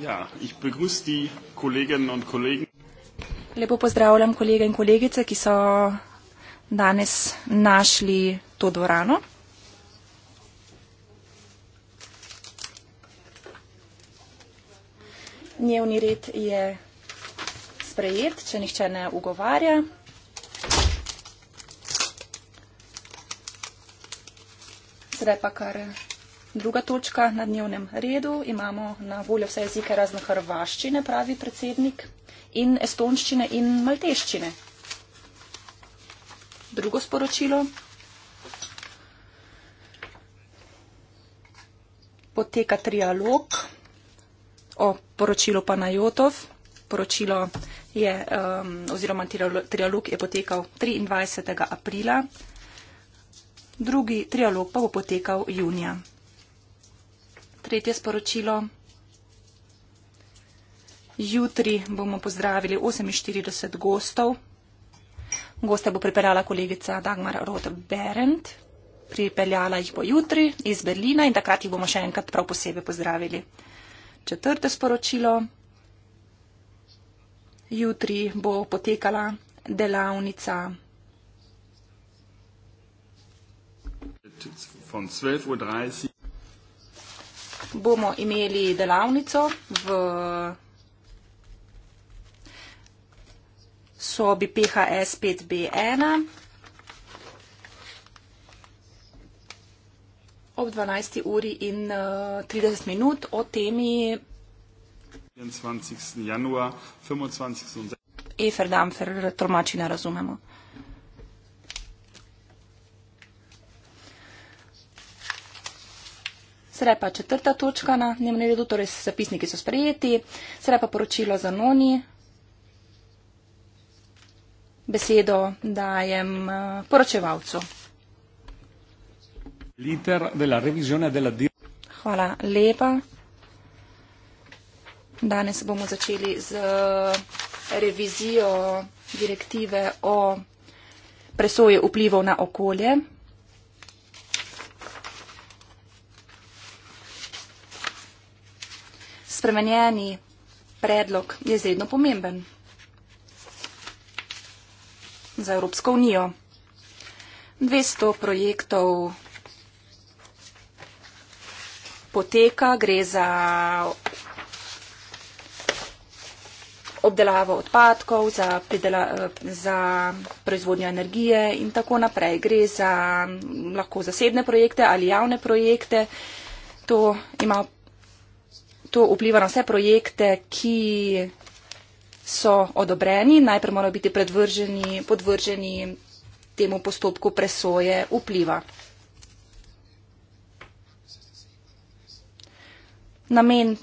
Ja, ich begrüße die Kolleginnen und Kollegen. Lepo pozdravljam kolege in kolegice, ki so danes našli to dvorano. Dnevni red je sprejet, če nihče ne ugovarja. Sedaj pa kar Druga točka na dnevnem redu. Imamo na voljo vse jezike razen hrvaščine, pravi predsednik, in estonščine in malteščine. Drugo sporočilo. Poteka trialog o poročilu Panajotov. Poročilo je, um, oziroma trialog je potekal 23. aprila, drugi trialog pa bo potekal junija. Tretje sporočilo. Jutri bomo pozdravili 48 gostov. Goste bo pripeljala kolegica Dagmar Roth-Berendt. Pripeljala jih bo jutri iz Berlina in takrat jih bomo še enkrat prav posebej pozdravili. Četrte sporočilo. Jutri bo potekala delavnica. Von 12.30 Uhr bomo imeli delavnico v sobi PHS5B1. ob 12. uri in uh, eh, 30 minut o temi 25. januar 25. Eferdamfer, tromači ne razumemo. Sedaj pa četrta točka na dnevnem redu, torej zapisniki so sprejeti, sedaj pa poročilo za noni. Besedo dajem eh, poročevalcu. Hvala lepa. Danes bomo začeli z eh, revizijo direktive o presoje vplivov na okolje. spremenjeni predlog je izredno pomemben za Evropsko unijo. 200 projektov poteka, gre za obdelavo odpadkov, za, pridela, za proizvodnjo energije in tako naprej. Gre za lahko zasebne projekte ali javne projekte. To ima to vpliva na vse projekte, ki so odobreni. Najprej morajo biti podvrženi temu postopku presoje vpliva. Namen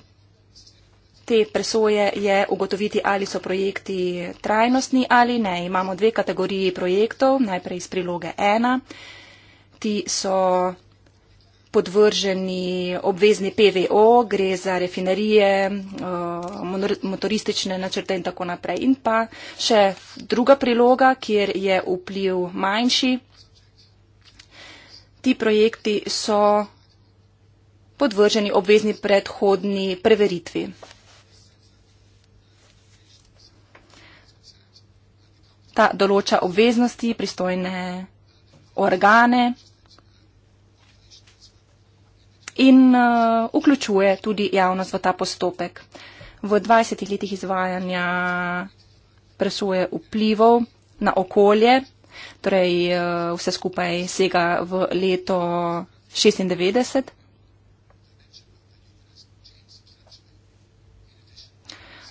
te presoje je ugotoviti, ali so projekti trajnostni ali ne. Imamo dve kategoriji projektov, najprej iz priloge 1. Ti so podvrženi obvezni PVO, gre za refinerije, eh, motoristične načrte in tako naprej. In pa še druga priloga, kjer je vpliv manjši. Ti projekti so podvrženi obvezni predhodni preveritvi. Ta določa obveznosti pristojne organe in uh, vključuje tudi javnost v ta postopek. V 20 letih izvajanja presuje vplivov na okolje, torej uh, vse skupaj sega v leto 96.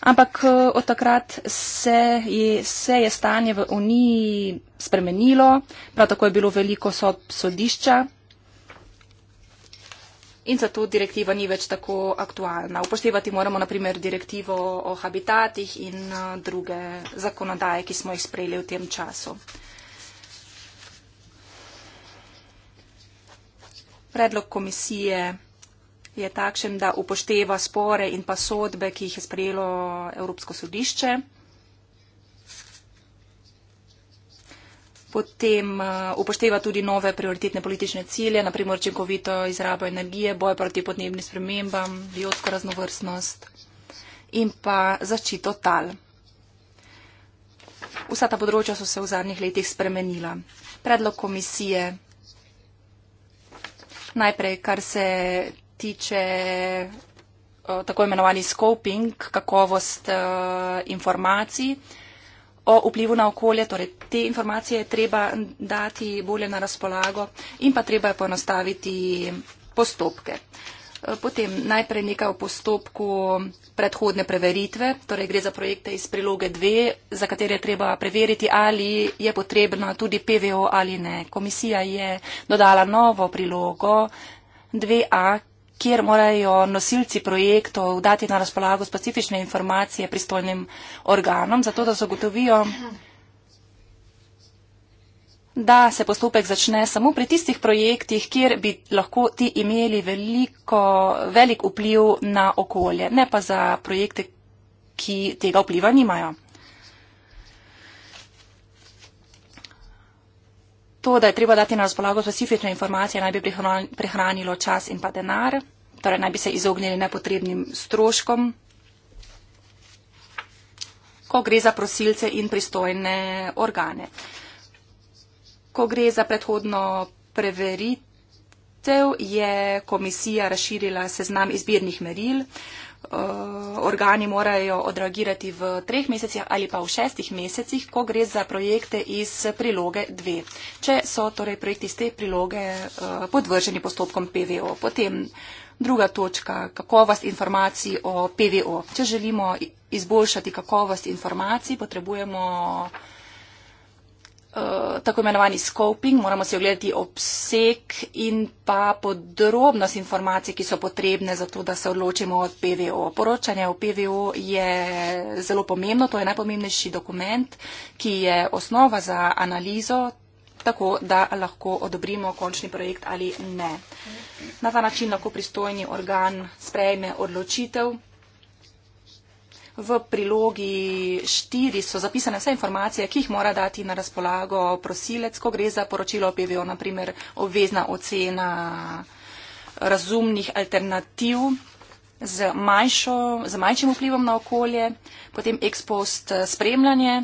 Ampak uh, od takrat se je, se je stanje v Uniji spremenilo, prav tako je bilo veliko sodišča in zato direktiva ni več tako aktualna. Upoštevati moramo naprimer direktivo o habitatih in eh, druge zakonodaje, ki smo jih sprejeli v tem času. Predlog komisije je takšen, da upošteva spore in pa sodbe, ki jih je sprejelo Evropsko sodišče. potem eh, upošteva tudi nove prioritetne politične cilje, naprimer učinkovito izrabo energije, boj proti podnebnim spremembam, biotsko raznovrstnost in pa zaščito tal. Vsa ta področja so se v zadnjih letih spremenila. Predlog komisije. Najprej, kar se tiče eh, tako imenovani scoping, kakovost uh, informacij. Uh, o vplivu na okolje, torej te informacije je treba dati bolje na razpolago in pa treba je poenostaviti postopke. E, potem najprej nekaj o postopku predhodne preveritve, torej gre za projekte iz priloge 2, za katere je treba preveriti, ali je potrebno tudi PVO ali ne. Komisija je dodala novo prilogo 2A, kjer morajo nosilci projektov dati na razpolago specifične informacije pristojnim organom, zato da zagotovijo, da se postopek začne samo pri tistih projektih, kjer bi lahko ti imeli veliko, velik vpliv na okolje, ne pa za projekte, ki tega vpliva nimajo. to, da je treba dati na razpolago specifične informacije, naj bi prihranilo čas in pa denar, torej naj bi se izognili nepotrebnim stroškom. Ko gre za prosilce in pristojne organe. Ko gre za predhodno preveritev, je komisija razširila seznam izbirnih meril. Uh, Eh, organi morajo odreagirati v treh mesecih ali pa v šestih mesecih, ko gre za projekte iz priloge 2. Če so torej projekti iz te priloge eh, podvrženi postopkom PVO. Potem druga točka, kakovost informacij o PVO. Če želimo izboljšati kakovost informacij, potrebujemo Eh, tako imenovani scoping, moramo si ogledati obseg in pa podrobnost informacij, ki so potrebne za to, da se odločimo od PVO. Poročanje o PVO je zelo pomembno, to je najpomembnejši dokument, ki je osnova za analizo, tako da lahko odobrimo končni projekt ali ne. Na ta način lahko pristojni organ sprejme odločitev. V prilogi štiri so zapisane vse informacije, ki jih mora dati na razpolago prosilec, ko gre za poročilo o PVO, naprimer obvezna ocena razumnih alternativ z, manjšo, z manjšim vplivom na okolje, potem ekspost spremljanje.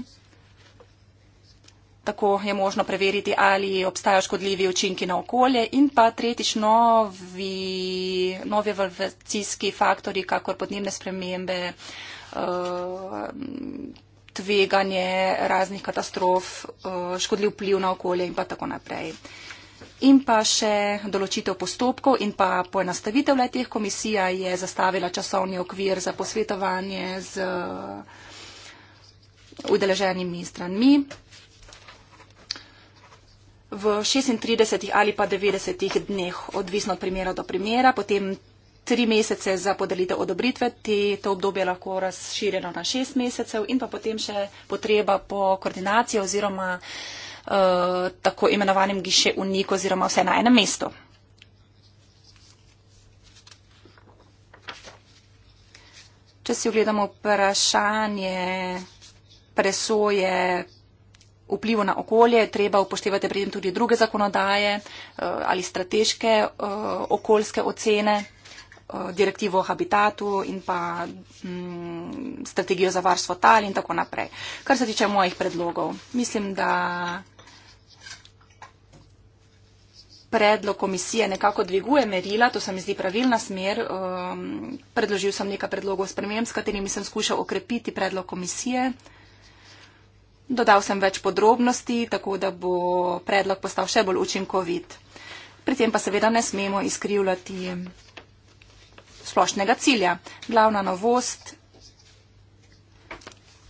Tako je možno preveriti, ali obstajajo škodljivi učinki na okolje in pa tretjič novi, novi evolvacijski faktori, kakor podnebne spremembe, uh, Eh, tveganje raznih katastrof, eh, škodljiv vpliv na okolje in pa tako naprej. In pa še določitev postopkov in pa poenostavitev letih. Komisija je zastavila časovni okvir za posvetovanje z eh, udeleženimi stranmi. V 36 ali pa 90 dneh, odvisno od primera do primera, potem tri mesece za podelitev odobritve, te, to obdobje lahko razširjeno na šest mesecev in pa potem še potreba po koordinaciji oziroma uh, tako imenovanem giše unik oziroma vse na enem mestu. Če si ogledamo vprašanje presoje vplivu na okolje, treba upoštevati pri tem tudi druge zakonodaje eh, ali strateške eh, okoljske ocene. Eh, direktivo o habitatu in pa m, mm, strategijo za varstvo tal in tako naprej. Kar se tiče mojih predlogov, mislim, da predlog komisije nekako dviguje merila, to se mi zdi pravilna smer. Um, predložil sem nekaj predlogov sprememb, s katerimi sem skušal okrepiti predlog komisije. Dodal sem več podrobnosti, tako da bo predlog postal še bolj učinkovit. Pri tem pa seveda ne smemo izkrivljati splošnega cilja. Glavna novost.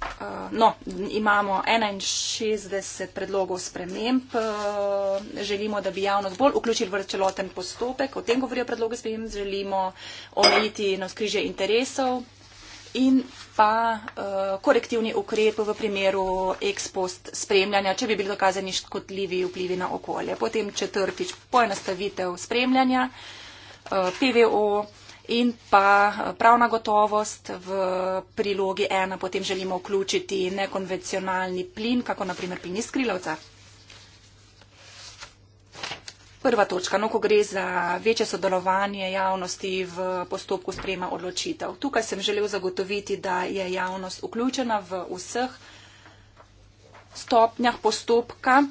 Eh, no, imamo 61 predlogov sprememb. Eh, želimo, da bi javnost bolj vključili v celoten postopek. O tem govorijo predloge sprememb. Želimo omejiti na skrižje interesov in pa eh, korektivni ukrep v primeru ekspost spremljanja, če bi bili dokazani škodljivi vplivi na okolje. Potem četrtič, poenostavitev spremljanja, PVO in pa eh, pravna gotovost v prilogi ena potem želimo vključiti nekonvencionalni plin, kako naprimer plin iz krilovca. Prva točka, no, ko gre za večje sodelovanje javnosti v postopku sprejema odločitev. Tukaj sem želel zagotoviti, da je javnost vključena v vseh stopnjah postopka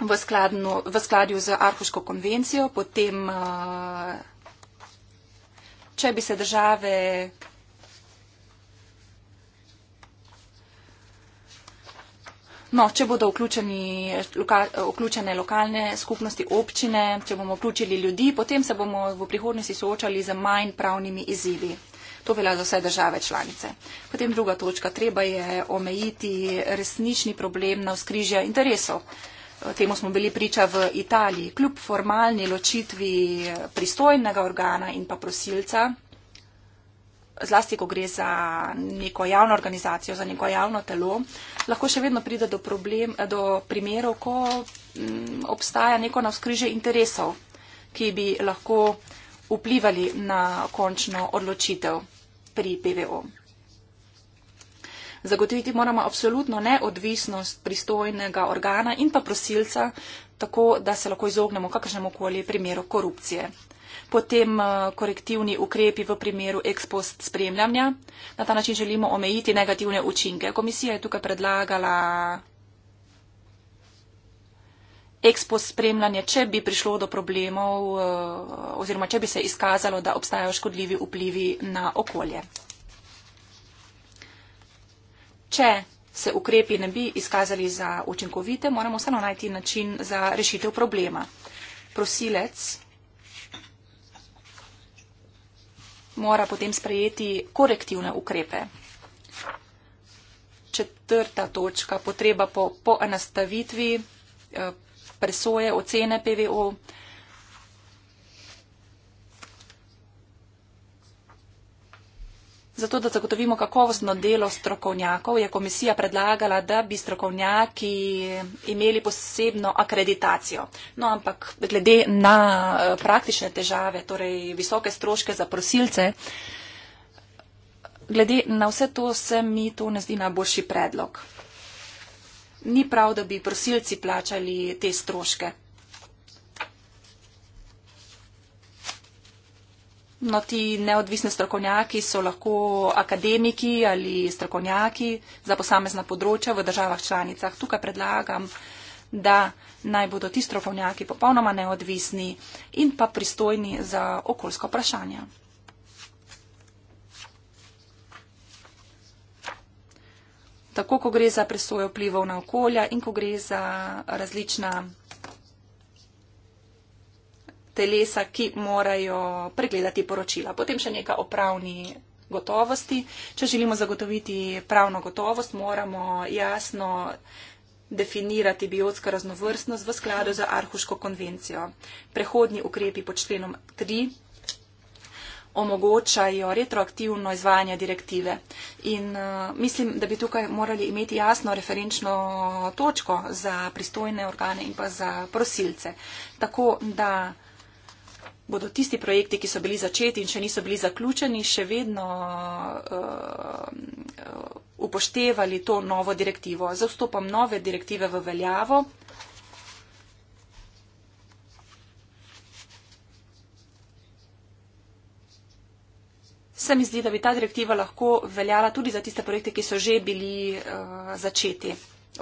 v, skladno, v skladju z Arhuško konvencijo, potem uh, če bi se države No, če bodo vključeni, loka, vključene lokalne skupnosti, občine, če bomo vključili ljudi, potem se bomo v prihodnosti soočali z manj pravnimi izzivi. To velja za vse države članice. Potem druga točka. Treba je omejiti resnični problem na vzkrižja interesov. Uh, temu smo bili priča v Italiji. Kljub formalni ločitvi pristojnega organa in pa prosilca, zlasti ko gre za neko javno organizacijo, za neko javno telo, lahko še vedno pride do, problem, do primerov, ko m, mm, obstaja neko navskrižje interesov, ki bi lahko vplivali na končno odločitev pri PVO zagotoviti moramo apsolutno neodvisnost pristojnega organa in pa prosilca, tako da se lahko izognemo kakršnemu koli primeru korupcije. Potem eh, korektivni ukrepi v primeru ekspost spremljanja. Na ta način želimo omejiti negativne učinke. Komisija je tukaj predlagala ekspost spremljanje, če bi prišlo do problemov eh, oziroma če bi se izkazalo, da obstajajo škodljivi vplivi na okolje če se ukrepi ne bi izkazali za učinkovite, moramo vseeno najti način za rešitev problema. Prosilec mora potem sprejeti korektivne ukrepe. Četrta točka, potreba po poenastavitvi eh, presoje, ocene PVO. Zato, da zagotovimo kakovostno delo strokovnjakov, je komisija predlagala, da bi strokovnjaki imeli posebno akreditacijo. No, ampak glede na eh, praktične težave, torej visoke stroške za prosilce, glede na vse to se mi to ne zdi najboljši predlog. Ni prav, da bi prosilci plačali te stroške. No, ti neodvisni strokovnjaki so lahko akademiki ali strokovnjaki za posamezna področja v državah članicah. Tukaj predlagam, da naj bodo ti strokovnjaki popolnoma neodvisni in pa pristojni za okoljsko vprašanje. Tako, ko gre za presojo vplivov na okolja in ko gre za različna telesa, ki morajo pregledati poročila. Potem še neka opravni gotovosti. Če želimo zagotoviti pravno gotovost, moramo jasno definirati biotsko raznovrstnost v skladu z Arhuško konvencijo. Prehodni ukrepi pod členom 3 omogočajo retroaktivno izvajanje direktive. In uh, mislim, da bi tukaj morali imeti jasno referenčno točko za pristojne organe in pa za prosilce. Tako da uh, bodo tisti projekti, ki so bili začeti in še niso bili zaključeni, še vedno uh, upoštevali to novo direktivo. Za vstopom nove direktive v veljavo se mi zdi, da bi ta direktiva lahko veljala tudi za tiste projekte, ki so že bili uh, začeti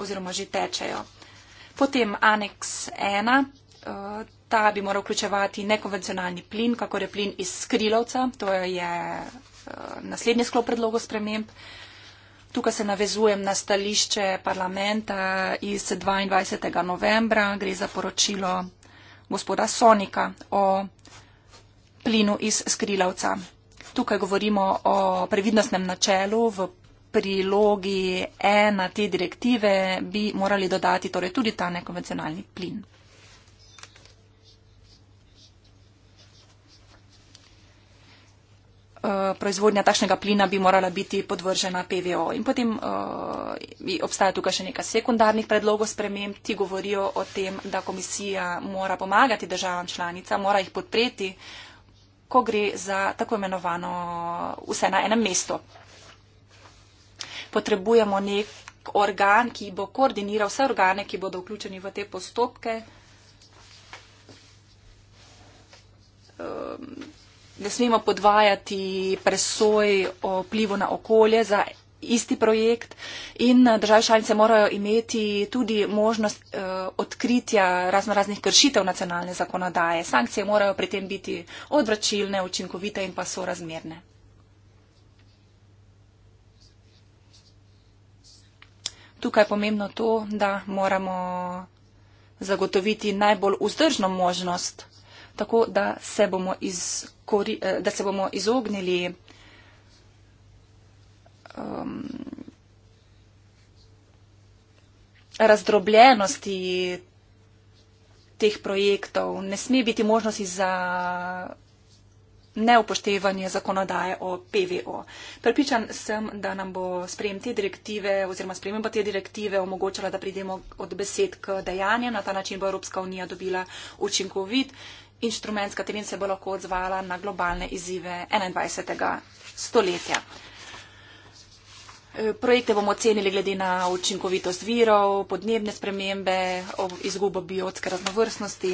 oziroma že tečejo. Potem aneks 1. Uh, eh, Ta bi moral vključevati nekonvencionalni plin, kako je plin iz skrilovca. To je eh, naslednji sklop predlogo sprememb. Tukaj se navezujem na stališče parlamenta iz 22. novembra. Gre za poročilo gospoda Sonika o plinu iz skrilovca. Tukaj govorimo o previdnostnem načelu. V prilogi ena te direktive bi morali dodati torej tudi ta nekonvencionalni plin. Eh, proizvodnja takšnega plina bi morala biti podvržena PVO. In potem uh, obstaja tukaj še nekaj sekundarnih predlogov sprememb, ti govorijo o tem, da komisija mora pomagati državam članica, mora jih podpreti, ko gre za tako imenovano vse na enem mestu. Potrebujemo nek organ, ki bo koordiniral vse organe, ki bodo vključeni v te postopke. Um, ne smemo podvajati presoj o plivu na okolje za isti projekt in eh, države članice morajo imeti tudi možnost eh, odkritja raznoraznih kršitev nacionalne zakonodaje. Sankcije morajo pri tem biti odvračilne, učinkovite in pa sorazmerne. Tukaj je pomembno to, da moramo zagotoviti najbolj vzdržno možnost eh, tako da se bomo, izkori, eh, da se bomo izognili um, razdrobljenosti teh projektov. Ne sme biti možnosti za neupoštevanje zakonodaje o PVO. Pripričan sem, da nam bo sprejem te direktive oziroma sprememba te direktive omogočala, da pridemo od besed k dejanjem. Na ta način bo Evropska unija dobila učinkovit inštrument, s katerim se bo lahko odzvala na globalne izzive 21. stoletja. E, projekte bomo ocenili glede na učinkovitost virov, podnebne spremembe, izgubo biotske raznovrstnosti.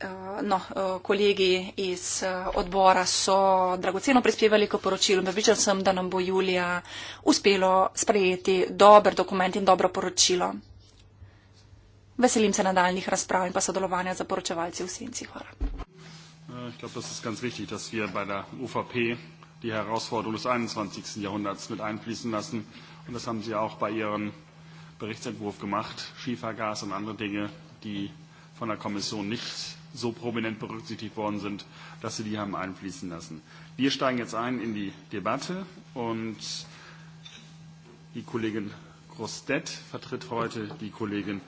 E, no, e, kolegi iz odbora so dragoceno prispevali k poročilu. Prepričan sem, da nam bo Julija uspelo sprejeti dober dokument in dobro poročilo. Veselim se nadaljnih razprav in pa sodelovanja za poročevalce v senci. Hvala. Äh, ich glaube, das ist ganz wichtig, dass wir bei der UVP die Herausforderung des 21. Jahrhunderts mit einfließen lassen. Und das haben Sie auch bei Ihrem Berichtsentwurf gemacht. Schiefergas und andere Dinge, die von der Kommission nicht so prominent berücksichtigt worden sind, dass Sie die haben einfließen lassen. Wir steigen jetzt ein in die Debatte und die Kollegin Grostet vertritt heute die Kollegin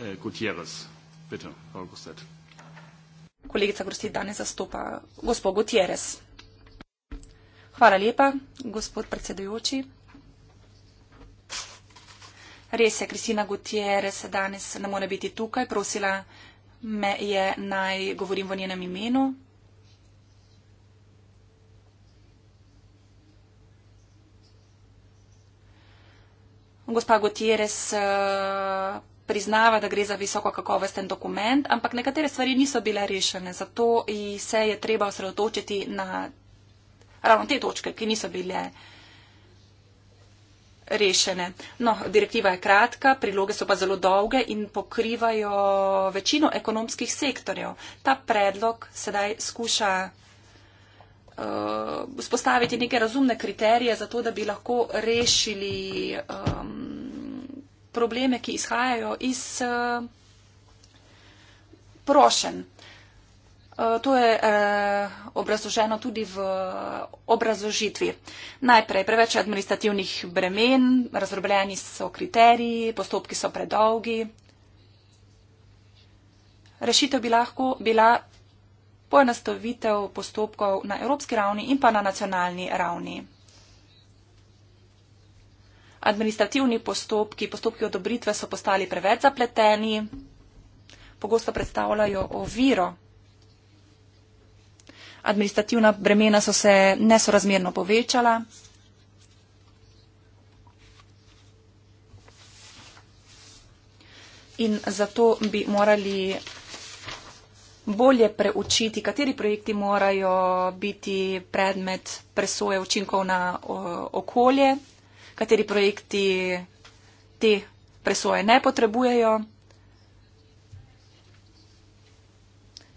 Eh, Gutierrez. Bitte, Frau Gustet. Kolegica Grosti danes zastopa gospod Gutierrez. Hvala lepa, gospod predsedujoči. Res je, Kristina Gutierrez danes ne more biti tukaj. Prosila me je naj govorim v njenem imenu. Gospa Gutierrez eh, priznava, da gre za visoko kakovosten dokument, ampak nekatere stvari niso bile rešene, zato se je treba osredotočiti na ravno te točke, ki niso bile rešene. No, direktiva je kratka, priloge so pa zelo dolge in pokrivajo večino ekonomskih sektorjev. Ta predlog sedaj skuša uh, eh, spostaviti neke razumne kriterije za to, da bi lahko rešili. Um, probleme, ki izhajajo iz eh, prošen. Eh, to je eh, obrazloženo tudi v obrazložitvi. Najprej preveč administrativnih bremen, razrobljeni so kriteriji, postopki so predolgi. Rešitev bi lahko bila poenostavitev postopkov na evropski ravni in pa na nacionalni ravni administrativni postopki, postopki odobritve so postali preveč zapleteni, pogosto predstavljajo oviro. Administrativna bremena so se nesorazmerno povečala. In zato bi morali bolje preučiti, kateri projekti morajo biti predmet presoje učinkov na okolje kateri projekti te presoje ne potrebujejo.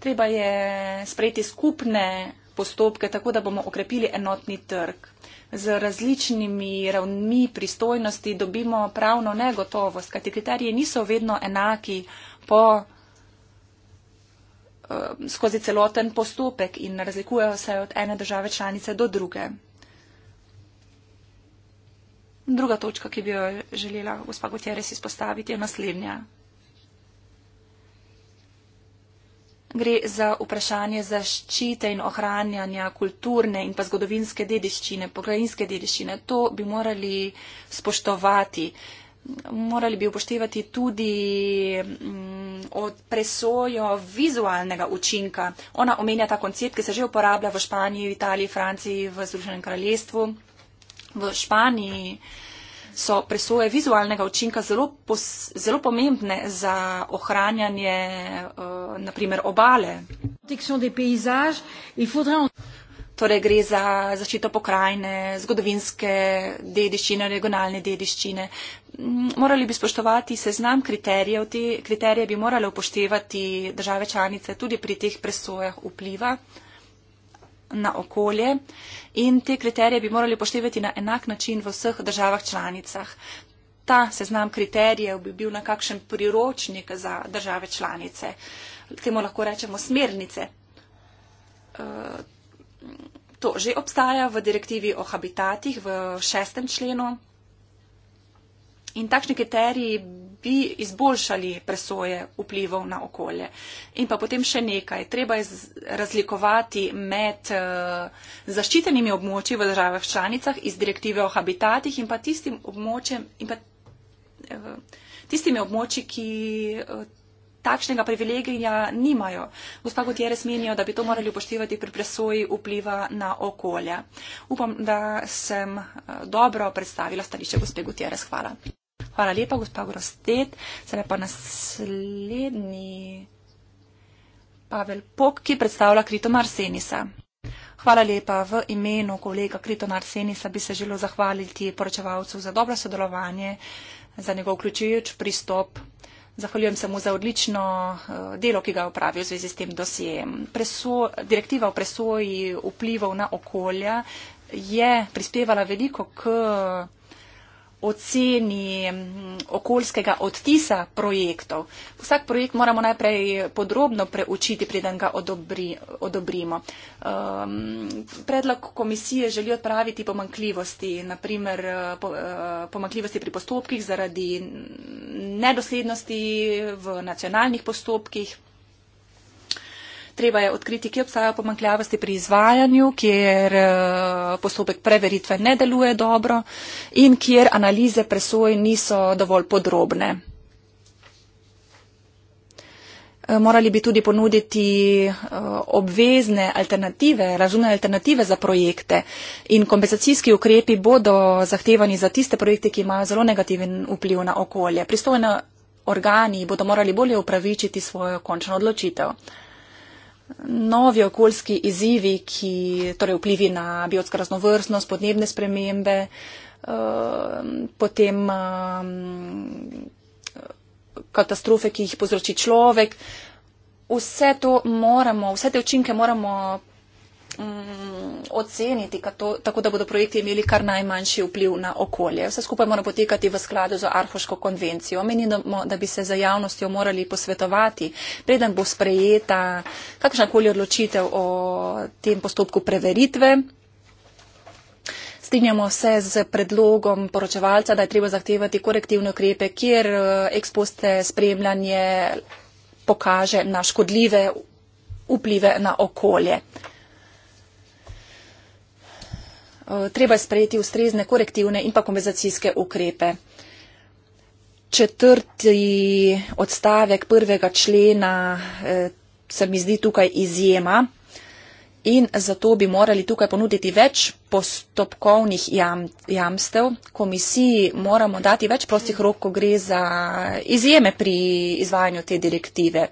Treba je sprejeti skupne postopke, tako da bomo okrepili enotni trg. Z različnimi ravnmi pristojnosti dobimo pravno negotovost, kajti kriteriji niso vedno enaki po, eh, skozi celoten postopek in razlikujejo se od ene države članice do druge. Druga točka, ki bi jo želela gospa Gutjeres izpostaviti, je naslednja. Gre za vprašanje zaščite in ohranjanja kulturne in pa zgodovinske dediščine, pokrajinske dediščine. To bi morali spoštovati. Morali bi upoštevati tudi mm, od presojo vizualnega učinka. Ona omenja ta koncept, ki se že uporablja v Španiji, v Italiji, Franciji, v Združenem kraljestvu. V Španiji so presoje vizualnega učinka zelo, pos, zelo pomembne za ohranjanje uh, eh, naprimer obale. Torej gre za zaščito pokrajine, zgodovinske dediščine, regionalne dediščine. Mm, morali bi spoštovati seznam kriterijev, te kriterije bi morali upoštevati države članice tudi pri teh presojah vpliva. Uh, na okolje in te kriterije bi morali poštevati na enak način v vseh državah članicah. Ta seznam kriterijev bi bil nekakšen priročnik za države članice, temu lahko rečemo smernice. Eh, to že obstaja v direktivi o habitatih v šestem členu. In takšni kriteriji bi izboljšali presoje vplivov na okolje. In pa potem še nekaj. Treba je razlikovati med uh, zaščitenimi območji v državah članicah iz direktive o habitatih in pa tistim območjem in pa uh, tistimi območji, ki. Uh, Takšnega privilegija nimajo. Gospa Gutierrez menijo, da bi to morali upoštevati pri presoji vpliva na okolje. Upam, da sem dobro predstavila stališče gospe Gutierrez. Hvala. Hvala lepa, gospa Grostet. Sedaj pa naslednji Pavel Pok, ki predstavlja Kritomar Senisa. Hvala lepa. V imenu kolega Kritomar Senisa bi se želel zahvaliti poročevalcu za dobro sodelovanje, za njegov vključujoč pristop. Zahvaljujem se mu za odlično eh, delo, ki ga je upravil v zvezi s tem dosijem. Direktiva o presoji vplivov na okolja je prispevala veliko k oceni mm, okoljskega odtisa projektov. Vsak projekt moramo najprej podrobno preučiti, preden ga odobri, odobrimo. Um, predlog komisije želi odpraviti pomankljivosti, naprimer eh, po, eh, pomankljivosti pri postopkih zaradi nedoslednosti v nacionalnih postopkih treba je odkriti, kje obstajajo pomankljavosti pri izvajanju, kjer eh, postopek preveritve ne deluje dobro in kjer analize presoj niso dovolj podrobne. Eh, morali bi tudi ponuditi eh, obvezne alternative, razumne alternative za projekte in kompenzacijski ukrepi bodo zahtevani za tiste projekte, ki imajo zelo negativen vpliv na okolje. Pristojne organi bodo morali bolje upravičiti svojo končno odločitev. Novi okoljski izzivi, ki torej vplivi na biotsko raznovrstnost, podnebne spremembe, eh, potem eh, katastrofe, ki jih povzroči človek. Vse, to moramo, vse te učinke moramo Mm, oceniti, to, tako da bodo projekti imeli kar najmanjši vpliv na okolje. Vse skupaj mora potekati v skladu z Arhoško konvencijo. Menimo, da bi se za javnostjo morali posvetovati, preden bo sprejeta kakršnakoli odločitev o tem postopku preveritve. Strinjamo se z predlogom poročevalca, da je treba zahtevati korektivne ukrepe, kjer ekspozite eh, spremljanje pokaže na škodljive vplive na okolje. Eh, treba je sprejeti ustrezne korektivne in pa kompenzacijske ukrepe. Četrti odstavek prvega člena eh, se mi zdi tukaj izjema in zato bi morali tukaj ponuditi več postopkovnih jam, jamstev. Komisiji moramo dati več prostih rok, ko gre za izjeme pri izvajanju te direktive.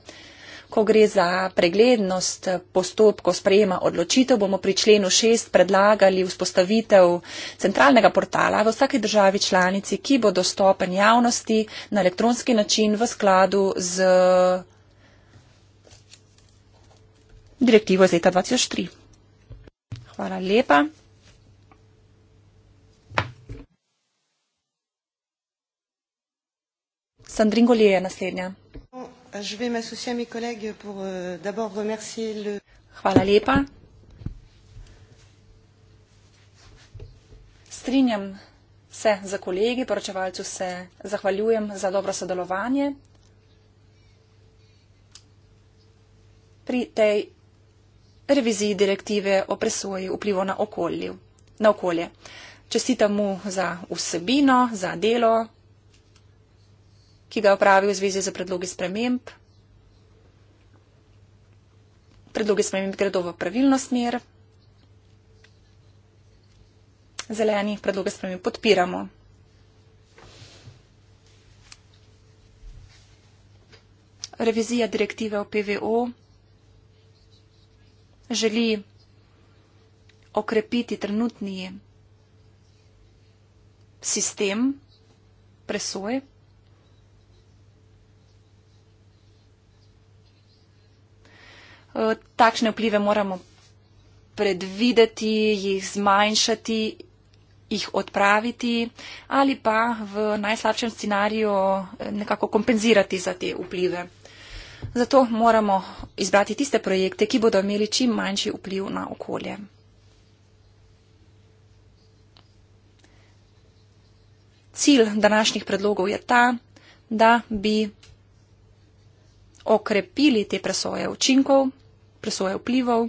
Ko gre za preglednost postopkov sprejema odločitev, bomo pri členu 6 predlagali vzpostavitev centralnega portala v vsaki državi članici, ki bo dostopen javnosti na elektronski način v skladu z direktivo iz leta 2003. Hvala lepa. Sandringoli je naslednja. Je vais m'associer à mes collègues pour euh, d'abord remercier le. Hvala lepa. Strinjam se za kolegi, poročevalcu se zahvaljujem za dobro sodelovanje pri tej reviziji direktive o presoji vplivo na, okolju, na okolje. Čestitam mu za vsebino, za delo, ki ga je upravil v zvezi z predlogi sprememb. Predlogi sprememb gredo v pravilno smer. Zeleni predloge sprememb podpiramo. Revizija direktive o PVO želi okrepiti trenutni sistem presoje takšne vplive moramo predvideti, jih zmanjšati, jih odpraviti ali pa v najslabšem scenariju eh, nekako kompenzirati za te vplive. Zato moramo izbrati tiste projekte, ki bodo imeli čim manjši vpliv na okolje. Cilj današnjih predlogov je ta, da bi okrepili te presoje učinkov presoje vplivov.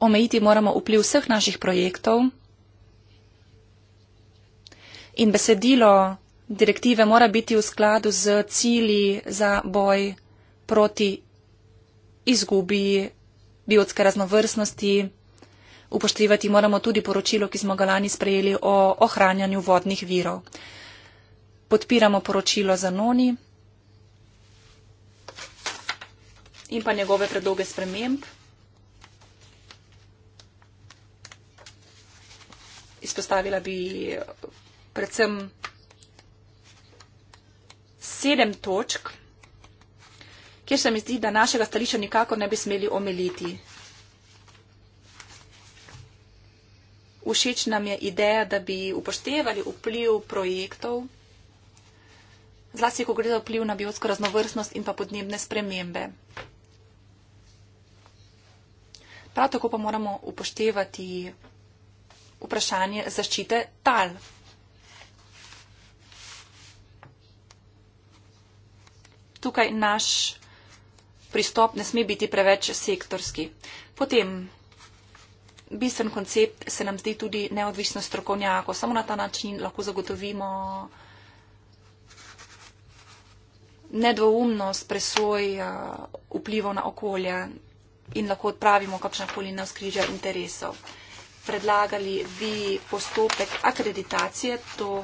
Omejiti moramo vpliv vseh naših projektov in besedilo direktive mora biti v skladu z cili za boj proti izgubi biotske raznovrstnosti Upoštevati moramo tudi poročilo, ki smo ga lani sprejeli o ohranjanju vodnih virov. Podpiramo poročilo za Noni in pa njegove predloge sprememb. Izpostavila bi predvsem sedem točk, kjer se mi zdi, da našega stališča nikako ne bi smeli omeliti. Všeč nam je ideja, da bi upoštevali vpliv projektov, zlasti ko gre za vpliv na biotsko raznovrstnost in pa podnebne spremembe. Prav tako pa moramo upoštevati vprašanje zaščite tal. Tukaj naš pristop ne sme biti preveč sektorski. Potem bistven koncept se nam zdi tudi neodvisnost strokovnjakov. Samo na ta način lahko zagotovimo nedvoumnost presoj eh, vplivov na okolje in lahko odpravimo kakšnakoli neuskrižja interesov. Predlagali bi postopek akreditacije, to,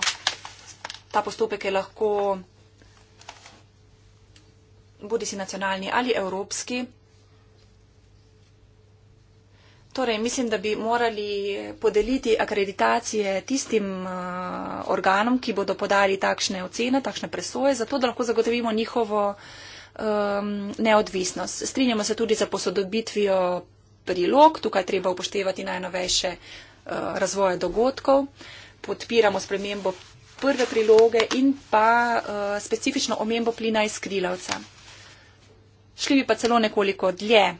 ta postopek je lahko bodi si nacionalni ali evropski. Torej, mislim, da bi morali podeliti akreditacije tistim uh, organom, ki bodo podali takšne ocene, takšne presoje, zato da lahko zagotovimo njihovo um, neodvisnost. Strinjamo se tudi za posodobitvijo prilog, tukaj treba upoštevati najnovejše uh, razvoje dogodkov. Podpiramo spremembo prve priloge in pa uh, specifično omembo plina iz krilavca. Šli bi pa celo nekoliko dlje.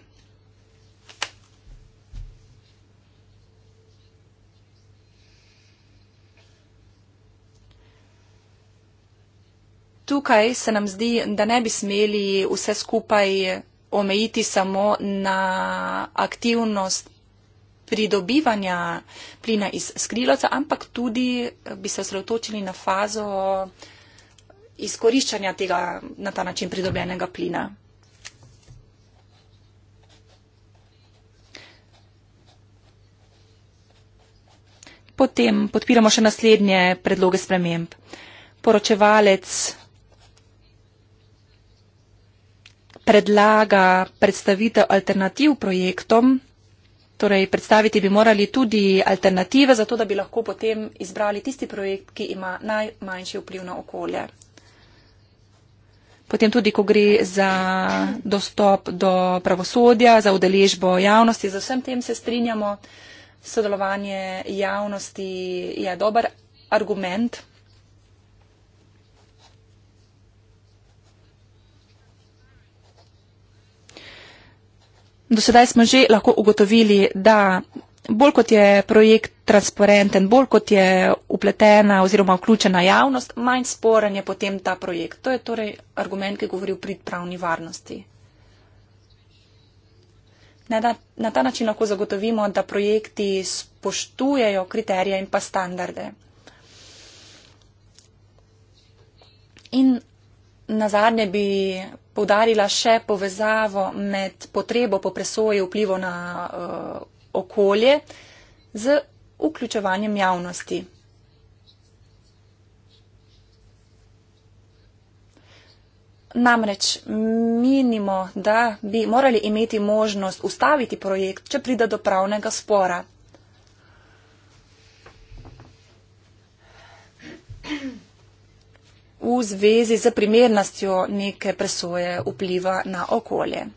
tukaj se nam zdi, da ne bi smeli vse skupaj omejiti samo na aktivnost pridobivanja plina iz skrilaca, ampak tudi eh, bi se osredotočili na fazo izkoriščanja tega na ta način pridobljenega plina. Potem podpiramo še naslednje predloge sprememb. Poročevalec predlaga predstavitev alternativ projektom, torej predstaviti bi morali tudi alternative, zato da bi lahko potem izbrali tisti projekt, ki ima najmanjši vpliv na okolje. Potem tudi, ko gre za dostop do pravosodja, za udeležbo javnosti, z vsem tem se strinjamo. Sodelovanje javnosti je dober argument. Do sedaj smo že lahko ugotovili, da bolj kot je projekt transparenten, bolj kot je upletena oziroma vključena javnost, manj sporen je potem ta projekt. To je torej argument, ki govori o prid pravni varnosti. Na ta način lahko zagotovimo, da projekti spoštujejo kriterije in pa standarde. In na zadnje bi poudarila še povezavo med potrebo po presoji vplivo na uh, okolje z vključevanjem javnosti. Namreč minimo, da bi morali imeti možnost ustaviti projekt, če pride do pravnega spora v zvezi z primernostjo neke presoje vpliva na okolje.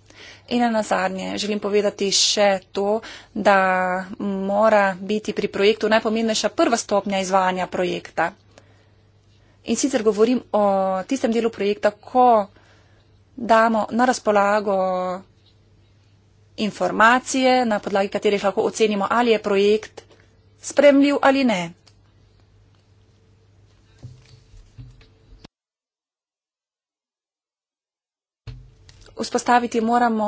In na zadnje želim povedati še to, da mora biti pri projektu najpomembnejša prva stopnja izvajanja projekta. In sicer govorim o tistem delu projekta, ko damo na razpolago informacije, na podlagi katerih lahko ocenimo, ali je projekt spremljiv ali ne. vzpostaviti moramo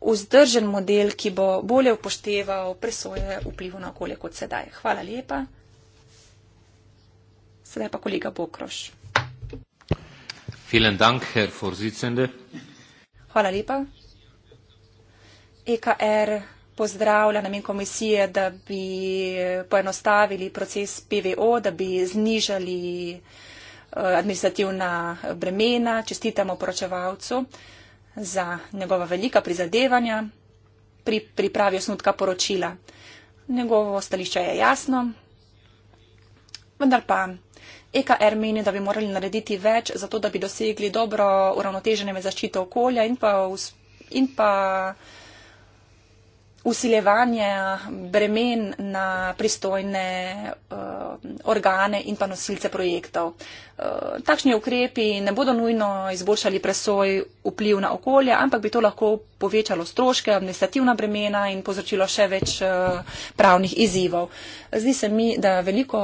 vzdržen model, ki bo bolje upošteval presoje vplivu na okolje kot sedaj. Hvala lepa. Sedaj pa kolega Bokroš. Dank, Herr Hvala lepa. EKR pozdravlja namen komisije, da bi poenostavili proces PVO, da bi znižali eh, administrativna bremena. Čestitamo poročevalcu za njegova velika prizadevanja pri pripravi osnutka poročila. Njegovo stališče je jasno, vendar pa EKR meni, da bi morali narediti več za to, da bi dosegli dobro uravnoteženje med zaščito okolja in pa, in pa usiljevanja bremen na pristojne uh, organe in pa nosilce projektov. Uh, takšni ukrepi ne bodo nujno izboljšali presoj vpliv na okolje, ampak bi to lahko povečalo stroške, administrativna bremena in povzročilo še več uh, pravnih izzivov. Zdi se mi, da veliko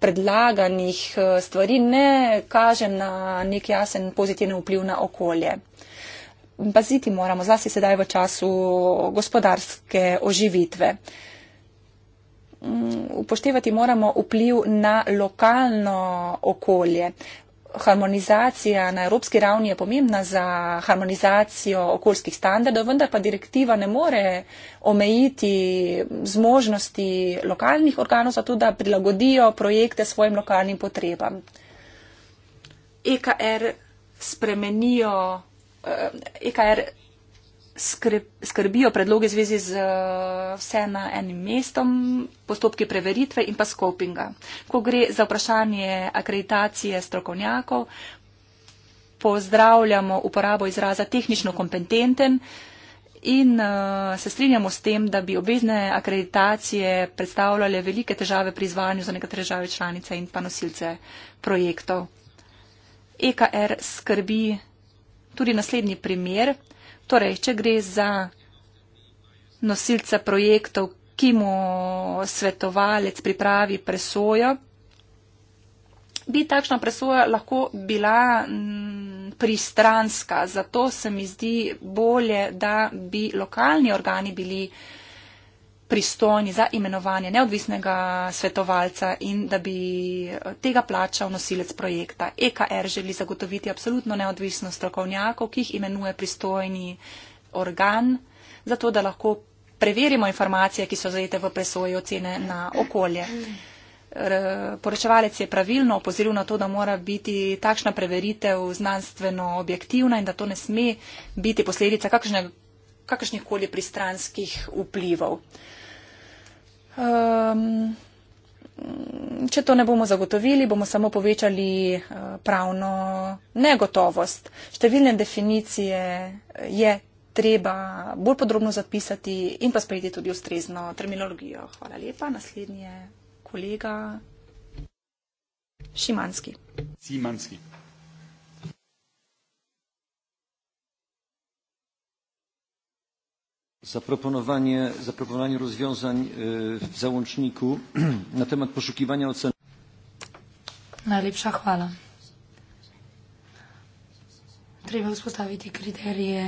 predlaganih stvari ne kaže na nek jasen pozitiven vpliv na okolje paziti moramo, zlasti sedaj v času gospodarske oživitve. Mm, upoštevati moramo vpliv na lokalno okolje. Harmonizacija na evropski ravni je pomembna za harmonizacijo okoljskih standardov, vendar pa direktiva ne more omejiti zmožnosti lokalnih organov za to, da prilagodijo projekte svojim lokalnim potrebam. EKR spremenijo EKR eh, e skrbijo predloge zvezi z eh, vse na enim mestom, postopki preveritve in pa skopinga. Ko gre za vprašanje akreditacije strokovnjakov, pozdravljamo uporabo izraza tehnično kompetenten in eh, se strinjamo s tem, da bi obvezne akreditacije predstavljale velike težave pri izvajanju za nekatere države članice in pa nosilce projektov. EKR skrbi tudi naslednji primer. Torej, če gre za nosilca projektov, ki mu svetovalec pripravi presojo, bi takšna presoja lahko bila mm, pristranska. Zato se mi zdi bolje, da bi lokalni organi bili pristranski pristojni za imenovanje neodvisnega svetovalca in da bi eh, tega plačal nosilec projekta. EKR er želi zagotoviti absolutno neodvisnost strokovnjakov, ki jih imenuje pristojni organ, zato da lahko preverimo informacije, ki so zajete v presoji ocene na okolje. Poročevalec je pravilno opozoril na to, da mora biti takšna preveritev znanstveno objektivna in da to ne sme biti posledica kakšnih koli pristranskih vplivov. Uh, Um, če to ne bomo zagotovili, bomo samo povečali eh, pravno negotovost. Številne definicije eh, je treba bolj podrobno zapisati in pa sprejeti tudi ustrezno terminologijo. Hvala lepa. Naslednji je kolega Šimanski. Šimanski. zaproponowanie, zaproponowanie rozwiązań e, w załączniku na temat poszukiwania oceny. Najlepsza chwala. Trzeba ustawić kryteria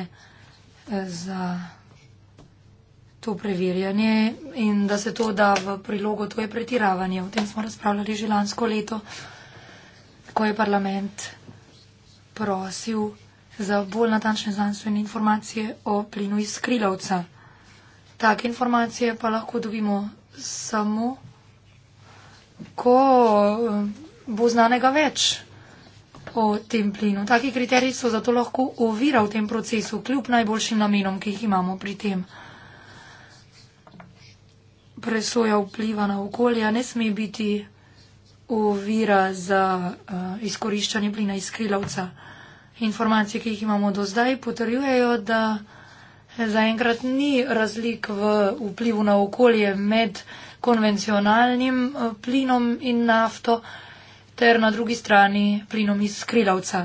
e, za to preverjanje in da se to da v prilogo, to je pretiravanje. O tem smo razpravljali že lansko leto, ko je parlament prosil za bolj natančne znanstvene informacije o plinu iz skrilavca take informacije pa lahko dobimo samo, ko eh, bo znanega več o tem plinu. Taki kriteriji so zato lahko ovira v tem procesu, kljub najboljšim namenom, ki jih imamo pri tem. Presoja vpliva na okolje ne sme biti ovira za uh, izkoriščanje plina iz krilovca. Informacije, ki jih imamo do zdaj, potrjujejo, da. Zaenkrat ni razlik v vplivu na okolje med konvencionalnim eh, plinom in nafto ter na drugi strani plinom iz skrilavca.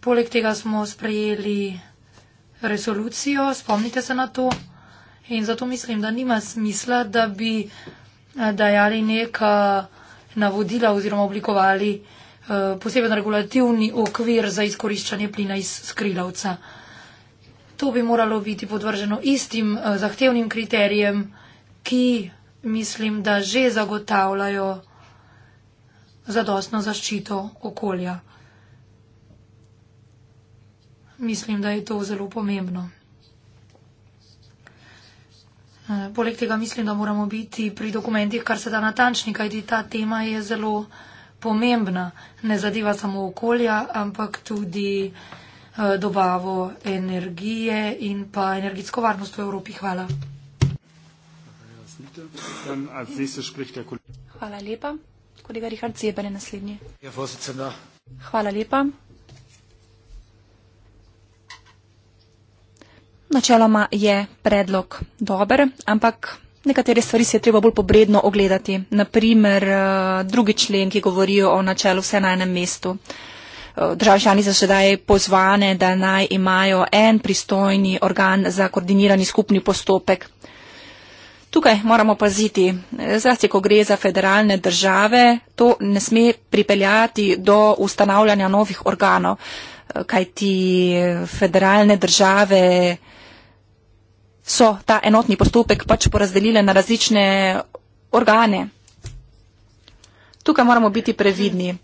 Poleg tega smo sprejeli resolucijo, spomnite se na to. In zato mislim, da nima smisla, da bi eh, dajali neka navodila oziroma oblikovali eh, poseben regulativni okvir za izkoriščanje plina iz skrilavca to bi moralo biti podvrženo istim eh, zahtevnim kriterijem, ki mislim, da že zagotavljajo zadostno zaščito okolja. Mislim, da je to zelo pomembno. Eh, poleg tega mislim, da moramo biti pri dokumentih, kar se da natančni, kajti ta tema je zelo pomembna. Ne zadeva samo okolja, ampak tudi. Eh, dobavo energije in pa energetsko varnost v Evropi. Hvala. Hvala lepa. Kolega Richard Zeben je naslednji. Ja, Hvala lepa. Načeloma je predlog dober, ampak nekatere stvari se je treba bolj pobredno ogledati. Naprimer, eh, drugi člen, ki govorijo o načelu vse na enem mestu. Eh, države članice so sedaj pozvane, da naj imajo en pristojni organ za koordinirani skupni postopek. Tukaj moramo paziti, eh, zlasti ko gre za federalne države, to ne sme pripeljati do ustanavljanja novih organov, eh, kaj ti federalne države so ta enotni postopek pač porazdelile na različne organe. Tukaj moramo biti previdni.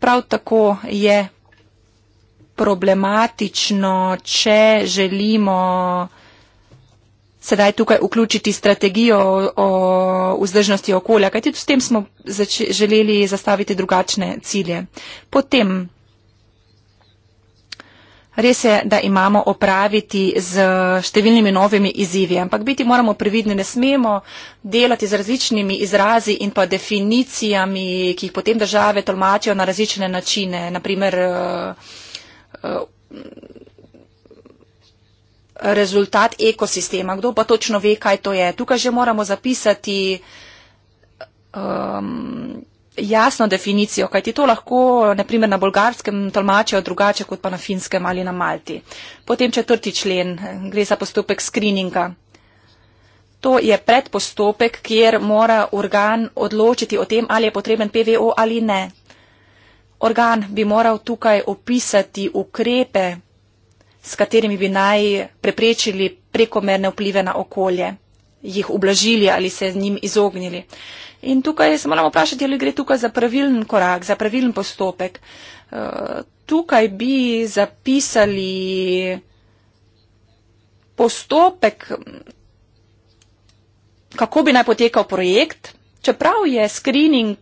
Prav tako je problematično, če želimo sedaj tukaj vključiti strategijo o vzdržnosti okolja, kajti s tem smo zač- želeli zastaviti drugačne cilje. Potem, res je, da imamo opraviti z številnimi novimi izzivi, ampak biti moramo previdni, ne smemo delati z različnimi izrazi in pa definicijami, ki jih potem države tolmačijo na različne načine, naprimer eh, Eh, rezultat ekosistema. Kdo pa točno ve, kaj to je? Tukaj že moramo zapisati um, jasno definicijo, kaj ti to lahko naprimer, na bolgarskem tolmačijo drugače kot pa na finskem ali na Malti. Potem četrti člen, gre za postopek screeninga. To je predpostopek, kjer mora organ odločiti o tem, ali je potreben PVO ali ne organ bi moral tukaj opisati ukrepe, s katerimi bi naj preprečili prekomerne vplive na okolje, jih ublažili ali se z njim izognili. In tukaj se moramo vprašati, ali gre tukaj za pravilen korak, za pravilen postopek. Eh, tukaj bi zapisali postopek, kako bi naj potekal projekt, čeprav je screening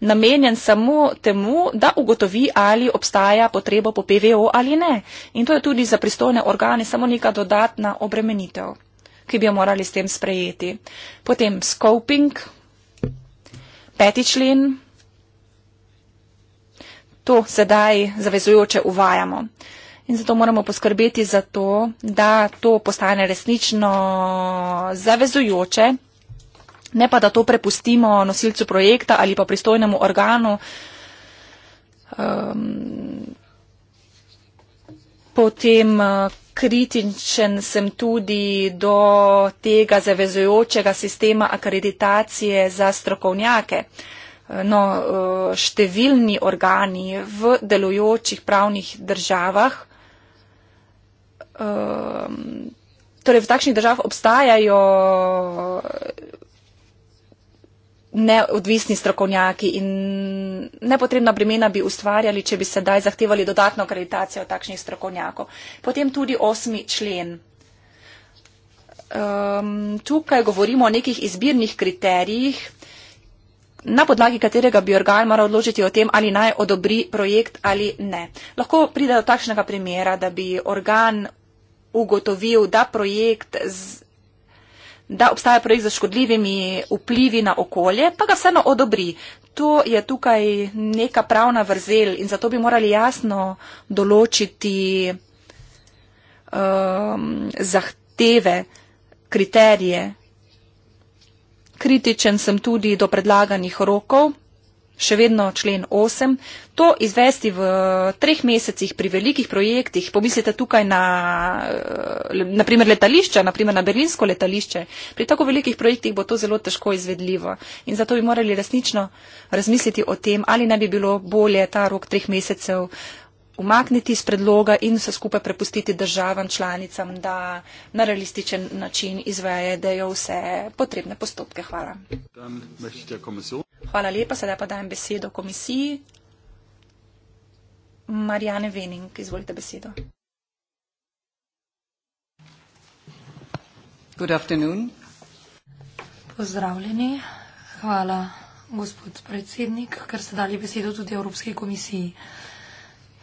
namenjen samo temu, da ugotovi, ali obstaja potreba po PVO ali ne. In to je tudi za pristojne organe samo neka dodatna obremenitev, ki bi jo morali s tem sprejeti. Potem scoping, peti člen, to sedaj zavezujoče uvajamo. In zato moramo poskrbeti za to, da to postane resnično zavezujoče ne pa da to prepustimo nosilcu projekta ali pa pristojnemu organu. Um, potem uh, kritičen sem tudi do tega zavezujočega sistema akreditacije za strokovnjake. No, uh, številni organi v delujočih pravnih državah, um, torej v takšnih državah obstajajo neodvisni strokovnjaki in nepotrebna bremena bi ustvarjali, če bi sedaj zahtevali dodatno akreditacijo takšnih strokovnjakov. Potem tudi osmi člen. Um, tukaj govorimo o nekih izbirnih kriterijih, na podlagi katerega bi organ moral odločiti o tem, ali naj odobri projekt ali ne. Lahko pride do takšnega primera, da bi organ ugotovil, da projekt z da obstaja projekt za škodljivimi vplivi na okolje, pa ga vseeno odobri. To je tukaj neka pravna vrzel in zato bi morali jasno določiti um, zahteve, kriterije. Kritičen sem tudi do predlaganih rokov še vedno člen 8, to izvesti v eh, treh mesecih pri velikih projektih, pomislite tukaj na eh, naprimer letališče, naprimer na berlinsko letališče, pri tako velikih projektih bo to zelo težko izvedljivo in zato bi morali resnično razmisliti o tem, ali ne bi bilo bolje ta rok treh mesecev uh, umakniti iz predloga in vse skupaj prepustiti državam članicam, da na realističen način izvedejo vse potrebne postopke. Hvala. Hvala lepa, sedaj pa dajem besedo komisiji. Marjane Vening, izvolite besedo. Good afternoon. Pozdravljeni. Hvala, gospod predsednik, ker ste dali besedo tudi Evropski komisiji. Uh,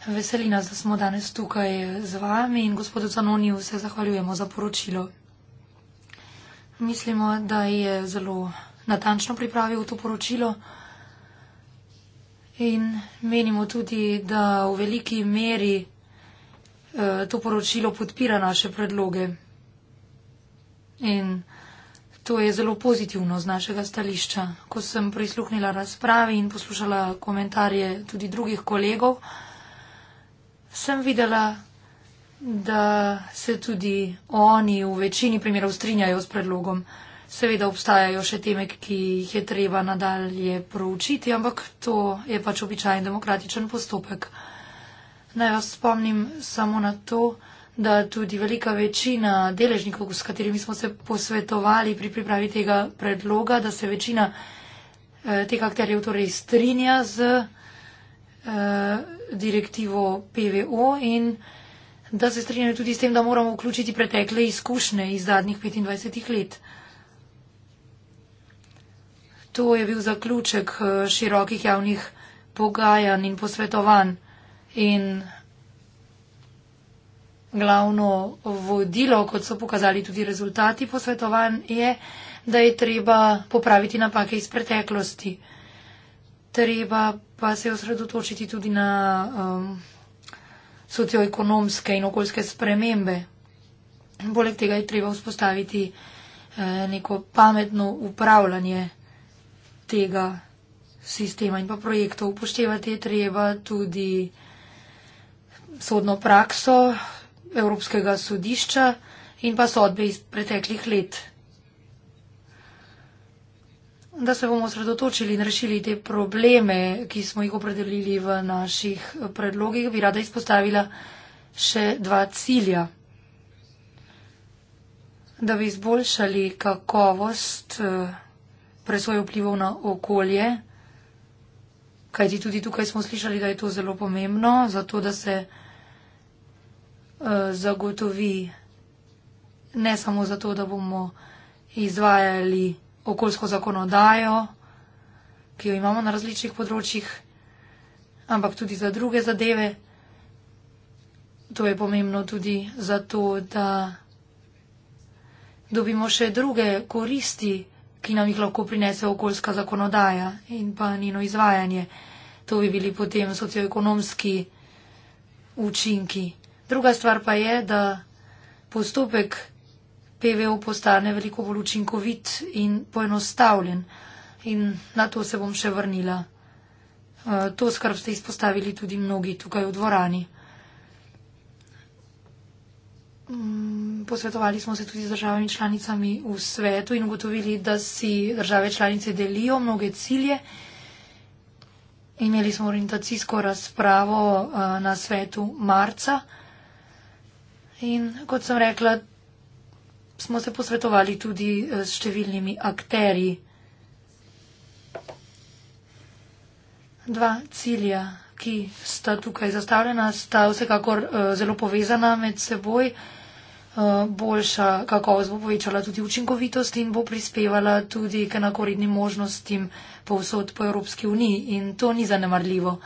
Veseli nas, da smo danes tukaj z vami in gospodu Zanoniju se zahvaljujemo za poročilo. Mislimo, da je zelo natančno pripravil to poročilo in menimo tudi, da v veliki meri eh, to poročilo podpira naše predloge. In to je zelo pozitivno z našega stališča. Ko sem prisluhnila razpravi in poslušala komentarje tudi drugih kolegov, sem videla, da se tudi oni v večini primerov strinjajo s predlogom. Seveda obstajajo še teme, ki jih je treba nadalje proučiti, ampak to je pač običajen demokratičen postopek. Naj vas spomnim samo na to, da tudi velika večina deležnikov, s katerimi smo se posvetovali pri pripravi tega predloga, da se večina eh, teh akterjev torej strinja z. Eh, direktivo PVO in da se strinjajo tudi s tem, da moramo vključiti pretekle izkušnje iz zadnjih 25 let. To je bil zaključek eh, širokih javnih pogajanj in posvetovanj in glavno vodilo, kot so pokazali tudi rezultati posvetovanj, je, da je treba popraviti napake iz preteklosti. Treba pa se osredotočiti tudi na um, socioekonomske in okoljske spremembe. Poleg tega je treba vzpostaviti eh, neko pametno upravljanje tega sistema in pa projektov. Upoštevati je treba tudi sodno prakso Evropskega sodišča in pa sodbe iz preteklih let da se bomo sredotočili in rešili te probleme, ki smo jih opredelili v naših predlogih, bi rada izpostavila še dva cilja. Da bi izboljšali kakovost eh, presoje vplivov na okolje, kajti tudi tukaj smo slišali, da je to zelo pomembno, zato da se eh, zagotovi ne samo zato, da bomo izvajali okoljsko zakonodajo, ki jo imamo na različnih področjih, ampak tudi za druge zadeve. To je pomembno tudi zato, da dobimo še druge koristi, ki nam jih lahko prinese okoljska zakonodaja in pa njeno izvajanje. To bi bili potem socioekonomski učinki. Druga stvar pa je, da postopek PVO postane veliko bolj učinkovit in poenostavljen. In na to se bom še vrnila. Eh, to skrb ste izpostavili tudi mnogi tukaj v dvorani. Mm, posvetovali smo se tudi z državami članicami v svetu in ugotovili, da si države članice delijo mnoge cilje. Imeli smo orientacijsko razpravo eh, na svetu marca. In kot sem rekla, smo se posvetovali tudi eh, s številnimi akteri. Dva cilja, ki sta tukaj zastavljena, sta vsekakor eh, zelo povezana med seboj. Eh, boljša kakovost bo povečala tudi učinkovitost in bo prispevala tudi k enakoridnim možnostim povsod po Evropski uniji. In to ni zanemarljivo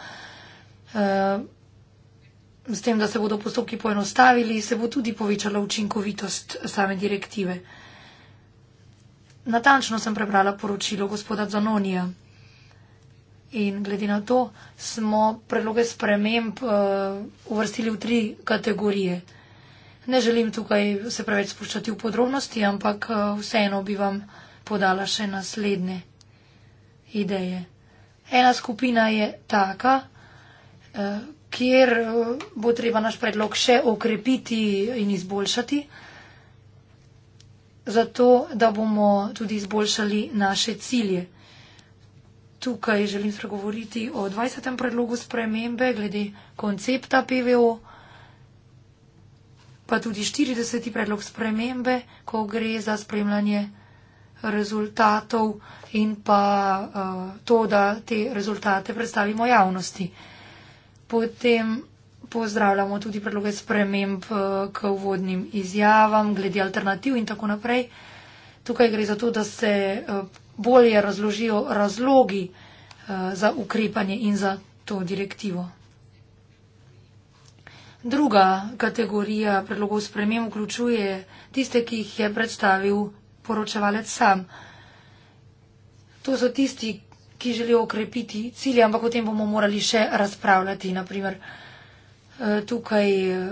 s tem, da se bodo postopki poenostavili, se bo tudi povečala učinkovitost same direktive. Natančno sem prebrala poročilo gospoda Zanonija in glede na to smo predloge sprememb uh, uvrstili v tri kategorije. Ne želim tukaj se preveč spuščati v podrobnosti, ampak uh, vseeno bi vam podala še naslednje ideje. Ena skupina je taka, uh, kjer eh, bo treba naš predlog še okrepiti in izboljšati, zato da bomo tudi izboljšali naše cilje. Tukaj želim spregovoriti o 20. predlogu spremembe glede koncepta PVO, pa tudi 40. predlog spremembe, ko gre za spremljanje rezultatov in pa uh, to, da te rezultate predstavimo javnosti. Potem pozdravljamo tudi predloge sprememb eh, k uvodnim izjavam, glede alternativ in tako naprej. Tukaj gre za to, da se eh, bolje razložijo razlogi eh, za ukrepanje in za to direktivo. Druga kategorija predlogov sprememb vključuje tiste, ki jih je predstavil poročevalec sam. To so tisti, ki želijo ukrepiti cilje, ampak o tem bomo morali še razpravljati. Naprimer, eh, tukaj eh,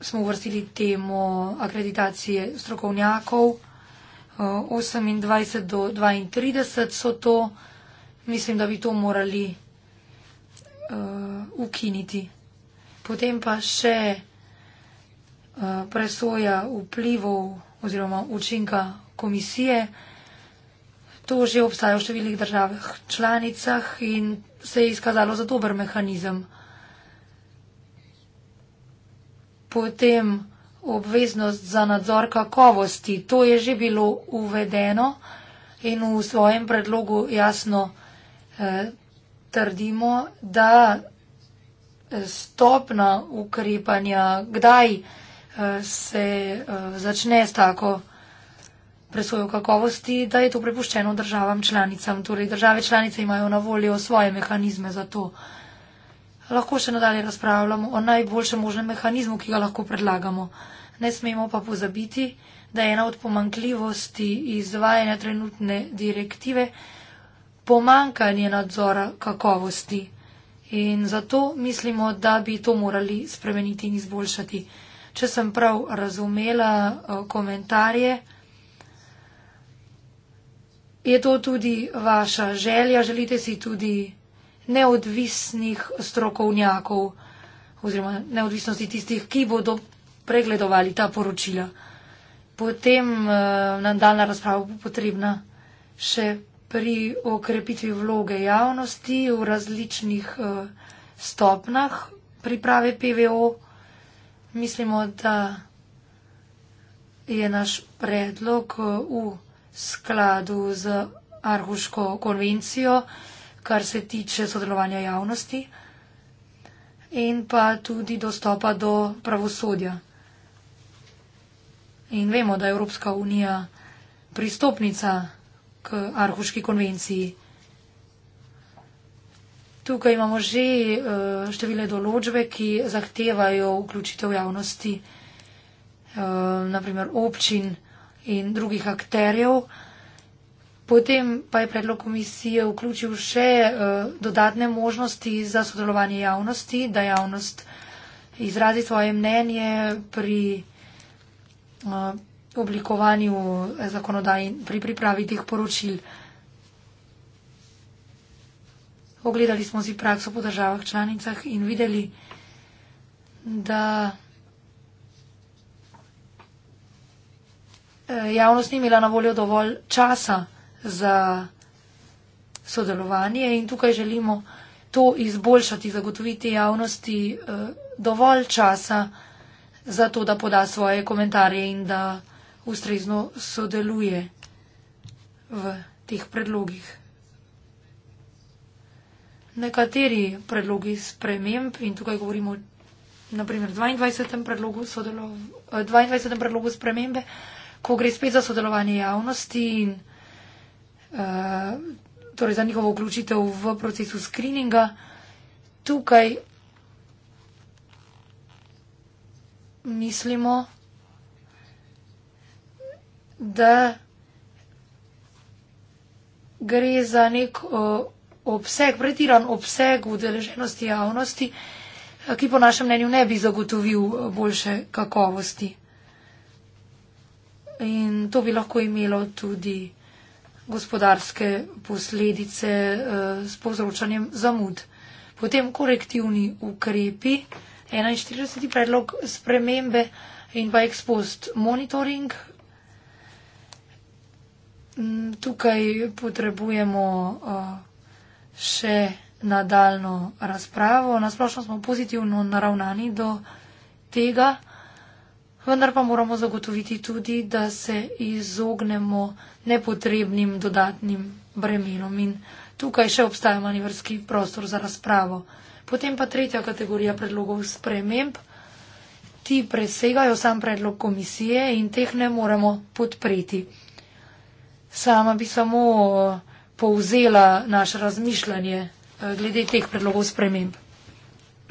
smo uvrstili temo akreditacije strokovnjakov 28 eh, do 32 so to. Mislim, da bi to morali uh, ukiniti. Potem pa še uh, presoja vplivov oziroma učinka komisije. Uh, To že obstaja v številnih državah članicah in se je izkazalo za dober mehanizem. Potem obveznost za nadzor kakovosti. To je že bilo uvedeno in v svojem predlogu jasno eh, trdimo, da eh, stopna ukrepanja, kdaj eh, se eh, začne s tako presojo kakovosti, da je to prepuščeno državam članicam. Torej, države članice imajo na voljo svoje mehanizme za to. Lahko še nadalje razpravljamo o najboljšem možnem mehanizmu, ki ga lahko predlagamo. Ne smemo pa pozabiti, da je ena od pomankljivosti izvajanja trenutne direktive pomankanje nadzora kakovosti. In zato mislimo, da bi to morali spremeniti in izboljšati. Če sem prav razumela eh, komentarje, Je to tudi vaša želja? Želite si tudi neodvisnih strokovnjakov oziroma neodvisnosti tistih, ki bodo pregledovali ta poročila. Potem uh, eh, nam daljna razprava bo potrebna še pri okrepitvi vloge javnosti v različnih uh, eh, stopnah priprave PVO. Mislimo, da je naš predlog uh, v skladu z Arhuško konvencijo, kar se tiče sodelovanja javnosti in pa tudi dostopa do pravosodja. In vemo, da je Evropska unija pristopnica k Arhuški konvenciji. Tukaj imamo že eh, številne določbe, ki zahtevajo vključitev javnosti, eh, naprimer občin in drugih akterjev. Potem pa je predlog komisije vključil še uh, dodatne možnosti za sodelovanje javnosti, da javnost izrazi svoje mnenje pri uh, oblikovanju zakonodaji, pri pripravi teh poročil. Ogledali smo si prakso po državah članicah in videli, da. Eh, javnost ni imela na voljo dovolj časa za sodelovanje in tukaj želimo to izboljšati, zagotoviti javnosti eh, dovolj časa za to, da poda svoje komentarje in da ustrezno sodeluje v teh predlogih. Nekateri predlogi sprememb in tukaj govorimo na primer 22. predlogu, sodelo, 22. Eh, predlogu spremembe ko gre spet za sodelovanje javnosti in uh, torej za njihovo vključitev v procesu screeninga, tukaj mislimo, da gre za nek eh, obseg, pretiran obseg udeleženosti javnosti, eh, ki po našem mnenju ne bi zagotovil boljše kakovosti. In to bi lahko imelo tudi gospodarske posledice eh, s povzročanjem zamud. Potem korektivni ukrepi, 41. predlog spremembe in pa ekspost monitoring. Mm, tukaj potrebujemo eh, še nadaljno razpravo. Nasplošno smo pozitivno naravnani do tega. Vendar pa moramo zagotoviti tudi, da se izognemo nepotrebnim dodatnim bremenom in tukaj še obstaja manjvrski prostor za razpravo. Potem pa tretja kategorija predlogov sprememb. Ti presegajo sam predlog komisije in teh ne moremo podpreti. Sama bi samo eh, povzela naše razmišljanje eh, glede teh predlogov sprememb.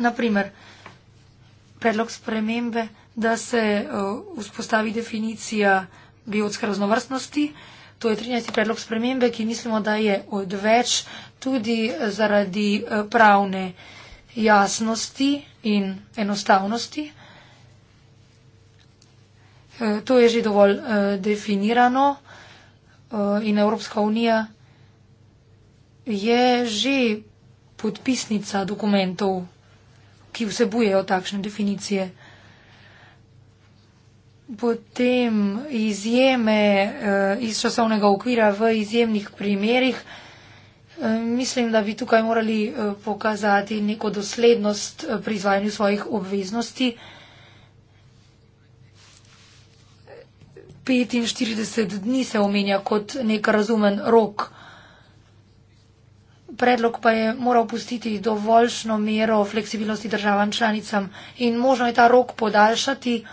Naprimer, predlog spremembe da se eh, vzpostavi definicija biotske raznovrstnosti. To je 13. predlog spremembe, ki mislimo, da je odveč tudi eh, zaradi eh, pravne jasnosti in enostavnosti. To je že dovolj definirano in Evropska unija je že podpisnica dokumentov, ki vsebujejo takšne definicije potem izjeme uh, iz časovnega okvira v izjemnih primerjih. Eh, mislim, da bi tukaj morali eh, pokazati neko doslednost pri izvajanju svojih obveznosti. 45 dni se omenja kot nek razumen rok. Predlog pa je moral pustiti dovoljšno mero fleksibilnosti državam članicam in možno je ta rok podaljšati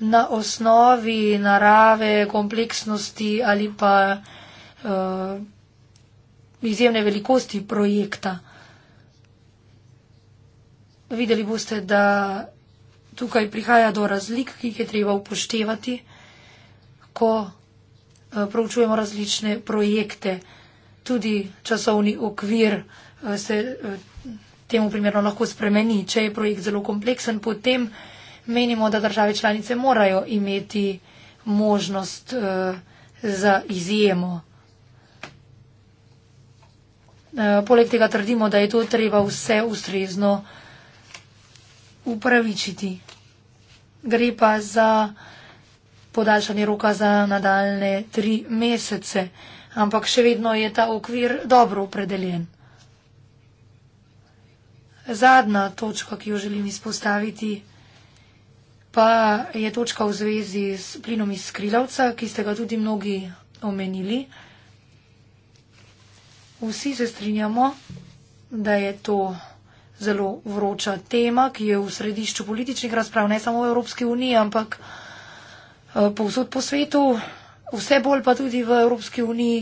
na osnovi narave, kompleksnosti ali pa uh, izjemne velikosti projekta. Videli boste, da tukaj prihaja do razlik, ki jih je treba upoštevati, ko uh, proučujemo različne projekte. Tudi časovni okvir uh, se uh, temu primerno lahko spremeni. Če je projekt zelo kompleksen, potem. Uh, menimo, da države članice morajo imeti možnost eh, za izjemo. Eh, poleg tega trdimo, da je to treba vse ustrezno upravičiti. Gre pa za podaljšanje roka za nadaljne tri mesece, ampak še vedno je ta okvir dobro opredeljen. Zadnja točka, ki jo želim izpostaviti, pa je točka v zvezi s plinom iz Skrilavca, ki ste ga tudi mnogi omenili. Vsi se strinjamo, da je to zelo vroča tema, ki je v središču političnih razprav, ne samo v Evropski uniji, ampak eh, povsod po svetu, vse bolj pa tudi v Evropski uniji.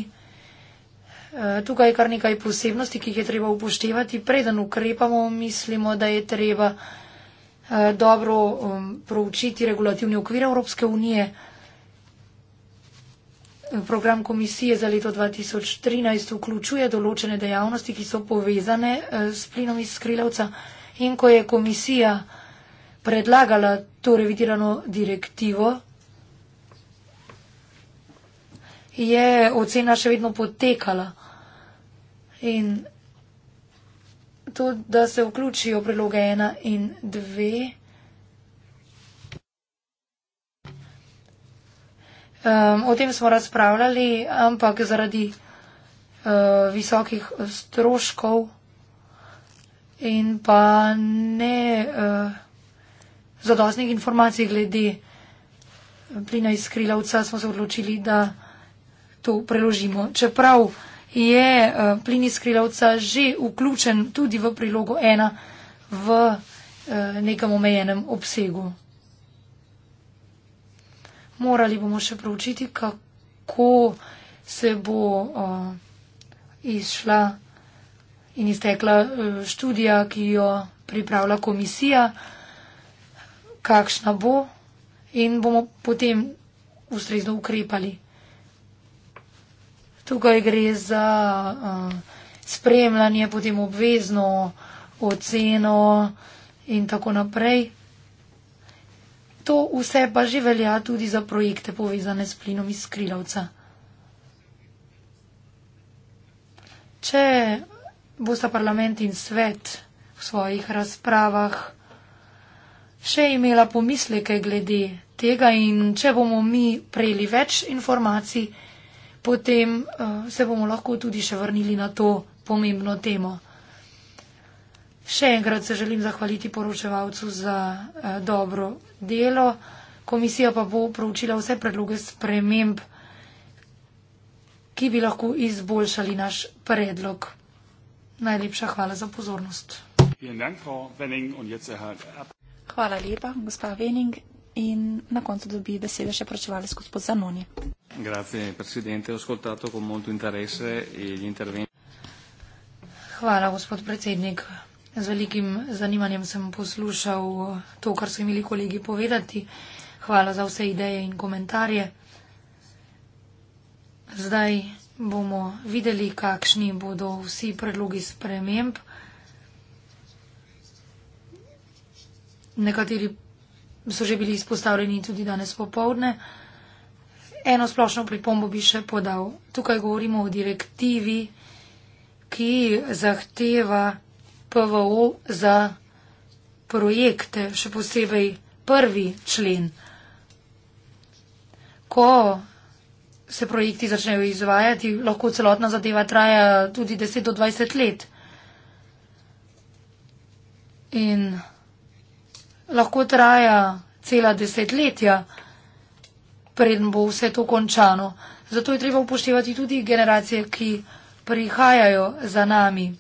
Eh, tukaj je kar nekaj posebnosti, ki jih je treba upoštevati. Preden ukrepamo, mislimo, da je treba Eh, dobro um, proučiti regulativne okvire Evropske unije. Program komisije za leto 2013 vključuje določene dejavnosti, ki so povezane eh, s plinom iz skrilavca in ko je komisija predlagala to revidirano direktivo, je ocena še vedno potekala in to, da se vključijo priloge 1 in 2. Um, o tem smo razpravljali, ampak zaradi uh, visokih stroškov in pa ne uh, zadostnih informacij glede plina iz krilavca smo se odločili, da to preložimo. Čeprav je eh, plin iz skrilavca že vključen tudi v prilogo ena v eh, nekem omejenem obsegu. Morali bomo še proučiti, kako se bo eh, izšla in iztekla študija, ki jo pripravlja komisija, kakšna bo in bomo potem ustrezno ukrepali. Tukaj gre za uh, spremljanje, potem obvezno oceno in tako naprej. To vse pa že velja tudi za projekte povezane s plinom iz skrilavca. Če bosta parlament in svet v svojih razpravah še imela pomisleke glede tega in če bomo mi prejeli več informacij, potem uh, se bomo lahko tudi še vrnili na to pomembno temo. Še enkrat se želim zahvaliti poročevalcu za uh, dobro delo. Komisija pa bo proučila vse predloge sprememb, ki bi lahko izboljšali naš predlog. Najlepša hvala za pozornost. Hvala lepa, gospa Vening in na koncu dobi besedo še pročevalec gospod Zanoni. Hvala, gospod predsednik. Z velikim zanimanjem sem poslušal to, kar so imeli kolegi povedati. Hvala za vse ideje in komentarje. Zdaj bomo videli, kakšni bodo vsi predlogi sprememb. Nekateri so že bili izpostavljeni tudi danes popovdne. Eno splošno pripombo bi še podal. Tukaj govorimo o direktivi, ki zahteva PVO za projekte, še posebej prvi člen. Ko se projekti začnejo izvajati, lahko celotna zadeva traja tudi 10 do 20 let. In lahko traja cela desetletja, preden bo vse to končano. Zato je treba upoštevati tudi generacije, ki prihajajo za nami.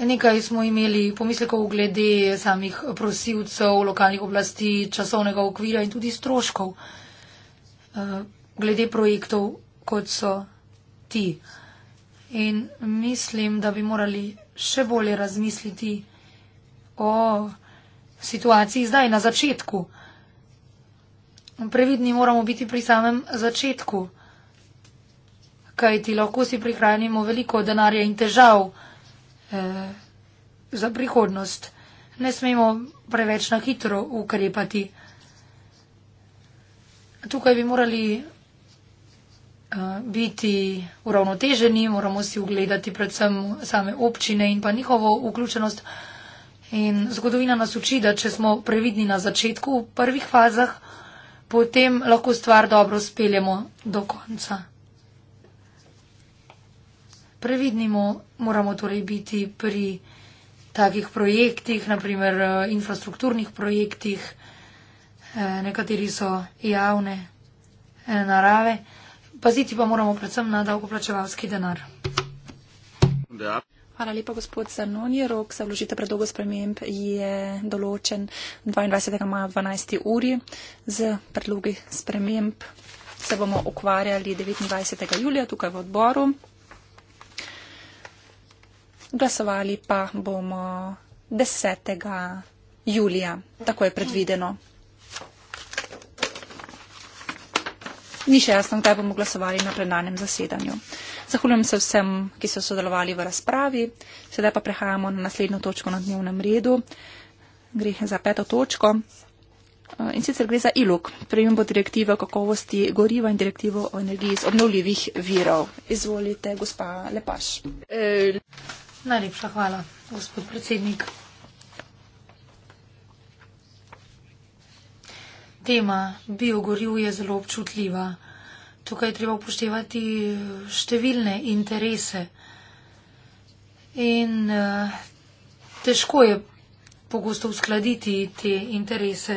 Nekaj smo imeli pomislekov glede samih prosilcev, lokalnih oblasti, časovnega okvira in tudi stroškov eh, glede projektov, kot so ti. In mislim, da bi morali še bolje razmisliti o situaciji zdaj, na začetku. Previdni moramo biti pri samem začetku, kajti lahko si prihranimo veliko denarja in težav eh, za prihodnost. Ne smemo preveč na hitro ukrepati. Tukaj bi morali eh, biti uravnoteženi, moramo si ugledati predvsem same občine in pa njihovo vključenost. In zgodovina nas uči, da če smo previdni na začetku v prvih fazah, potem lahko stvar dobro speljemo do konca. Previdni moramo torej biti pri takih projektih, naprimer eh, infrastrukturnih projektih, eh, nekateri so javne eh, narave, paziti pa moramo predvsem na davkoplačevalski denar. Hvala lepa, gospod Zanoni. Rok za vložitev predlogov sprememb je določen 22. maja 12. uri. Z predlogi sprememb se bomo ukvarjali 29. julija tukaj v odboru. Glasovali pa bomo 10. julija, tako je predvideno. Ni še jasno, kdaj bomo glasovali na plenarnem zasedanju. Zahvaljujem se vsem, ki so sodelovali v razpravi. Sedaj pa prehajamo na naslednjo točko na dnevnem redu. Gre za peto točko. Eh, in sicer gre za ILUK, prejembo direktive o kakovosti goriva in direktivo o energiji iz obnovljivih virov. Izvolite, gospa Lepaš. Eh, najlepša hvala, gospod predsednik. Tema biogoriv je zelo občutljiva tukaj je treba upoštevati številne interese. In eh, težko je pogosto uskladiti te interese.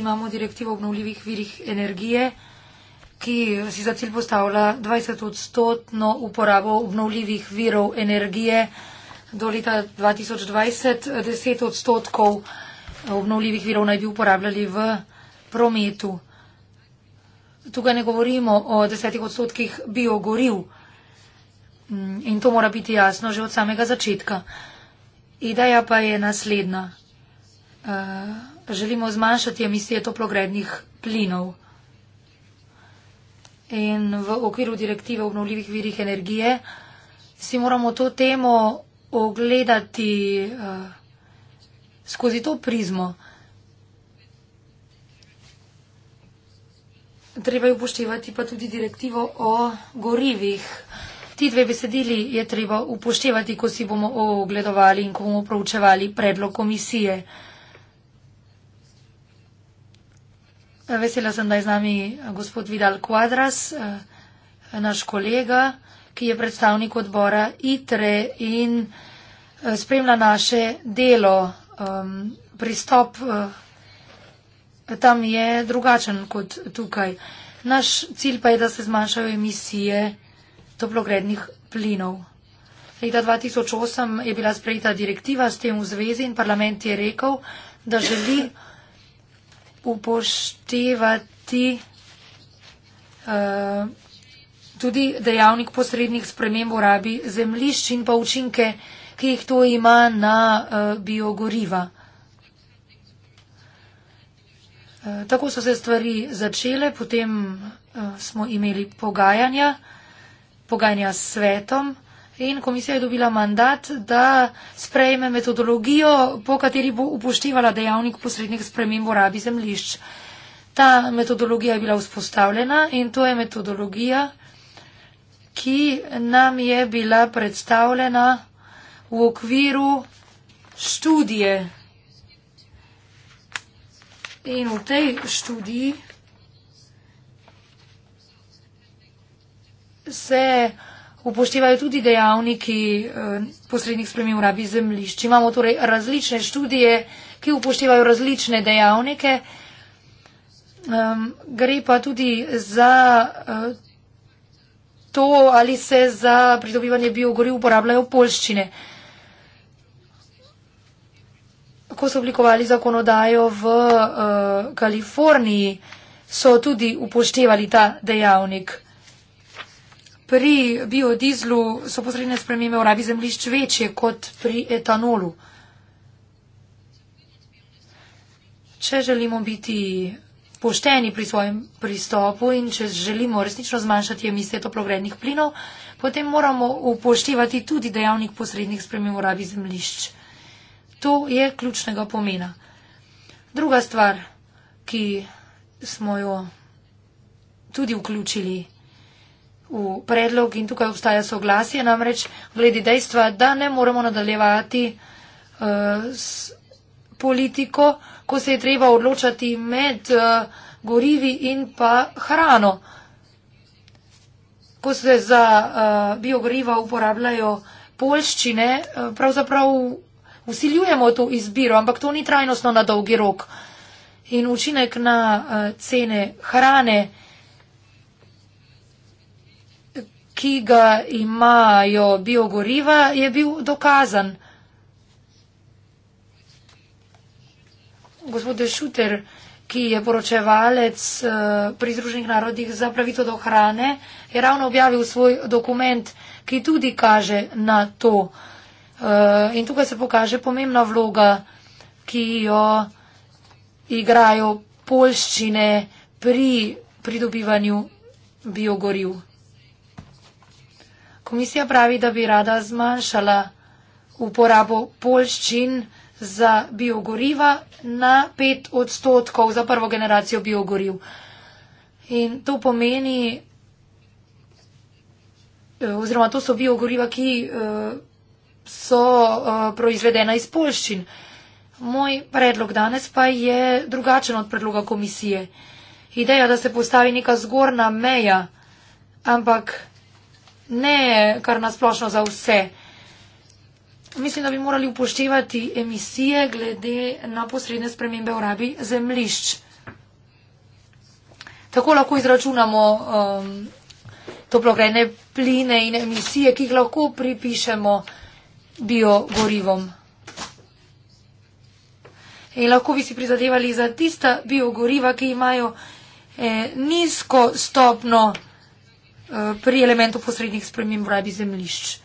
Imamo direktivo obnovljivih virih energije, ki si za cilj postavlja 20 odstotno uporabo obnovljivih virov energije do leta 2020. 10 odstotkov obnovljivih virov naj bi uporabljali v prometu. Tukaj ne govorimo o desetih odstotkih biogoriv mm, in to mora biti jasno že od samega začetka. Ideja pa je naslednja. Eh, želimo zmanjšati emisije toplogrednih plinov in v okviru direktive obnovljivih virih energije si moramo to temo ogledati eh, skozi to prizmo. treba je upoštevati pa tudi direktivo o gorivih. Ti dve besedili je treba upoštevati, ko si bomo ogledovali in ko bomo proučevali predlog komisije. Vesela sem, da je z nami eh, gospod Vidal Quadras, eh, naš kolega, ki je predstavnik odbora ITRE in eh, spremlja naše delo, ehm, pristop tam je drugačen kot tukaj. Naš cilj pa je, da se zmanjšajo emisije toplogrednih plinov. Leta 2008 je bila sprejeta direktiva s tem v zvezi in parlament je rekel, da želi upoštevati uh, tudi dejavnik posrednih sprememb v rabi zemlišč in pa učinke, ki jih to ima na uh, biogoriva. Eh, tako so se stvari začele, potem uh, smo imeli pogajanja, pogajanja s svetom in komisija je dobila mandat, da sprejme metodologijo, po kateri bo upoštevala dejavnik posrednjih sprememb v rabi zemlišč. Ta metodologija je bila vzpostavljena in to je metodologija, ki nam je bila predstavljena v okviru študije In v tej študiji se upoštevajo tudi dejavniki eh, posrednih sprememb rabi zemljišč. Imamo torej različne študije, ki upoštevajo različne dejavnike. Gre pa tudi za eh, to, ali se za pridobivanje biogori uporabljajo polščine ko so oblikovali zakonodajo v uh, Kaliforniji, so tudi upoštevali ta dejavnik. Pri biodizlu so posredne spremembe v rabi zemljišč večje kot pri etanolu. Če želimo biti pošteni pri svojem pristopu in če želimo resnično zmanjšati emisije toplogrednih plinov, potem moramo upoštevati tudi dejavnik posrednih sprememb v rabi zemljišč. To je ključnega pomena. Druga stvar, ki smo jo tudi vključili v predlog in tukaj obstaja soglasje, namreč glede dejstva, da ne moremo nadaljevati uh, s politiko, ko se je treba odločati med uh, gorivi in pa hrano. Ko se za uh, biogoriva uporabljajo polščine, uh, pravzaprav usiljujemo to izbiro, ampak to ni trajnostno na dolgi rok. In učinek na uh, cene hrane, ki ga imajo biogoriva, je bil dokazan. Gospod Šuter, ki je poročevalec uh, pri Združenih narodih za pravico do hrane, je ravno objavil svoj dokument, ki tudi kaže na to. Uh, Eh, in tukaj se pokaže pomembna vloga, ki jo igrajo polščine pri pridobivanju biogoriv. Komisija pravi, da bi rada zmanjšala uporabo polščin za biogoriva na 5 odstotkov za prvo generacijo biogoriv. In to pomeni, eh, oziroma to so biogoriva, ki eh, so uh, proizvedena iz polščin. Moj predlog danes pa je drugačen od predloga komisije. Ideja, da se postavi neka zgorna meja, ampak ne kar nasplošno za vse. Mislim, da bi morali upoštevati emisije glede na posredne spremembe v rabi zemlišč. Tako lahko izračunamo um, toplogredne pline in emisije, ki jih lahko pripišemo biogorivom. In lahko bi si prizadevali za tista biogoriva, ki imajo eh, nizko stopno eh, pri elementu posrednjih sprememb rabi zemlišč.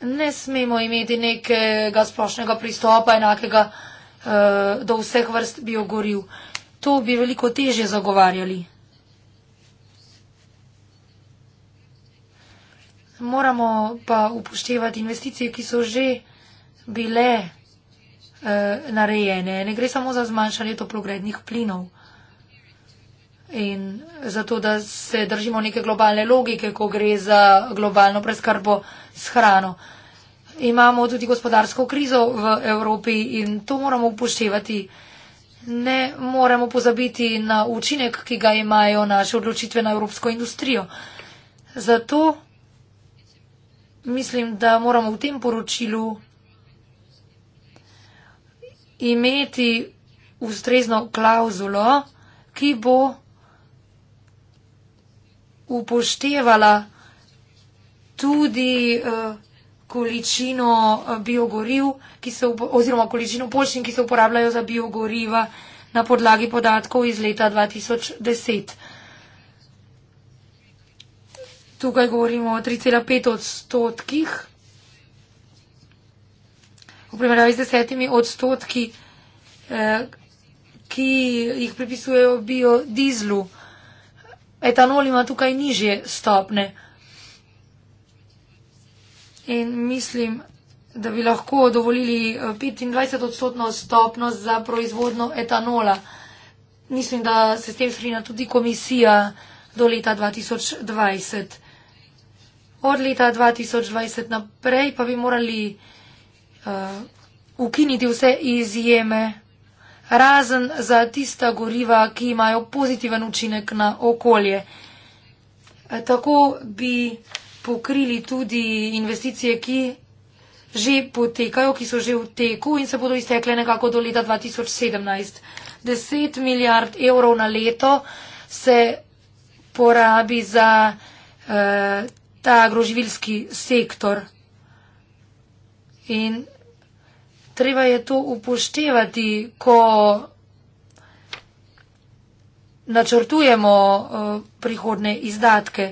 Ne smemo imeti nekega splošnega pristopa enakega eh, do vseh vrst biogoriv. To bi veliko teže zagovarjali. Moramo pa upoštevati investicije, ki so že bile uh, narejene. Ne gre samo za zmanjšanje toplogrednih plinov. In zato, da se držimo neke globalne logike, ko gre za globalno preskrbo s hrano. Imamo tudi gospodarsko krizo v Evropi in to moramo upoštevati. Ne moremo pozabiti na učinek, ki ga imajo naše odločitve na evropsko industrijo. Zato mislim, da moramo v tem poročilu imeti ustrezno klauzulo, ki bo upoštevala tudi eh, količino eh, biogoriv, oziroma količino poščin, ki se uporabljajo za biogoriva na podlagi podatkov iz leta 2010 tukaj govorimo o 3,5 odstotkih. V primerjavi z desetimi odstotki, eh, ki jih pripisujejo biodizlu, etanol ima tukaj nižje stopne. In mislim, da bi lahko dovolili 25 eh, odstotno stopnost za proizvodno etanola. Mislim, da se s tem strina tudi komisija do leta 2020 od leta 2020 naprej pa bi morali uh, ukiniti vse izjeme, razen za tista goriva, ki imajo pozitiven učinek na okolje. Eh, tako bi pokrili tudi investicije, ki že potekajo, ki so že v teku in se bodo iztekle nekako do leta 2017. 10 milijard evrov na leto se porabi za eh, ta agroživilski sektor. In treba je to upoštevati, ko načrtujemo eh, prihodne izdatke.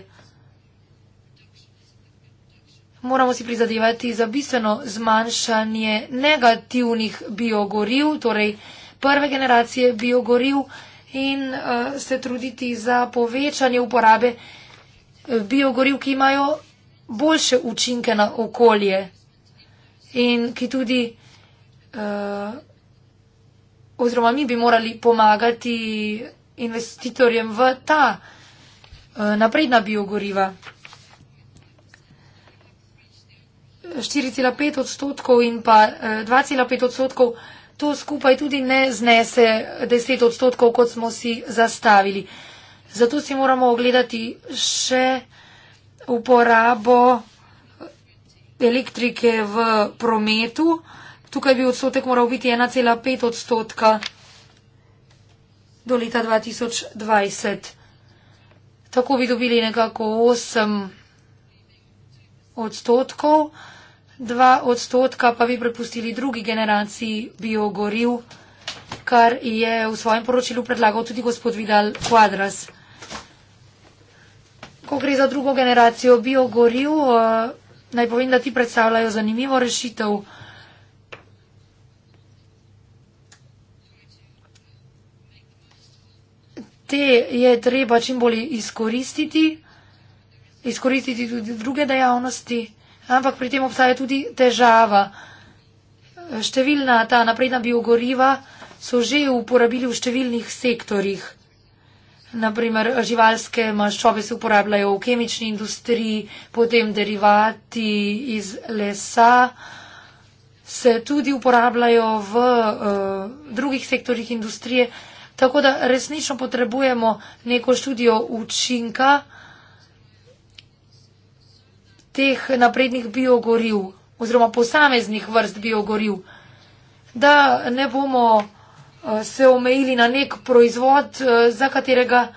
Moramo si prizadevati za bistveno zmanjšanje negativnih biogoriv, torej prve generacije biogoriv in eh, se truditi za povečanje uporabe biogoriv biogoriv, ki imajo boljše učinke na okolje in ki tudi, uh, oziroma mi bi morali pomagati investitorjem v ta uh, napredna biogoriva. 4,5 odstotkov in pa 2,5 eh, odstotkov, to skupaj tudi ne znese 10 odstotkov, kot smo si zastavili. Uh, Zato si moramo ogledati še uporabo elektrike v prometu. Tukaj bi odstotek moral biti 1,5 odstotka do leta 2020. Tako bi dobili nekako 8 odstotkov, 2 odstotka pa bi prepustili drugi generaciji biogoriv, kar je v svojem poročilu predlagal tudi gospod Vidal Quadras. Ko gre za drugo generacijo biogoriv, eh, naj povem, da ti predstavljajo zanimivo rešitev. Te je treba čim bolj izkoristiti, izkoristiti tudi druge dejavnosti, ampak pri tem obstaja tudi težava. Številna ta napredna biogoriva so že uporabili v številnih sektorjih naprimer živalske maščobe se uporabljajo v kemični industriji, potem derivati iz lesa se tudi uporabljajo v uh, drugih sektorjih industrije. Tako da resnično potrebujemo neko študijo učinka teh naprednih biogoriv oziroma posameznih vrst biogoriv, da ne bomo Eh, se omejili na nek proizvod, eh, za katerega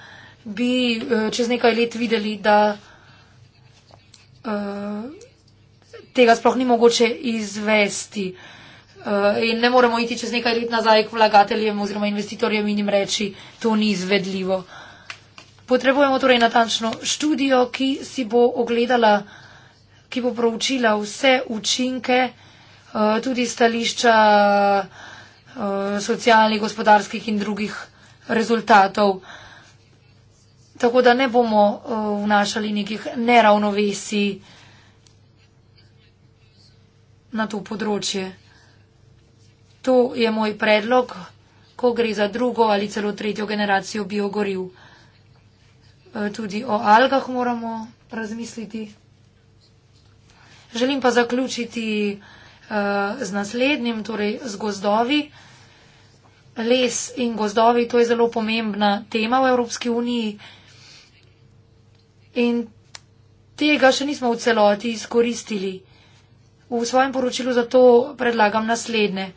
bi eh, čez nekaj let videli, da tega sploh ni mogoče izvesti. In ne moremo iti čez nekaj let nazaj k vlagateljem oziroma investitorjem in jim reči, to ni izvedljivo. Potrebujemo torej natančno študijo, ki si bo ogledala, ki bo proučila vse učinke, tudi stališča Eh, socialnih, gospodarskih in drugih rezultatov. Tako da ne bomo eh, vnašali nekih neravnovesij na to področje. To je moj predlog, ko gre za drugo ali celo tretjo generacijo biogoriv. Eh, tudi o algah moramo razmisliti. Želim pa zaključiti. Eh, z naslednjim, torej z gozdovi. Les in gozdovi, to je zelo pomembna tema v Evropski uniji. In tega še nismo v celoti izkoristili. V svojem poročilu zato predlagam naslednje.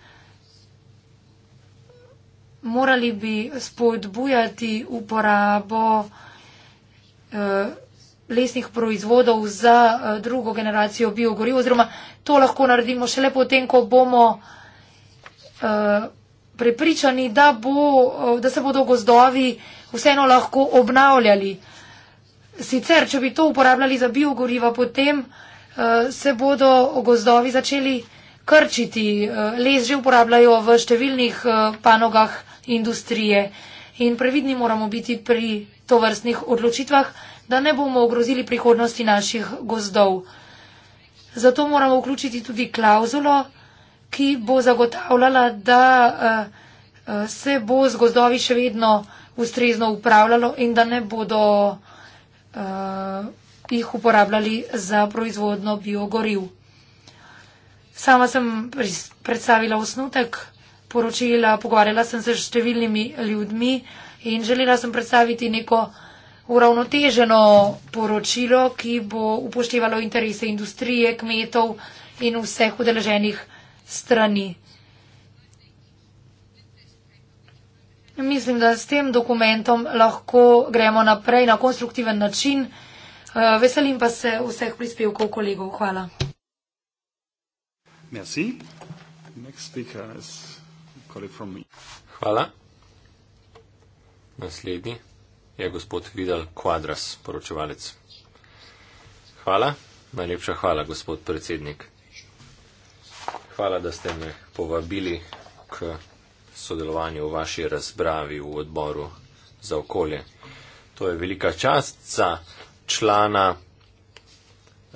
Morali bi spodbujati uporabo eh, lesnih proizvodov za eh, drugo generacijo biogoriv, oziroma to lahko naredimo šele potem, ko bomo eh, prepričani, da, bo, eh, da se bodo gozdovi vseeno lahko obnavljali. Sicer, če bi to uporabljali za biogoriva, potem se bodo gozdovi začeli krčiti. Les že uporabljajo v številnih panogah industrije in previdni moramo biti pri tovrstnih odločitvah da ne bomo ogrozili prihodnosti naših gozdov. Zato moramo vključiti tudi klauzulo, ki bo zagotavljala, da eh, eh, se bo z gozdovi še vedno ustrezno upravljalo in da ne bodo eh, jih uporabljali za proizvodno biogoriv. Sama sem predstavila osnutek poročila, pogovarjala sem se s številnimi ljudmi in želela sem predstaviti neko uh, uravnoteženo poročilo, ki bo upoštevalo interese industrije, kmetov in vseh udeleženih strani. Mislim, da s tem dokumentom lahko gremo naprej na konstruktiven način. Eh, veselim pa se vseh prispevkov kolegov. Hvala. Hvala. Naslednji je gospod Vidal Quadras, poročevalec. Hvala, najlepša hvala, gospod predsednik. Hvala, da ste me povabili k sodelovanju v vaši razpravi v odboru za okolje. To je velika čast za člana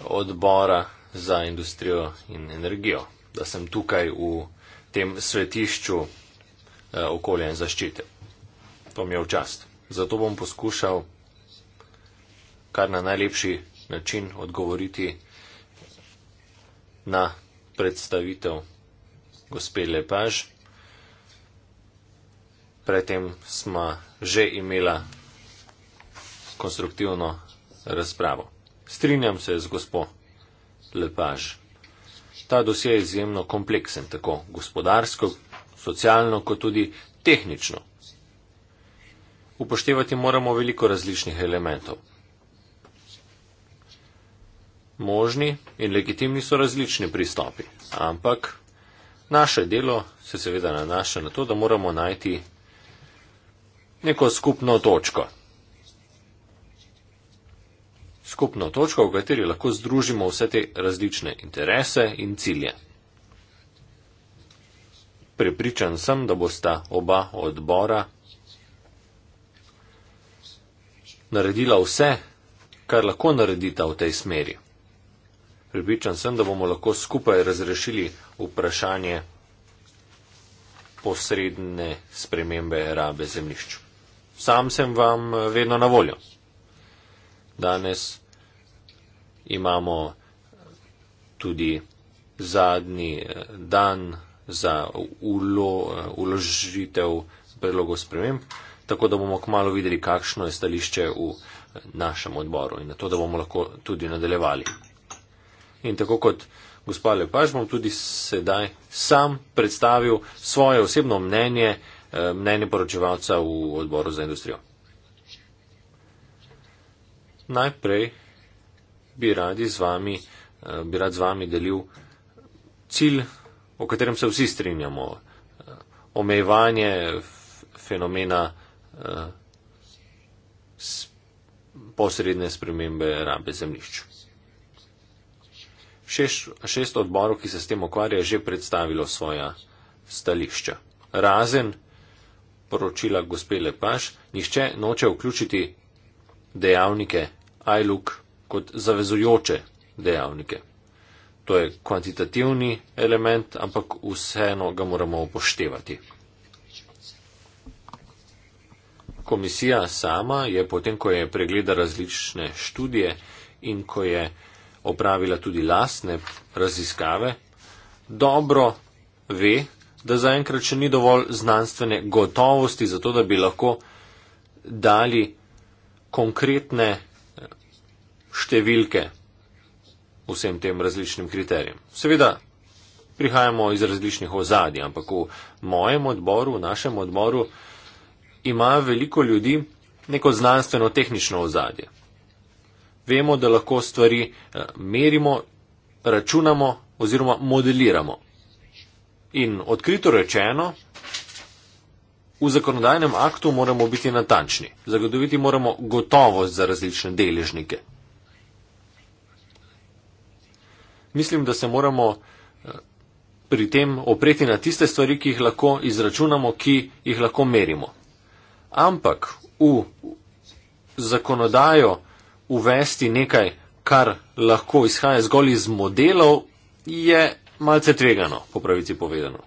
odbora za industrijo in energijo, da sem tukaj v tem svetišču eh, okolja in zaščite. To mi je v čast zato bom poskušal kar na najlepši način odgovoriti na predstavitev gospe Lepaž. Predtem smo že imela konstruktivno razpravo. Strinjam se z gospo Lepaž. Ta dosje je izjemno kompleksen, tako gospodarsko, socialno, kot tudi tehnično upoštevati moramo veliko različnih elementov. Možni in legitimni so različni pristopi, ampak naše delo se seveda nanaša na to, da moramo najti neko skupno točko. Skupno točko, v kateri lahko združimo vse te različne interese in cilje. Prepričan sem, da bosta oba odbora naredila vse, kar lahko naredita v tej smeri. Pripričan sem, da bomo lahko skupaj razrešili vprašanje posredne spremembe rabe zemljišč. Sam sem vam eh, vedno na voljo. Danes imamo eh, tudi zadnji eh, dan za ulo, uložitev predlogov sprememb tako da bomo kmalo videli, kakšno je stališče v našem odboru in na to, da bomo lahko tudi nadaljevali. In tako kot gospod Lepaš, bom tudi sedaj sam predstavil svoje osebno mnenje, eh, mnenje poročevalca v odboru za industrijo. Najprej bi, vami, eh, bi rad z vami delil cilj, o katerem se vsi strinjamo. Eh, omejevanje fenomena uh, posredne spremembe rabe zemljišč. Šeš, šest odborov, ki se s tem okvarja, je že predstavilo svoja stališča. Razen poročila gospe Lepaš, nihče noče vključiti dejavnike ILUK kot zavezujoče dejavnike. To je kvantitativni element, ampak vseeno ga moramo upoštevati. komisija sama je potem, ko je pregledala različne študije in ko je opravila tudi lastne raziskave, dobro ve, da zaenkrat še ni dovolj znanstvene gotovosti za to, da bi lahko dali konkretne eh, številke vsem tem različnim kriterijem. Seveda, prihajamo iz različnih ozadij, ampak v mojem odboru, v našem odboru, imajo veliko ljudi neko znanstveno-tehnično ozadje. Vemo, da lahko stvari eh, merimo, računamo oziroma modeliramo. In odkrito rečeno, v zakonodajnem aktu moramo biti natančni. Zagotoviti moramo gotovost za različne deležnike. Mislim, da se moramo eh, pri tem opreti na tiste stvari, ki jih lahko izračunamo, ki jih lahko merimo ampak v zakonodajo uvesti nekaj, kar lahko izhaja zgolj iz modelov, je malce tvegano, po pravici povedano.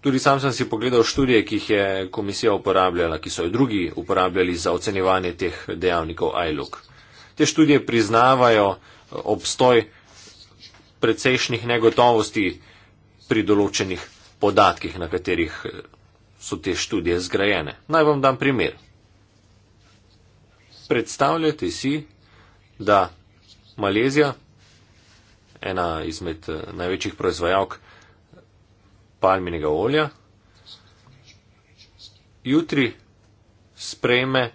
Tudi sam sem si pogledal študije, ki jih je komisija uporabljala, ki so jo drugi uporabljali za ocenjevanje teh dejavnikov ILOG. Te študije priznavajo eh, obstoj precejšnjih negotovosti pri določenih podatkih, na katerih eh, so te študije zgrajene. Naj vam dam primer. Predstavljajte si, da Malezija, ena izmed eh, največjih proizvajalk palminega olja, jutri sprejme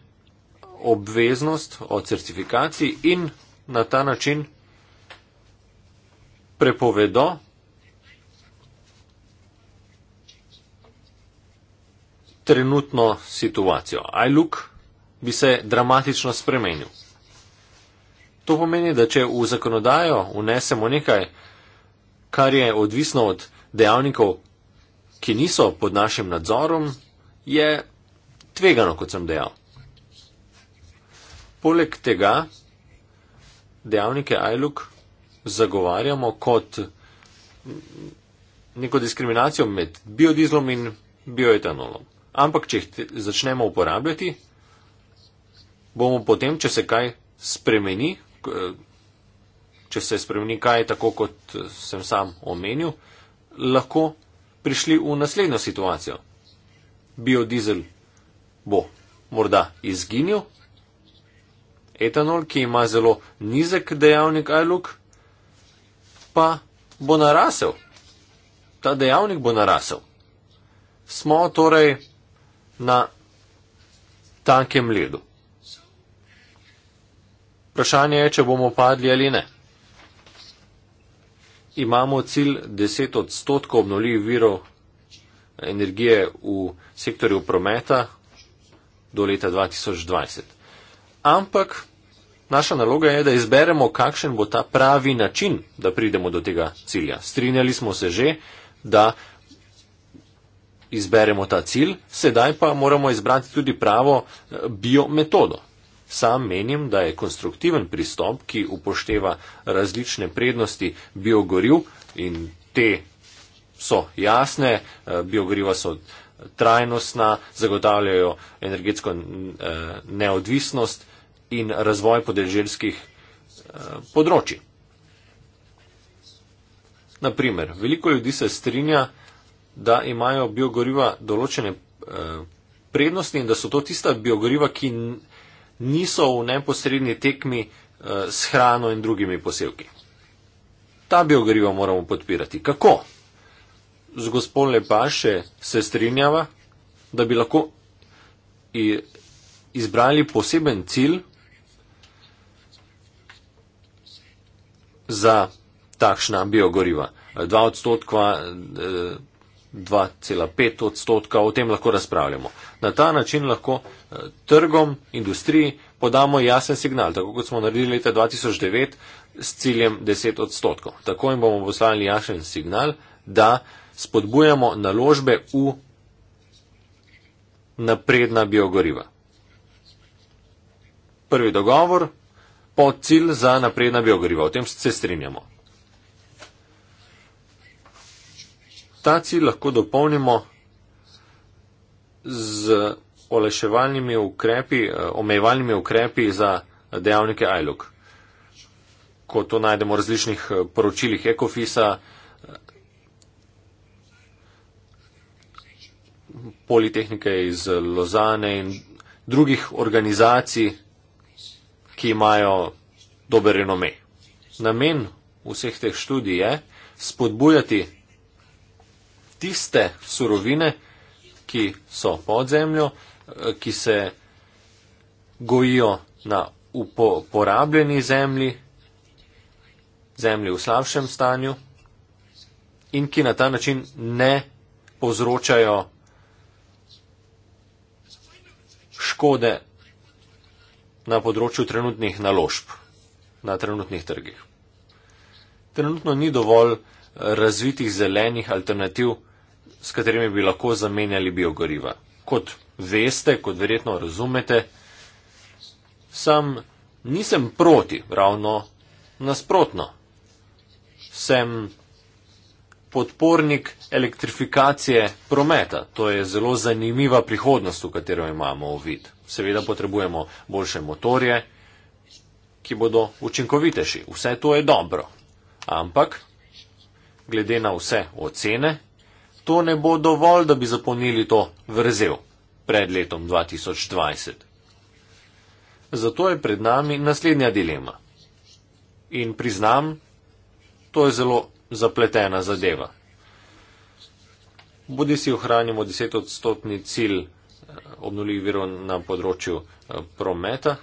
obveznost o certifikaciji in na ta način prepovedo trenutno situacijo. iLook bi se dramatično spremenil. To pomeni, da če v zakonodajo unesemo nekaj, kar je odvisno od dejavnikov, ki niso pod našim nadzorom, je tvegano, kot sem dejal. Poleg tega dejavnike iLook zagovarjamo kot neko diskriminacijo med biodizlom in bioetanolom ampak če jih začnemo uporabljati, bomo potem, če se kaj spremeni, če se spremeni kaj tako, kot sem sam omenil, lahko prišli v naslednjo situacijo. Biodizel bo morda izginil, etanol, ki ima zelo nizek dejavnik ajluk, pa bo narasel. Ta dejavnik bo narasel. Smo torej na tankem ledu. Vprašanje je, če bomo padli ali ne. Imamo cilj 10 odstotkov obnovljivih virov energije v sektorju prometa do leta 2020. Ampak naša naloga je, da izberemo, kakšen bo ta pravi način, da pridemo do tega cilja. Strinjali smo se že, da izberemo ta cilj, sedaj pa moramo izbrati tudi pravo eh, biometodo. Sam menim, da je konstruktiven pristop, ki upošteva različne prednosti biogoriv in te so jasne, eh, biogoriva so trajnostna, zagotavljajo energetsko eh, neodvisnost in razvoj podeželskih področji. Naprimer, veliko ljudi se strinja, da imajo biogoriva določene eh, prednosti in da so to tista biogoriva, ki niso v neposrednji tekmi eh, s hrano in drugimi posevki. Ta biogoriva moramo podpirati. Kako? Z gospod Lepaše se strinjava, da bi lahko izbrali poseben cilj za takšna biogoriva. 2 odstotka eh, 2,5 odstotka, o tem lahko razpravljamo. Na ta način lahko eh, trgom, industriji podamo jasen signal, tako kot smo naredili leta 2009 s ciljem 10 odstotkov. Tako jim bomo poslali jasen signal, da spodbujamo naložbe v napredna biogoriva. Prvi dogovor, pod cilj za napredna biogoriva, o tem se strinjamo. Ta cilj lahko dopolnimo z olajševalnimi ukrepi, eh, omejevalnimi ukrepi za dejavnike ILUK. Ko to najdemo v različnih eh, poročilih Ekofisa, eh, Politehnike iz Lozane in drugih organizacij, ki imajo dober renome. Namen vseh teh študij je spodbujati tiste surovine, ki so pod zemljo, eh, ki se gojijo na uporabljeni zemlji, zemlji v slabšem stanju in ki na ta način ne povzročajo škode na področju trenutnih naložb, na trenutnih trgih. Trenutno ni dovolj eh, razvitih zelenih alternativ, s katerimi bi lahko zamenjali biogoriva. Kot veste, kot verjetno razumete, sam nisem proti, ravno nasprotno. Sem podpornik elektrifikacije prometa. To je zelo zanimiva prihodnost, v katero imamo uvid. Seveda potrebujemo boljše motorje, ki bodo učinkovitejši. Vse to je dobro. Ampak, glede na vse ocene, To ne bo dovolj, da bi zapolnili to vrzel pred letom 2020. Zato je pred nami naslednja dilema. In priznam, to je zelo zapletena zadeva. Bodi si ohranimo 10-odstotni cilj eh, obnovljivih virov na področju eh, prometa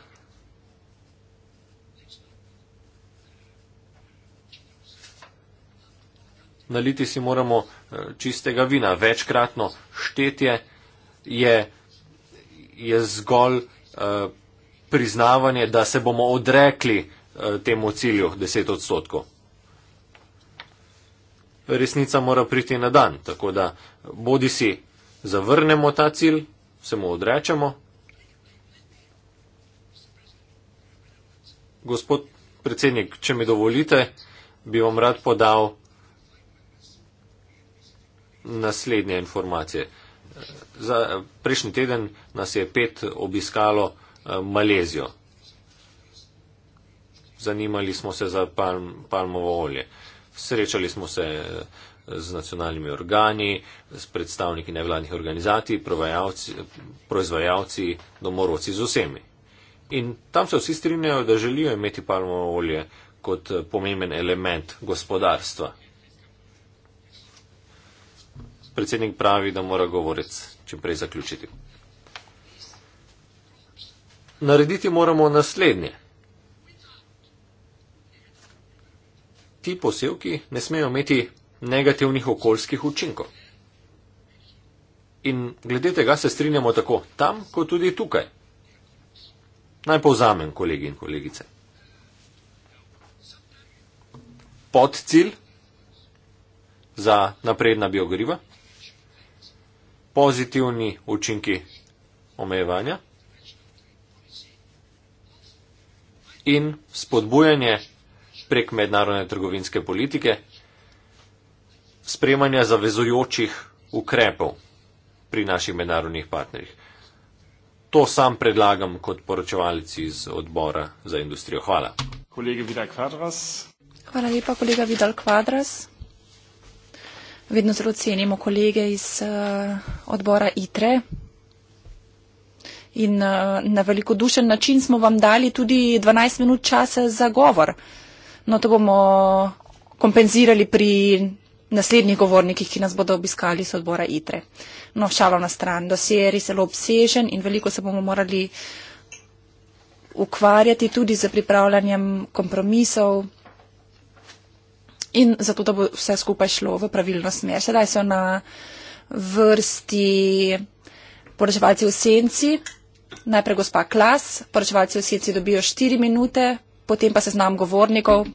naliti si moramo eh, čistega vina. Večkratno štetje je, je zgolj eh, priznavanje, da se bomo odrekli eh, temu cilju 10 odstotkov. Resnica mora priti na dan, tako da bodi si zavrnemo ta cilj, se mu odrečemo. Gospod predsednik, če mi dovolite, bi vam rad podal naslednje informacije. Za prejšnji teden nas je pet obiskalo eh, Malezijo. Zanimali smo se za palm, palmovo olje. Srečali smo se eh, z nacionalnimi organi, s predstavniki nevladnih organizacij, proizvajalci, domorodci, z vsemi. In tam se vsi strinjajo, da želijo imeti palmovo olje kot eh, pomemben element gospodarstva predsednik pravi, da mora govorec čimprej zaključiti. Narediti moramo naslednje. Ti posevki ne smejo imeti negativnih okoljskih učinkov. In glede tega se strinjamo tako tam, kot tudi tukaj. Naj povzamem, kolegi in kolegice. Pod cilj za napredna biogriva pozitivni učinki omejevanja in spodbujanje prek mednarodne trgovinske politike spremanja zavezujočih ukrepov pri naših mednarodnih partnerjih. To sam predlagam kot poročevalec iz odbora za industrijo. Hvala. Hvala lepa, kolega Vidal Kvadras vedno zelo cenimo kolege iz uh, odbora ITRE. In uh, na velikodušen način smo vam dali tudi 12 minut časa za govor. No, to bomo kompenzirali pri naslednjih govornikih, ki nas bodo obiskali iz odbora ITRE. No, šalo na stran. Dosje je res zelo obsežen in veliko se bomo morali ukvarjati tudi za pripravljanjem kompromisov in zato, da bo vse skupaj šlo v pravilno smer. Sedaj so na vrsti poročevalci v senci, najprej gospa Klas, poročevalci v senci dobijo 4 minute, potem pa se znam govornikov.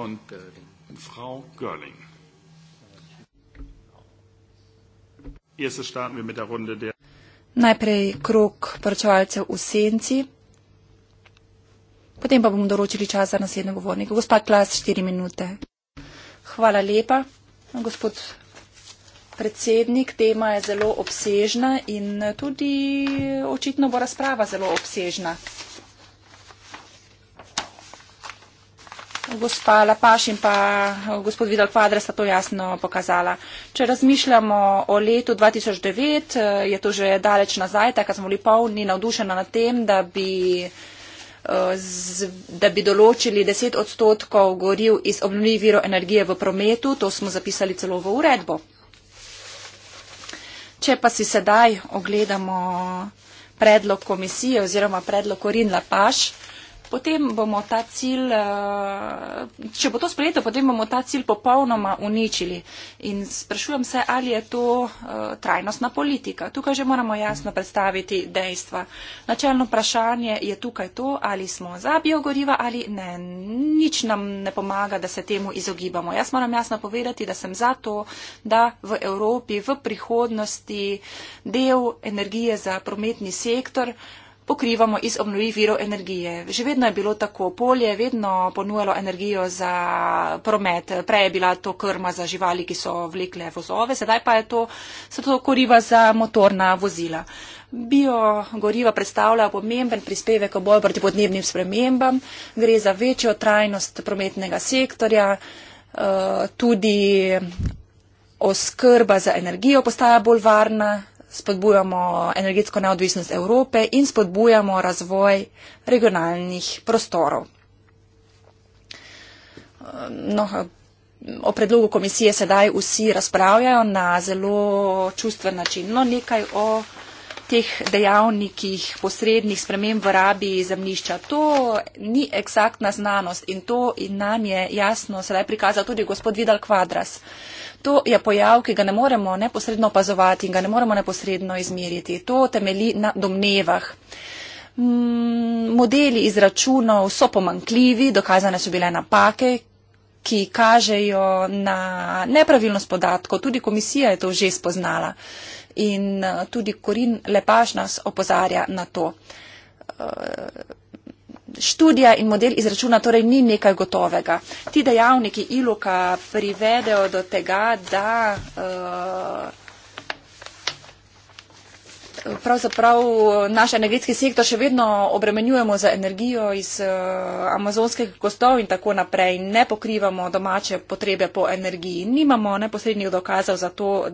Und Frau Görling. Najprej krok poročevalcev v senci, potem pa bomo določili čas za naslednjo govornika. Gospod Klas, štiri minute. Hvala lepa, gospod predsednik. Tema je zelo obsežna in tudi očitno bo razprava zelo obsežna. gospa Lapaš in pa eh, gospod Vidal Kvadra sta to jasno pokazala. Če razmišljamo o letu 2009, eh, je to že daleč nazaj, takrat smo bili polni navdušeni nad tem, da bi, eh, da bi določili 10 odstotkov goril iz obnovljivih virov energije v prometu, to smo zapisali celo v uredbo. Če pa si sedaj ogledamo predlog komisije oziroma predlog Korin Lapaš, potem bomo ta cilj, eh, če bo to sprejeto, potem bomo ta cilj popolnoma uničili. In sprašujem se, ali je to eh, trajnostna politika. Tukaj že moramo jasno predstaviti dejstva. Načelno vprašanje je tukaj to, ali smo za biogoriva ali ne. Nič nam ne pomaga, da se temu izogibamo. Jaz moram jasno povedati, da sem za to, da v Evropi v prihodnosti del energije za prometni sektor pokrivamo iz obnovljivih virov energije. Že vedno je bilo tako, polje je vedno ponujalo energijo za promet, prej je bila to krma za živali, ki so vlekle vozove, sedaj pa je to, so to koriva za motorna vozila. Biogoriva predstavljajo pomemben prispevek k boju proti podnebnim spremembam, gre za večjo trajnost prometnega sektorja, eh, tudi oskrba za energijo postaja bolj varna, spodbujamo energetsko neodvisnost Evrope in spodbujamo razvoj regionalnih prostorov. No, o predlogu komisije sedaj vsi razpravljajo na zelo čustven način. No, nekaj o teh dejavnikih posrednih sprememb v rabi zemlišča. To ni eksaktna znanost in to in nam je jasno sedaj prikazal tudi gospod Vidal Kvadras. To je pojav, ki ga ne moremo neposredno opazovati in ga ne moremo neposredno izmeriti. To temeli na domnevah. Mm, modeli izračunov so pomankljivi, dokazane so bile napake, ki kažejo na nepravilnost podatkov. Tudi komisija je to že spoznala in eh, tudi Korin Lepaž nas opozarja na to. Eh, študija in model izračuna torej ni nekaj gotovega. Ti dejavniki Iluka privedejo do tega, da eh, pravzaprav naš energetski sektor še vedno obremenjujemo za energijo iz amazonskih gostov in tako naprej. Ne pokrivamo domače potrebe po energiji. Nimamo neposrednjih dokazov za to,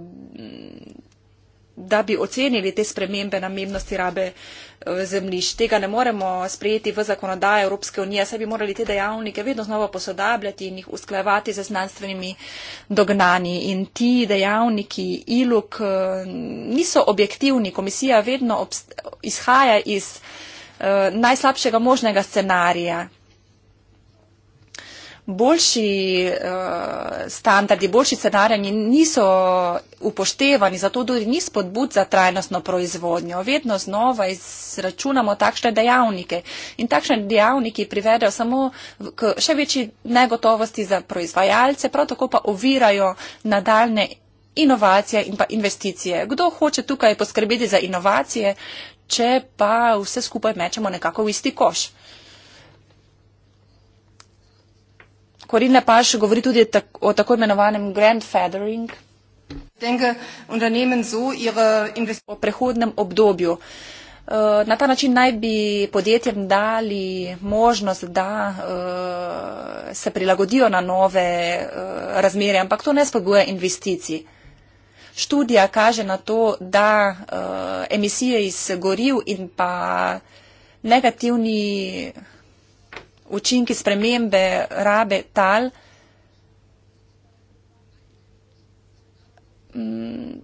da bi ocenili te spremembe namennosti rabe eh, zemljišč. Tega ne moremo sprejeti v zakonodaje Evropske unije, saj bi morali te dejavnike vedno znova posodabljati in jih usklajevati z znanstvenimi dognani. In ti dejavniki ILUK eh, niso objektivni. Komisija vedno izhaja iz eh, najslabšega možnega scenarija, boljši eh, standardi, boljši scenarij niso upoštevani, zato tudi ni spodbud za trajnostno proizvodnjo. Vedno znova izračunamo takšne dejavnike in takšne dejavniki privedajo samo k še večji negotovosti za proizvajalce, prav tako pa ovirajo nadaljne inovacije in pa investicije. Kdo hoče tukaj poskrbeti za inovacije, če pa vse skupaj mečemo nekako v isti koš? Corinne Lepage govori tudi o tako imenovanem grandfathering, o prehodnem obdobju. Eh, na ta način naj bi podjetjem dali možnost, da uh, se prilagodijo na nove uh, razmere, ampak to ne spodbuja investicij. Študija kaže na to, da uh, emisije iz goril in pa negativni uh, učinki spremembe rabe tal mm,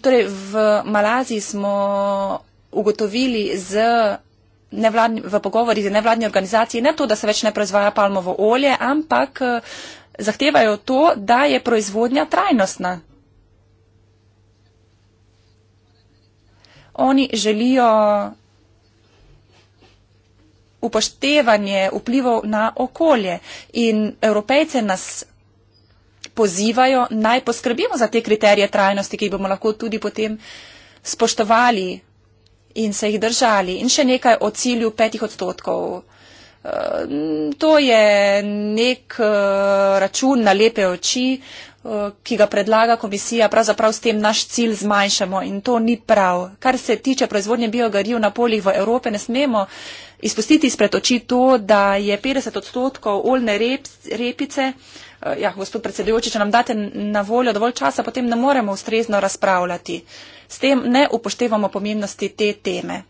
Torej, v Malaziji smo ugotovili z nevladni, v pogovori z nevladni organizaciji ne to, da se več ne proizvaja palmovo olje, ampak eh, zahtevajo to, da je proizvodnja trajnostna. Oni želijo upoštevanje vplivov na okolje in evropejce nas pozivajo, naj poskrbimo za te kriterije trajnosti, ki jih bomo lahko tudi potem spoštovali in se jih držali. In še nekaj o cilju petih odstotkov. Eh, to je nek eh, račun na lepe oči, eh, ki ga predlaga komisija, pravzaprav s tem naš cilj zmanjšamo in to ni prav. Kar se tiče proizvodnje biogarijev na poljih v Evropi, ne smemo izpustiti izpred oči to, da je 50 odstotkov oljne rep, repice. Eh, ja, gospod predsedujoči, če nam date na voljo dovolj časa, potem ne moremo ustrezno razpravljati. S tem ne upoštevamo pomembnosti te teme.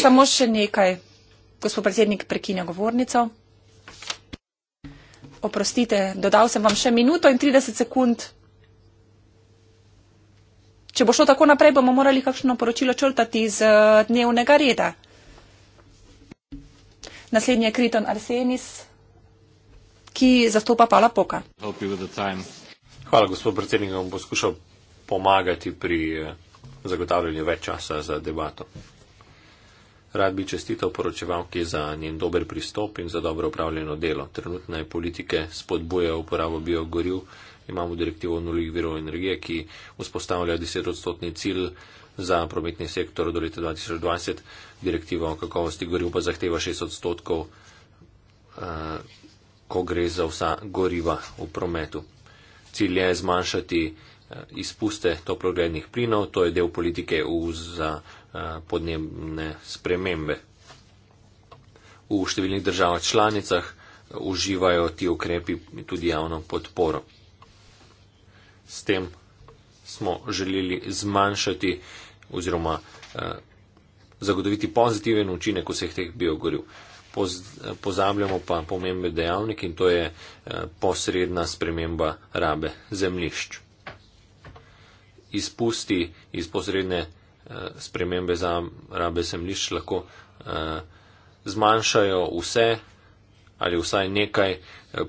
Samo še nekaj, gospod predsednik, prekinja govornico. Oprostite, dodal sem vam še minuto in 30 sekund. Če bo šlo tako naprej, bomo morali kakšno poročilo črtati z eh, dnevnega reda. Naslednji je Kriton Arsenis, ki zastopa Pala Poka. Hvala, gospod predsednik, da bom poskušal pomagati pri eh, zagotavljanju več časa za debato. Rad bi čestital poročevalki za njen dober pristop in za dobro upravljeno delo. Trenutne politike spodbujajo uporabo biogoriv imamo direktivo o nulih virov energije, ki vzpostavlja 10 odstotni cilj za prometni sektor do leta 2020. Direktiva o kakovosti goriv pa zahteva 6 odstotkov, eh, ko gre za vsa goriva v prometu. Cilj je zmanjšati eh, izpuste toplogrednih plinov, to je del politike EU za eh, podnebne spremembe. V številnih državah članicah uživajo ti ukrepi tudi javno podporo s tem smo želeli zmanjšati oziroma eh, zagotoviti pozitiven učinek vseh teh biogoriv. Poz, pozabljamo pa pomembe dejavnik in to je eh, posredna sprememba rabe zemlišč. Izpusti iz posredne eh, spremembe za rabe zemlišč lahko eh, zmanjšajo vse ali vsaj nekaj eh,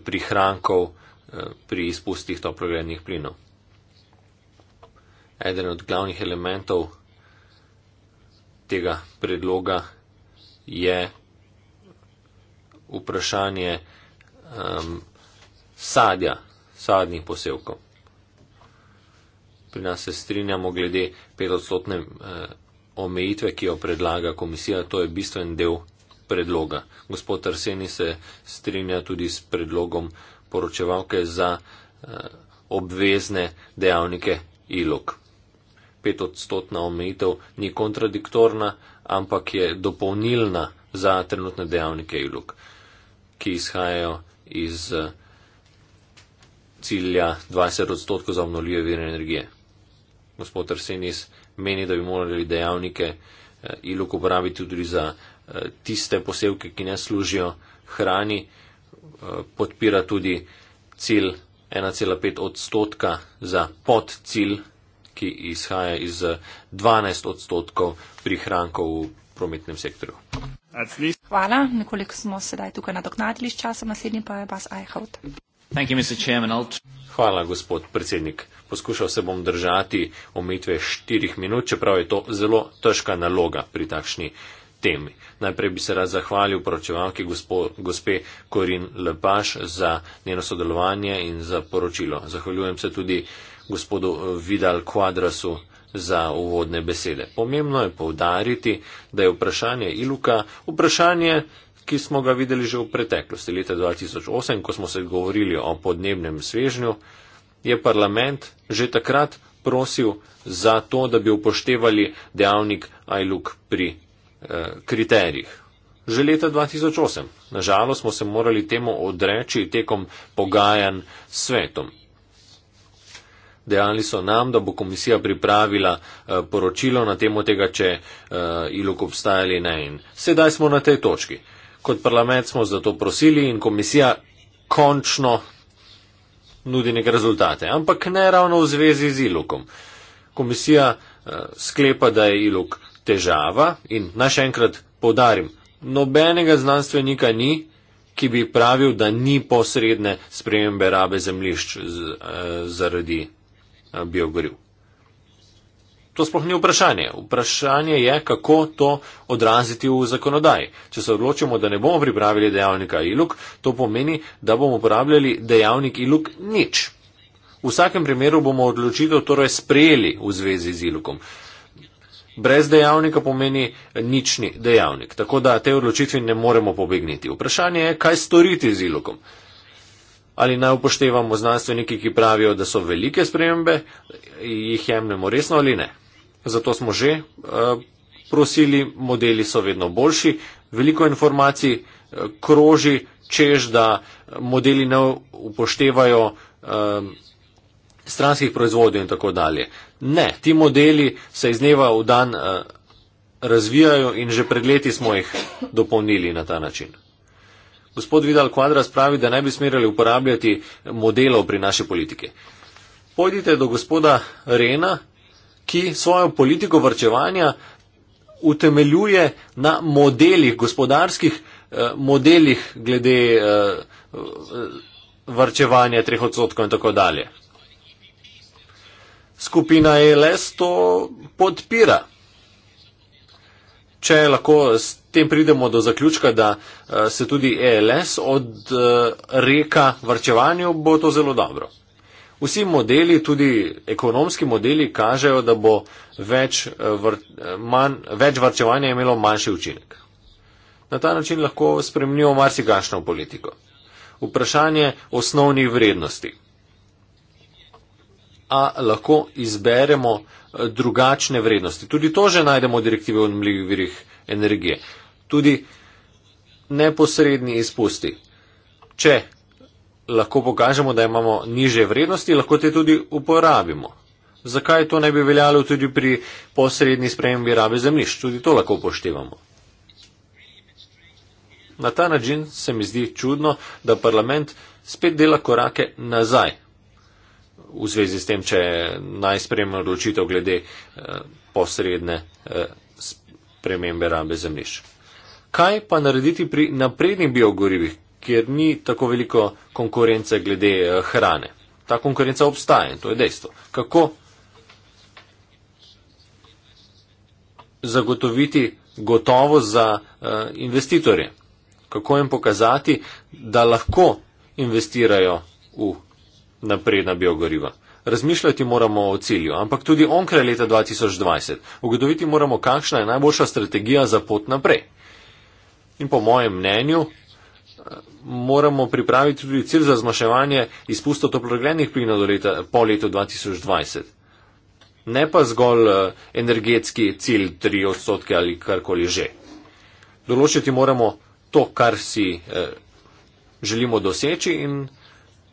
prihrankov eh, pri izpustih toplogrednih plinov eden od glavnih elementov tega predloga je vprašanje um, sadja, sadnih posevkov. Pri nas se strinjamo glede petodstotne eh, omejitve, ki jo predlaga komisija, to je bistven del predloga. Gospod Arseni se strinja tudi s predlogom poročevalke za eh, obvezne dejavnike ILOK. E petodstotna omejitev ni kontradiktorna, ampak je dopolnilna za trenutne dejavnike ILUK, ki izhajajo iz eh, cilja 20 odstotkov za obnovljive vire energije. Gospod Arsenis meni, da bi morali dejavnike eh, ILUK uporabiti tudi za eh, tiste posevke, ki ne služijo hrani, podpira tudi cilj 1,5 odstotka za podcilj ki izhaja iz 12 eh, odstotkov prihrankov v prometnem sektorju. Hvala, nekoliko smo sedaj tukaj nadoknadili s časom, naslednji pa je vas Ajhaut. Hvala, gospod predsednik. Poskušal se bom držati omejitve štirih minut, čeprav je to zelo težka naloga pri takšni temi. Najprej bi se rad zahvalil poročevalki gospe Korin Lepaš za njeno sodelovanje in za poročilo. Zahvaljujem se tudi gospodu eh, Vidal Quadrasu za uvodne besede. Pomembno je povdariti, da je vprašanje Iluka vprašanje, ki smo ga videli že v preteklosti, leta 2008, ko smo se govorili o podnebnem svežnju, je parlament že takrat prosil za to, da bi upoštevali dejavnik Iluk pri eh, kriterijih. Že leta 2008. Nažalost smo se morali temu odreči tekom pogajanj s svetom. Dejali so nam, da bo komisija pripravila eh, poročilo na temo tega, če eh, ilok obstaja ali ne. In sedaj smo na tej točki. Kot parlament smo za to prosili in komisija končno nudi neke rezultate, ampak ne ravno v zvezi z ilokom. Komisija eh, sklepa, da je ilok težava in naj še enkrat povdarim, nobenega znanstvenika ni ki bi pravil, da ni posredne spremembe rabe zemlišč z, e, zaradi Eh, biogoriv. To sploh ni vprašanje. Vprašanje je, kako to odraziti v zakonodaji. Če se odločimo, da ne bomo pripravili dejavnika iluk, to pomeni, da bomo uporabljali dejavnik iluk nič. V vsakem primeru bomo odločitev torej sprejeli v zvezi z ilukom. Brez dejavnika pomeni eh, nični dejavnik, tako da te odločitvi ne moremo pobegniti. Vprašanje je, kaj storiti z ilukom ali naj upoštevamo znanstveniki, ki pravijo, da so velike spremembe, jih jemnemo resno ali ne. Zato smo že eh, prosili, modeli so vedno boljši, veliko informacij eh, kroži, čež da modeli ne upoštevajo eh, stranskih proizvodov in tako dalje. Ne, ti modeli se iz dneva v dan razvijajo in že pred leti smo jih dopolnili na ta način. Gospod Vidal Quadras pravi, da ne bi smerili uporabljati modelov pri naši politiki. Pojdite do gospoda Rena, ki svojo politiko vrčevanja utemeljuje na modelih, gospodarskih eh, modelih glede eh, vrčevanja 3 odstotkov in tako dalje. Skupina ELS to podpira če lahko s tem pridemo do zaključka, da eh, se tudi ELS od eh, reka vrčevanju, bo to zelo dobro. Vsi modeli, tudi ekonomski modeli, kažejo, da bo več, eh, vr, manj, več vrčevanja imelo manjši učinek. Na ta način lahko spremenijo marsikašno politiko. Vprašanje osnovnih vrednosti. A lahko izberemo drugačne vrednosti. Tudi to že najdemo v direktive o mljivih virih energije. Tudi neposredni izpusti. Če lahko pokažemo, da imamo niže vrednosti, lahko te tudi uporabimo. Zakaj to ne bi veljalo tudi pri posredni spremembi rabe zemljišč? Tudi to lahko upoštevamo. Na ta način se mi zdi čudno, da parlament spet dela korake nazaj v zvezi s tem, če naj sprejme odločitev glede eh, posredne eh, spremembe rabe zemljišč. Kaj pa narediti pri naprednih biogorivih, kjer ni tako veliko konkurence glede eh, hrane? Ta konkurenca obstaja in to je dejstvo. Kako zagotoviti gotovo za investitorje? Kako jim pokazati, da lahko investirajo v napredna biogoriva. Razmišljati moramo o cilju, ampak tudi onkraj leta 2020. Ugotoviti moramo, kakšna je najboljša strategija za pot naprej. In po mojem mnenju eh, moramo pripraviti tudi cilj za zmaševanje izpustov toplogrednih plinov do leta, po letu 2020. Ne pa zgolj eh, energetski cilj 3 odstotke ali karkoli že. Določiti moramo to, kar si eh, želimo doseči in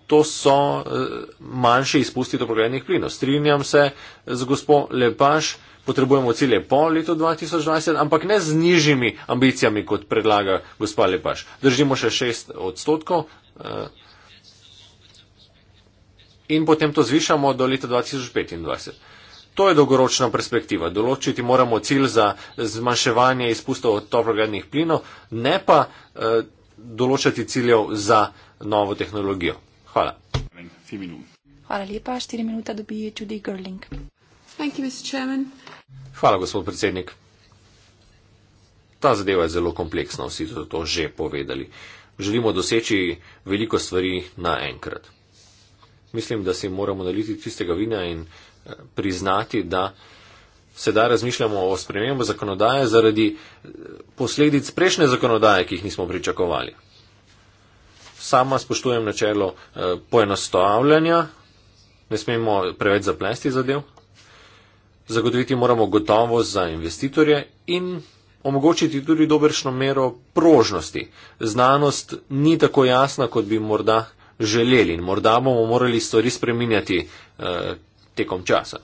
to so eh, manjše izpusti toplogrednih plinov. Strinjam se z gospo Lepaš, potrebujemo cilje po letu 2020, ampak ne z nižjimi ambicijami, kot predlaga gospa Lepaš. Držimo še 6 odstotkov eh, in potem to zvišamo do leta 2025. To je dolgoročna perspektiva. Določiti moramo cilj za zmanjševanje izpustov toplogrednih plinov, ne pa eh, določati ciljev za novo tehnologijo. Hvala. Hvala lepa. Štiri minute dobi Judy Gerling. Hvala, gospod predsednik. Ta zadeva je zelo kompleksna, vsi so to že povedali. Želimo doseči veliko stvari naenkrat. Mislim, da si moramo naliti tistega vina in eh, priznati, da sedaj razmišljamo o spremembi zakonodaje zaradi eh, posledic prejšnje zakonodaje, ki jih nismo pričakovali sama spoštujem načelo eh, poenostavljanja, ne smemo preveč zaplesti zadev, zagotoviti moramo gotovost za investitorje in omogočiti tudi dobršno mero prožnosti. Znanost ni tako jasna, kot bi morda želeli in morda bomo morali stvari spreminjati eh, tekom časa.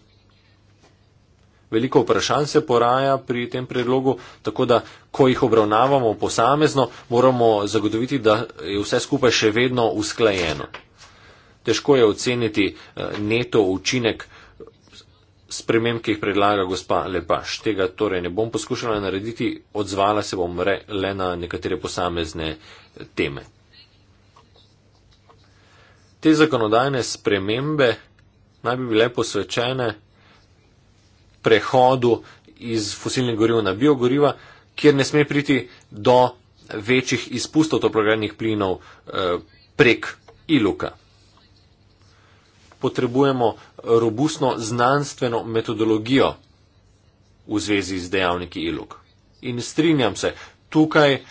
Veliko vprašanj se poraja pri tem predlogu, tako da, ko jih obravnavamo posamezno, moramo zagotoviti, da je vse skupaj še vedno usklajeno. Težko je oceniti eh, neto učinek sprememb, ki jih predlaga gospa Lepaš. Tega torej ne bom poskušala narediti, odzvala se bom re, le na nekatere posamezne eh, teme. Te zakonodajne spremembe naj bi bile posvečene prehodu iz fosilnih goriv na biogoriva, kjer ne sme priti do večjih izpustov toplogrednih plinov eh, prek iluka. Potrebujemo robustno znanstveno metodologijo v zvezi z dejavniki iluk. In strinjam se, tukaj eh,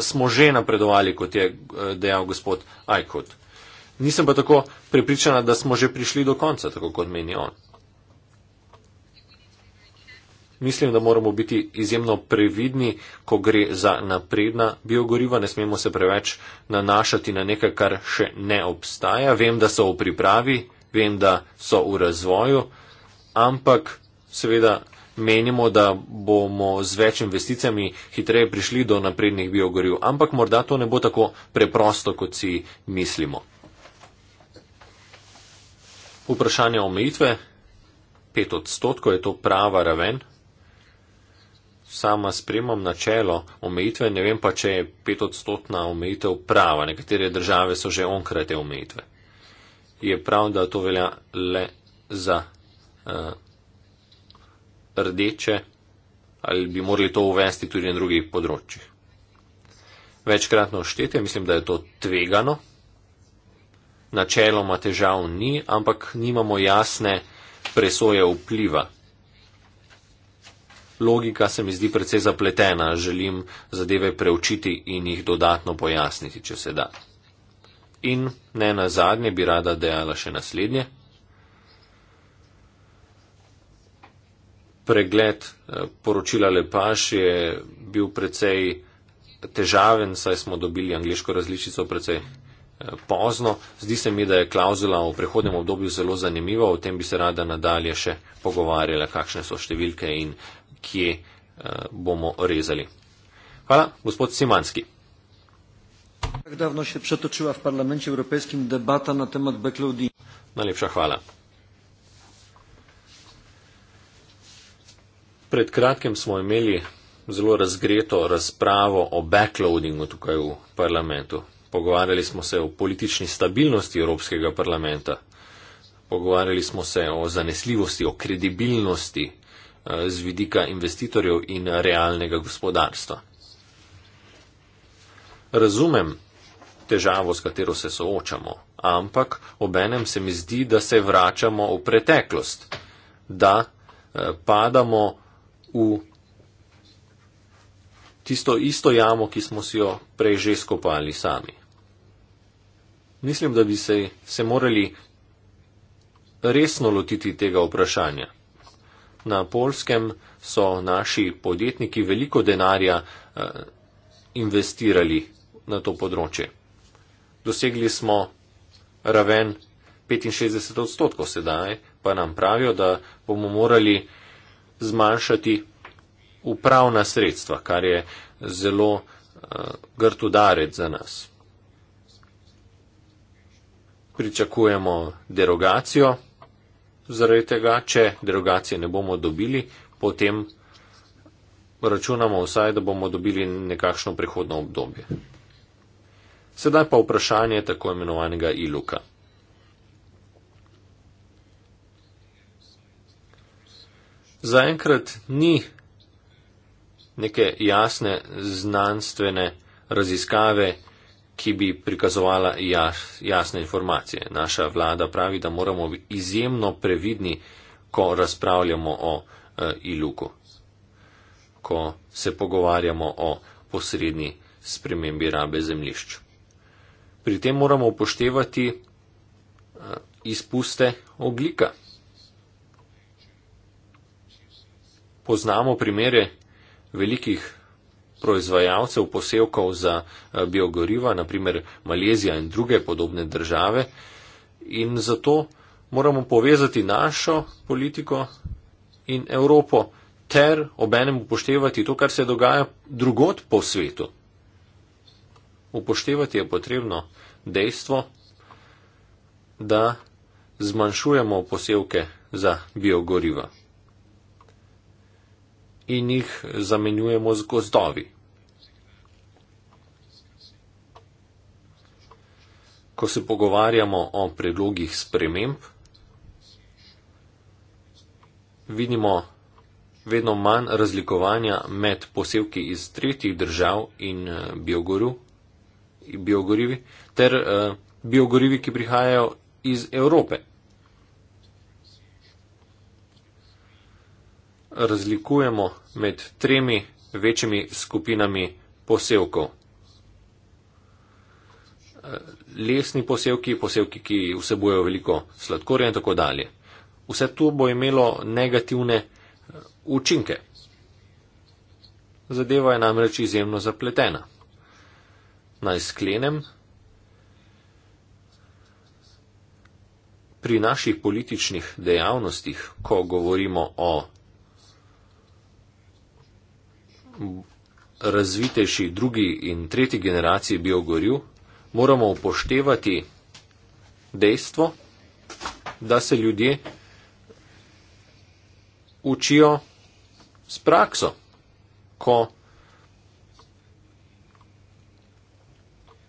smo že napredovali, kot je eh, dejal gospod Ajkot. Nisem pa tako prepričana, da smo že prišli do konca, tako kot meni on. Mislim, da moramo biti izjemno previdni, ko gre za napredna biogoriva. Ne smemo se preveč nanašati na nekaj, kar še ne obstaja. Vem, da so v pripravi, vem, da so v razvoju, ampak seveda menimo, da bomo z več investicijami hitreje prišli do naprednih biogoriv. Ampak morda to ne bo tako preprosto, kot si mislimo. Vprašanje omejitve. 5 odstotkov je to prava raven sama spremam načelo omejitve, ne vem pa, če je petodstotna omejitev prava. Nekatere države so že onkraj te omejitve. Je prav, da to velja le za uh, rdeče ali bi morali to uvesti tudi na drugih področjih. Večkratno štete, mislim, da je to tvegano. Načeloma težav ni, ampak nimamo jasne presoje vpliva logika se mi zdi precej zapletena. Želim zadeve preučiti in jih dodatno pojasniti, če se da. In ne na zadnje bi rada dejala še naslednje. Pregled eh, poročila Lepaš je bil precej težaven, saj smo dobili angliško različico precej eh, pozno. Zdi se mi, da je klauzula v prehodnem obdobju zelo zanimiva, o tem bi se rada nadalje še pogovarjala, kakšne so številke in kje eh, bomo rezali. Hvala, gospod Simanski. Tako davno se je pretočila v parlamentu evropskim debata na temat Beklaudi. Najlepša hvala. Pred kratkim smo imeli zelo razgreto razpravo o backloadingu tukaj v parlamentu. Pogovarjali smo se o politični stabilnosti Evropskega parlamenta, pogovarjali smo se o zanesljivosti, o kredibilnosti Eh, z vidika investitorjev in realnega gospodarstva. Razumem težavo, s katero se soočamo, ampak obenem se mi zdi, da se vračamo v preteklost, da eh, padamo v tisto isto jamo, ki smo si jo prej že skopali sami. Mislim, da bi se, se morali resno lotiti tega vprašanja na polskem so naši podjetniki veliko denarja eh, investirali na to področje. Dosegli smo raven 65 odstotkov sedaj, pa nam pravijo, da bomo morali zmanjšati upravna sredstva, kar je zelo eh, grtudarec za nas. Pričakujemo derogacijo. Zaradi tega, če derogacije ne bomo dobili, potem računamo vsaj, da bomo dobili nekakšno prihodno obdobje. Sedaj pa vprašanje tako imenovanega iluka. Zaenkrat ni neke jasne znanstvene raziskave, ki bi prikazovala jas, jasne informacije. Naša vlada pravi, da moramo biti izjemno previdni, ko razpravljamo o uh, iluku, ko se pogovarjamo o posrednji spremembi rabe zemljišč. Pri tem moramo upoštevati uh, izpuste oglika. Poznamo primere velikih proizvajalcev posevkov za eh, biogoriva, naprimer Malezija in druge podobne države. In zato moramo povezati našo politiko in Evropo ter obenem upoštevati to, kar se dogaja drugot po svetu. Upoštevati je potrebno dejstvo, da zmanjšujemo posevke za biogoriva in jih zamenjujemo z gozdovi. Ko se pogovarjamo o predlogih sprememb, vidimo vedno manj razlikovanja med posevki iz tretjih držav in eh, biogorivi, ter eh, biogorivi, ki prihajajo iz Evrope. razlikujemo med tremi večjimi skupinami posevkov. Lesni posevki, posevki, ki vsebujejo veliko sladkorja in tako dalje. Vse to bo imelo negativne eh, učinke. Zadeva je namreč izjemno zapletena. Naj sklenem. Pri naših političnih dejavnostih, ko govorimo o razvitejši drugi in tretji generaciji biogoril, moramo upoštevati dejstvo, da se ljudje učijo s prakso, ko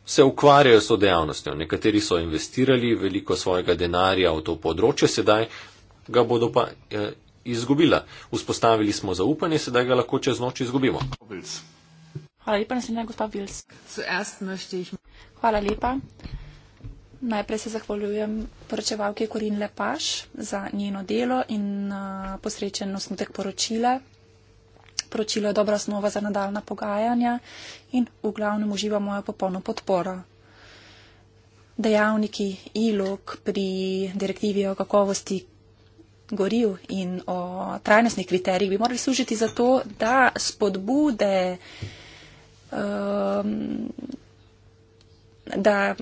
se ukvarjajo s to dejavnostjo. Nekateri so investirali veliko svojega denarja v to področje, sedaj ga bodo pa eh, izgubila. Vzpostavili smo zaupanje, sedaj ga lahko čez noč izgubimo. Hvala lepa, naslednja gospa Vilsk. Hvala lepa. Najprej se zahvaljujem poročevalki Korin Lepaš za njeno delo in uh, posrečen osnutek poročila. Poročilo je dobra osnova za nadaljna pogajanja in v glavnem uživa mojo popolno podporo. Dejavniki ILOK pri direktivi o kakovosti, goriv in o trajnostnih kriterijih bi morali služiti za to, da spodbude, um, da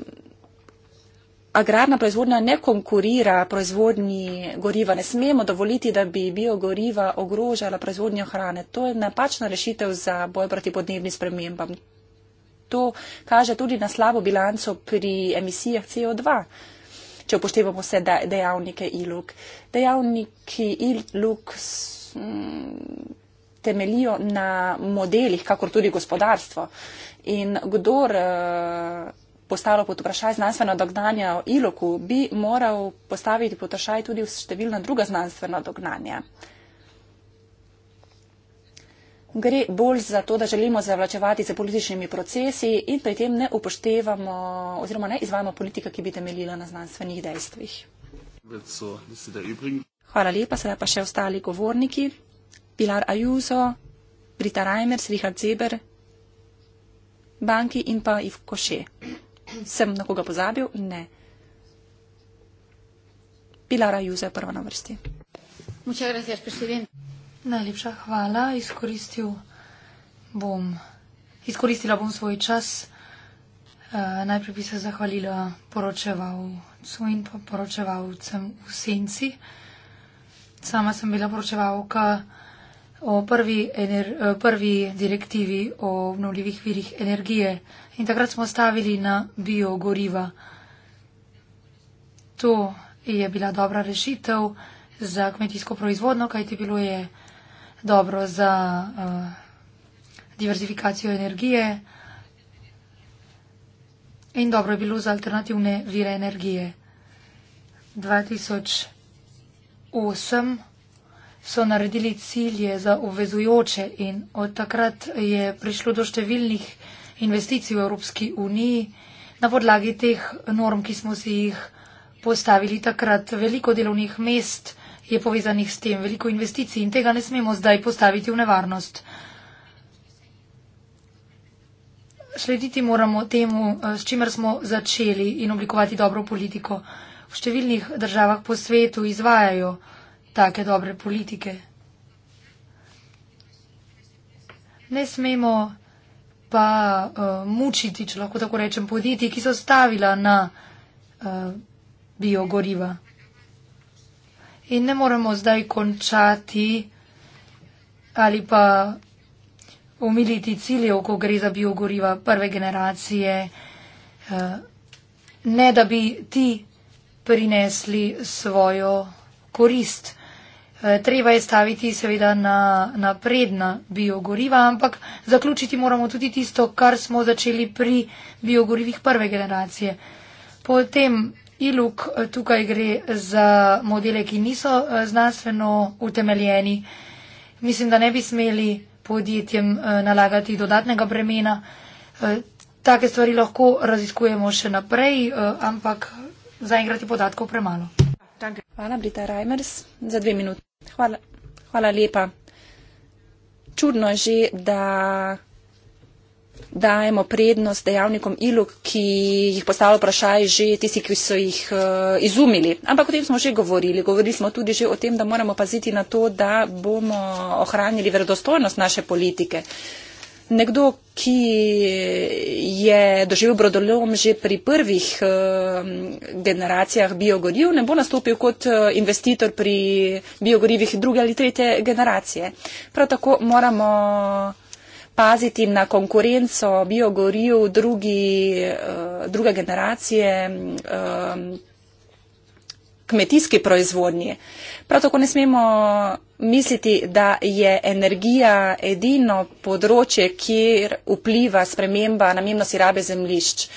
agrarna proizvodnja ne konkurira proizvodnji goriva. Ne smemo dovoliti, da bi bio goriva ogrožala proizvodnjo hrane. To je napačna rešitev za boj proti podnebnim spremembam. To kaže tudi na slabo bilanco pri emisijah CO2 če upoštevamo vse dejavnike ILUK. Dejavniki ILUK mm, temelijo na modelih, kakor tudi gospodarstvo. In kdor eh, postavlja pod vprašaj znanstveno dognanje o ILUK-u, bi moral postaviti pod vprašaj tudi številna druga znanstvena dognanja gre bolj za to, da želimo zavlačevati z političnimi procesi in pri tem ne upoštevamo oziroma ne izvajamo politika, ki bi temeljila na znanstvenih dejstvih. Hvala lepa, sedaj pa še ostali govorniki. Pilar Ajuso, Brita Reimers, Richard Zeber, Banki in pa Ivkoše. Sem na koga pozabil? Ne. Pilar Ajuso je prva na vrsti. Najlepša hvala. Izkoristil bom, izkoristila bom svoj čas. Eh, najprej bi se zahvalila poročevalcu in pa poročevalcem v senci. Sama sem bila poročevalka o prvi, ener, eh, prvi direktivi o obnovljivih virih energije in takrat smo stavili na biogoriva. To je bila dobra rešitev za kmetijsko proizvodno, kajti bilo je dobro za uh, diverzifikacijo energije in dobro je bilo za alternativne vire energije. 2008 so naredili cilje za obvezujoče in od takrat je prišlo do številnih investicij v Evropski uniji na podlagi teh norm, ki smo si jih postavili takrat. Veliko delovnih mest je povezanih s tem, veliko investicij in tega ne smemo zdaj postaviti v nevarnost. Slediti moramo temu, eh, s čimer smo začeli in oblikovati dobro politiko. V številnih državah po svetu izvajajo take dobre politike. Ne smemo pa uh, mučiti, če lahko tako rečem, podjetij, ki so stavila na uh, biogoriva in ne moremo zdaj končati ali pa umiliti ciljev, ko gre za biogoriva prve generacije, eh, ne da bi ti prinesli svojo korist. Eh, treba je staviti seveda na napredna biogoriva, ampak zaključiti moramo tudi tisto, kar smo začeli pri biogorivih prve generacije. Potem ILUK eh, tukaj gre za modele, ki niso eh, znanstveno utemeljeni. Mislim, da ne bi smeli podjetjem eh, nalagati dodatnega bremena. Take stvari lahko raziskujemo še naprej, ampak zaenkrat je podatkov premalo. Hvala, Brita Reimers, za dve minuti. Hvala, hvala lepa. Čudno že, da dajemo prednost dejavnikom ilog, ki jih postavlja vprašaj že tisti, ki so jih uh, izumili. Ampak o tem smo že govorili. Govorili smo tudi že o tem, da moramo paziti na to, da bomo ohranili verodostojnost naše politike. Nekdo, ki je doživel brodolom že pri prvih uh, generacijah biogoriv, ne bo nastopil kot eh, investitor pri biogorivih druge ali tretje generacije. Prav tako moramo paziti na konkurenco biogoriv drugi, eh, druge generacije eh, kmetijski proizvodnji. Prav tako ne smemo misliti, da je energija edino področje, kjer vpliva sprememba namennosti rabe zemlišč.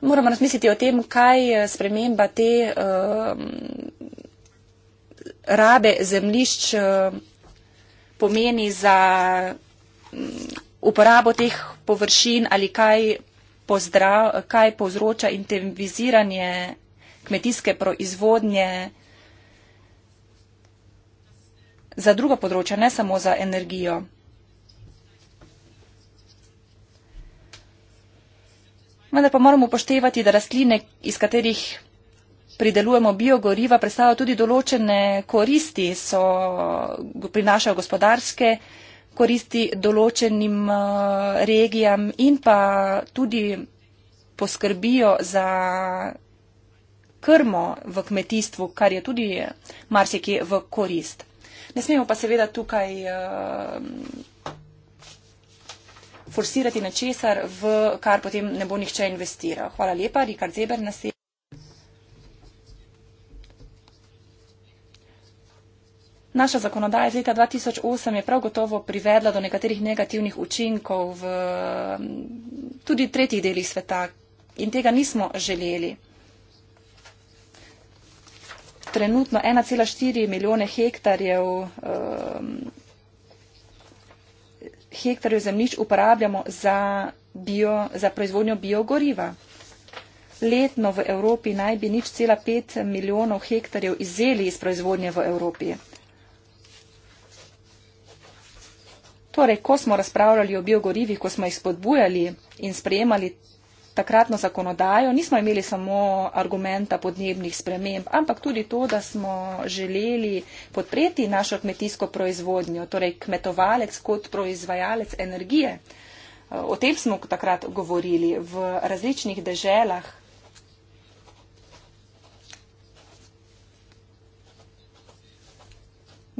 Moramo razmisliti o tem, kaj sprememba te uh, rabe zemlišč uh, pomeni za um, uporabo teh površin ali kaj, pozdrav, kaj povzroča intenziviranje kmetijske proizvodnje za druga področja, ne samo za energijo. Vendar pa moramo upoštevati, da rastline, iz katerih pridelujemo biogoriva, predstavljajo tudi določene koristi, so prinašajo gospodarske koristi koristi določenim eh, regijam in pa tudi poskrbijo za krmo v kmetijstvu, kar je tudi marsikaj v korist. Ne smemo pa seveda tukaj eh, forsirati na česar, v kar potem ne bo nihče investiral. Hvala lepa, Rikard Zeber, naslednji. Naša zakonodaja iz leta 2008 je prav gotovo privedla do nekaterih negativnih učinkov v tudi tretjih delih sveta in tega nismo želeli. Trenutno 1,4 milijone hektarjev, um, hektarjev zemljišč uporabljamo za, bio, za proizvodnjo biogoriva. Letno v Evropi naj bi nič cela pet milijonov hektarjev izzeli iz proizvodnje v Evropi. Torej, ko smo razpravljali o biogorivih, ko smo jih spodbujali in sprejemali takratno zakonodajo, nismo imeli samo argumenta podnebnih sprememb, ampak tudi to, da smo želeli podpreti našo kmetijsko proizvodnjo, torej kmetovalec kot proizvajalec energije. O tem smo takrat govorili v različnih deželah,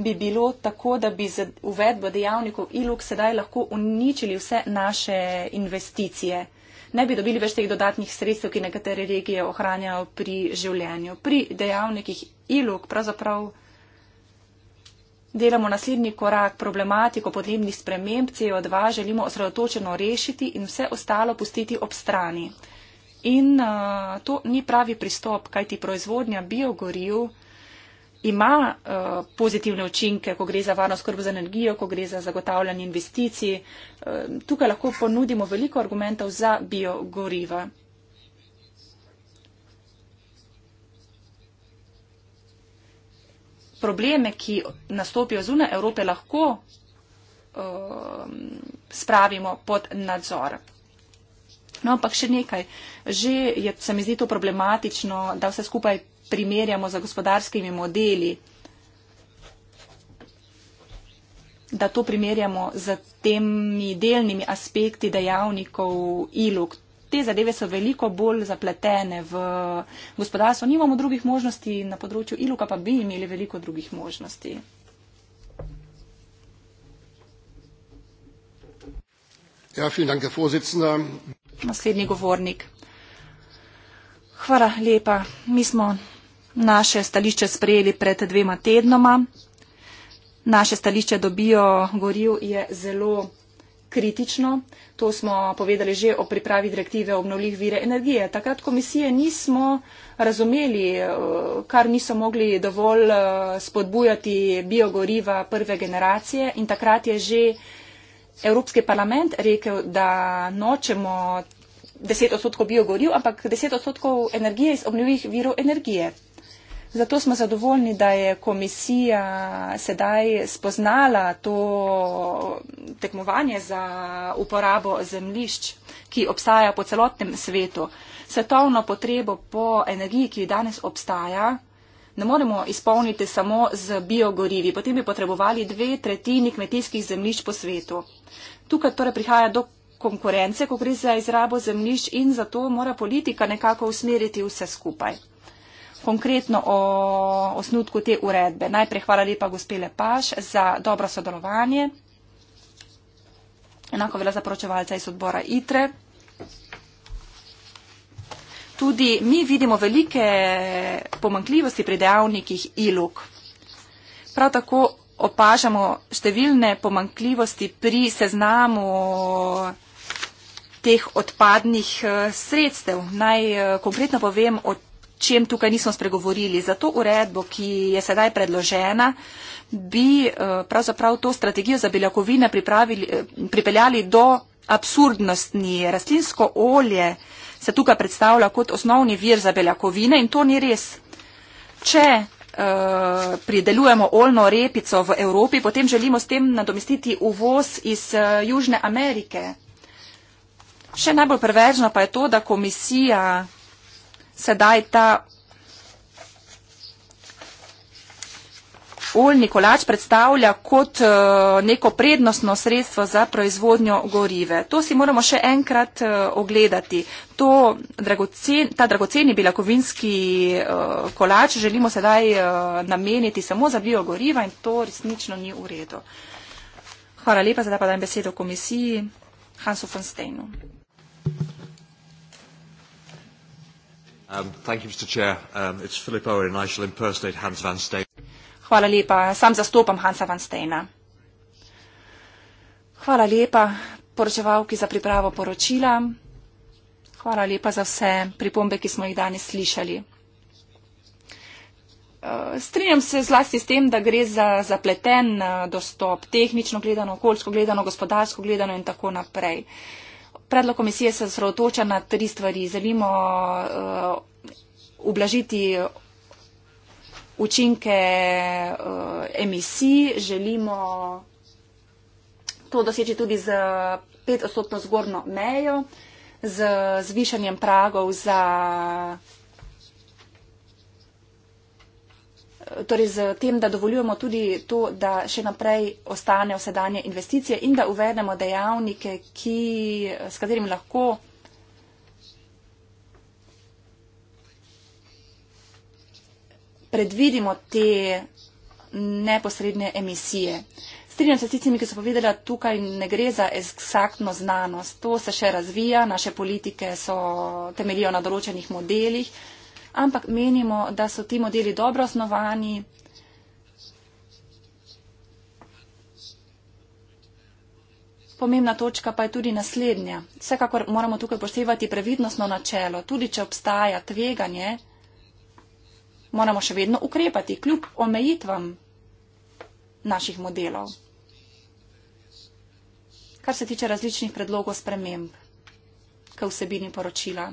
bi bilo tako, da bi z uvedbo dejavnikov ilog sedaj lahko uničili vse naše investicije. Ne bi dobili več teh dodatnih sredstev, ki nekatere regije ohranjajo pri življenju. Pri dejavnikih ilog pravzaprav delamo naslednji korak problematiko podnebnih sprememb CO2, želimo osredotočeno rešiti in vse ostalo pustiti ob strani. In uh, to ni pravi pristop, kajti proizvodnja biogoriv ima uh, pozitivne učinke, ko gre za varno skrbo za energijo, ko gre za zagotavljanje investicij. Uh, tukaj lahko ponudimo veliko argumentov za biogoriva. Probleme, ki nastopijo zunaj Evrope, lahko uh, spravimo pod nadzor. No, ampak še nekaj. Že je, se mi zdi to problematično, da vse skupaj primerjamo z gospodarskimi modeli, da to primerjamo z temi delnimi aspekti dejavnikov ilog. Te zadeve so veliko bolj zapletene v gospodarstvu. Nimamo drugih možnosti na področju iluka, pa bi imeli veliko drugih možnosti. Ja, danke, Naslednji govornik. Hvala lepa. Mi smo naše stališče sprejeli pred dvema tednoma. Naše stališče dobijo goril je zelo kritično. To smo povedali že o pripravi direktive obnovljivih vire energije. Takrat komisije nismo razumeli, eh, kar niso mogli dovolj eh, spodbujati biogoriva prve generacije in takrat je že Evropski parlament rekel, da nočemo 10 odstotkov biogoriv, ampak 10 odstotkov energije iz obnovljivih virov energije. Zato smo zadovoljni, da je komisija sedaj spoznala to tekmovanje za uporabo zemlišč, ki obstaja po celotnem svetu. Svetovno potrebo po energiji, ki danes obstaja, ne moremo izpolniti samo z biogorivi. Potem bi potrebovali dve tretjini kmetijskih zemlišč po svetu. Tukaj torej prihaja do konkurence, ko gre za izrabo zemlišč in zato mora politika nekako usmeriti vse skupaj konkretno o osnutku te uredbe. Najprej hvala lepa gospele Paš za dobro sodelovanje. Enako vela za poročevalca iz odbora ITRE. Tudi mi vidimo velike pomankljivosti pri dejavnikih ILUK. Prav tako opažamo številne pomankljivosti pri seznamu teh odpadnih eh, sredstev. Naj eh, konkretno povem o čem tukaj nismo spregovorili. Za to uredbo, ki je sedaj predložena, bi eh, pravzaprav to strategijo za beljakovine eh, pripeljali do absurdnostni. Rastlinsko olje se tukaj predstavlja kot osnovni vir za beljakovine in to ni res. Če eh, pridelujemo oljno repico v Evropi, potem želimo s tem nadomestiti uvoz iz Južne Amerike. Še najbolj prevežno pa je to, da komisija sedaj ta oljni kolač predstavlja kot eh, neko prednostno sredstvo za proizvodnjo gorive. To si moramo še enkrat eh, ogledati. To, ta dragoceni bilakovinski eh, kolač želimo sedaj nameniti samo za biogoriva in to resnično ni v redu. Hvala lepa, zdaj pa dajem besedo komisiji Hansu von Steinu. Um, thank you, Mr. Chair. Um, it's Philip Owen, and I shall impersonate Hans van Steen. Hvala lepa. Sam zastopam Hansa van Steena. Hvala lepa poročevalki za pripravo poročila. Hvala lepa za vse pripombe, ki smo jih danes slišali. Uh, strinjam se zlasti s tem, da gre za zapleten uh, dostop, tehnično gledano, okoljsko gledano, gospodarsko gledano in tako naprej. Uh, Predlog komisije se sravotoča na tri stvari. Želimo oblažiti uh, učinke uh, emisij, želimo to doseči tudi z petostotno zgornjo mejo, z zvišanjem pragov za torej z tem, da dovoljujemo tudi to, da še naprej ostane vsedanje investicije in da uvedemo dejavnike, ki, s katerim lahko. predvidimo te neposredne emisije. Strinjam se s tistimi, ki so povedali, da tukaj ne gre za eksaktno znanost. To se še razvija, naše politike so temeljijo na določenih modelih ampak menimo, da so ti modeli dobro osnovani. Pomembna točka pa je tudi naslednja. Vsekakor moramo tukaj posebati previdnostno načelo. Tudi če obstaja tveganje, moramo še vedno ukrepati kljub omejitvam naših modelov. Kar se tiče različnih predlogov sprememb k vsebini poročila.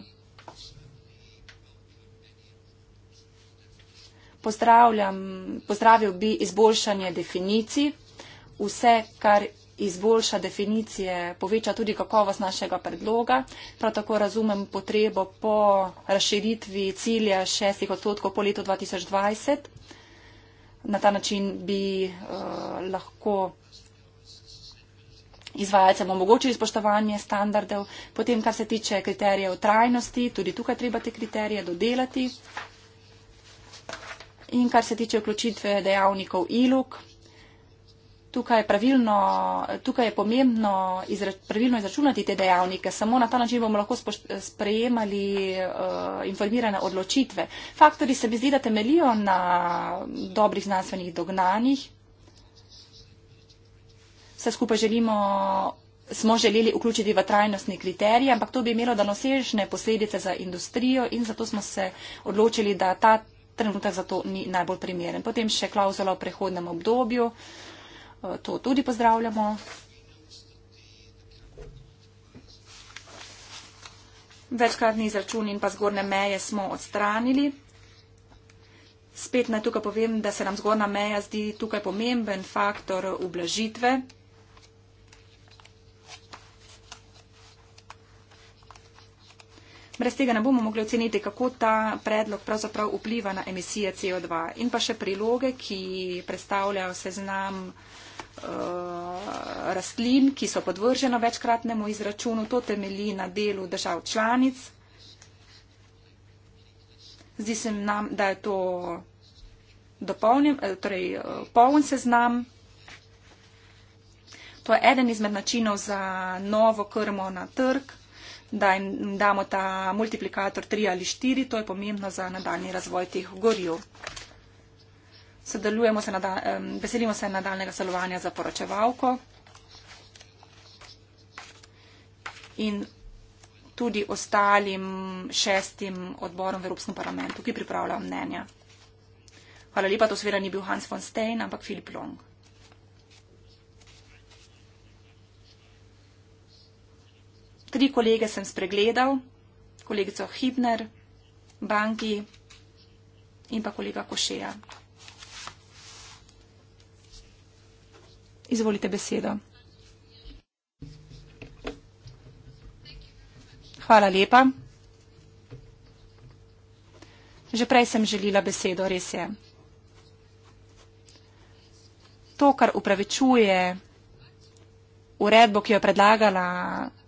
pozdravil bi izboljšanje definicij. Vse, kar izboljša definicije, poveča tudi kakovost našega predloga. Prav tako razumem potrebo po razširitvi cilja šestih odstotkov po letu 2020. Na ta način bi uh, lahko izvajalcem omogočili spoštovanje standardov. Potem, kar se tiče kriterijev trajnosti, tudi tukaj treba te kriterije dodelati. In kar se tiče vključitve dejavnikov ilug, tukaj, tukaj je pomembno izrač, pravilno izračunati te dejavnike. Samo na ta način bomo lahko sprejemali uh, informirane odločitve. Faktori se mi zdi, da temelijo na dobrih znanstvenih dognanjih. Vse skupaj želimo smo želeli vključiti v trajnostni kriterij, ampak to bi imelo danosežne posledice za industrijo in zato smo se odločili, da ta trenutek za to ni najbolj primeren. Potem še klauzula o prehodnem obdobju, eh, to tudi pozdravljamo. Večkratni izračun in pa zgornje meje smo odstranili. Spet naj tukaj povem, da se nam zgornja meja zdi tukaj pomemben faktor ublažitve. Brez tega ne bomo mogli oceniti, kako ta predlog pravzaprav vpliva na emisije CO2. In pa še priloge, ki predstavljajo seznam eh, rastlin, ki so podvrženo večkratnemu izračunu, to temelji na delu držav članic. Zdi se nam, da je to eh, torej, eh, poln seznam. To je eden izmed načinov za novo krmo na trg da jim damo ta multiplikator 3 ali 4, to je pomembno za nadaljni razvoj teh gorjev. Sodelujemo se, nada, veselimo se nadaljnega salovanja za poročevalko in tudi ostalim šestim odborom v Evropskem parlamentu, ki pripravljajo mnenja. Hvala lepa, to sveda ni bil Hans von Stein, ampak Filip Long. Tri kolege sem spregledal, kolegico Hibner, Banki in pa kolega Košeja. Izvolite besedo. Hvala lepa. Že prej sem želila besedo, res je. To, kar upravičuje uredbo, ki jo predlagala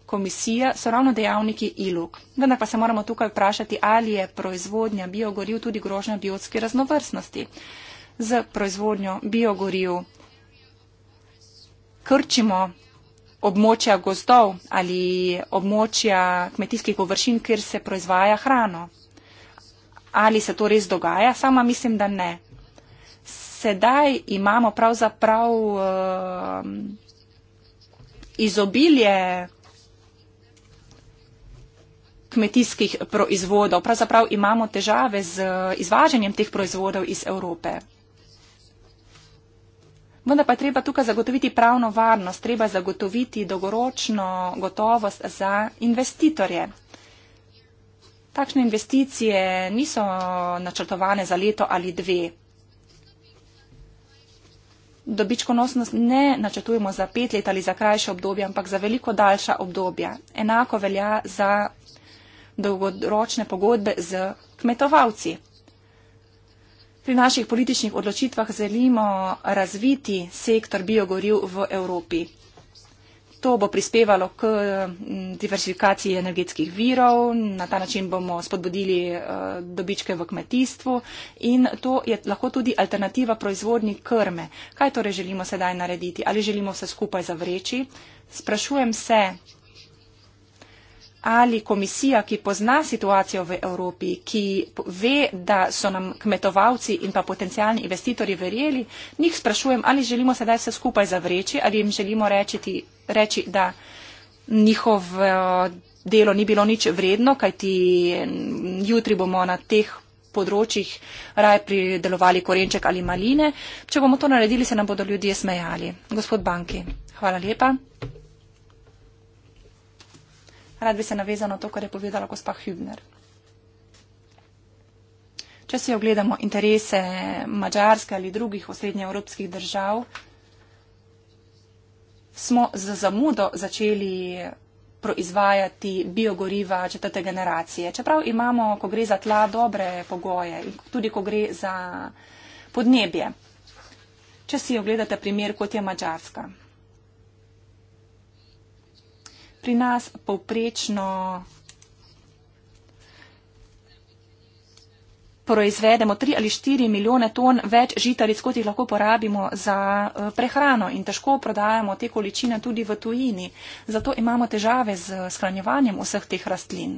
komisija, so ravno dejavniki ilug. Vendar pa se moramo tukaj vprašati, ali je proizvodnja biogoriv tudi grožnja biotski raznovrstnosti. Z proizvodnjo biogoriv krčimo območja gozdov ali območja kmetijskih površin, kjer se proizvaja hrano. Ali se to res dogaja? Sama mislim, da ne. Sedaj imamo pravzaprav uh, izobilje kmetijskih proizvodov. Pravzaprav imamo težave z eh, izvaženjem teh proizvodov iz Evrope. Vendar pa treba tukaj zagotoviti pravno varnost, treba zagotoviti dolgoročno gotovost za investitorje. Takšne investicije niso načrtovane za leto ali dve. Dobičkonosnost ne načrtujemo za pet let ali za krajše obdobje, ampak za veliko daljša obdobja. Enako velja za dolgoročne pogodbe z kmetovalci. Pri naših političnih odločitvah želimo razviti sektor biogoril v Evropi. To bo prispevalo k mm, diversifikaciji energetskih virov, na ta način bomo spodbudili eh, dobičke v kmetijstvu in to je lahko tudi alternativa proizvodni krme. Kaj torej želimo sedaj narediti? Ali želimo vse skupaj zavreči? Sprašujem se, ali komisija, ki pozna situacijo v Evropi, ki ve, da so nam kmetovalci in pa potencijalni investitorji verjeli, njih sprašujem, ali želimo sedaj vse skupaj zavreči, ali jim želimo rečiti, reči, da njihovo delo ni bilo nič vredno, kajti jutri bomo na teh področjih raje pridelovali korenček ali maline. Če bomo to naredili, se nam bodo ljudje smejali. Gospod Banki, hvala lepa. Rad bi se navezal na to, kar je povedala gospa Hübner. Če si ogledamo interese Mačarske ali drugih osrednjeevropskih držav, smo z zamudo začeli proizvajati biogoriva četrte generacije. Čeprav imamo, ko gre za tla, dobre pogoje in tudi, ko gre za podnebje. Če si ogledate primer, kot je Mačarska. pri nas povprečno proizvedemo 3 ali 4 milijone ton več žitaric, kot jih lahko porabimo za eh, prehrano in težko prodajamo te količine tudi v tujini. Zato imamo težave z shranjevanjem vseh teh rastlin.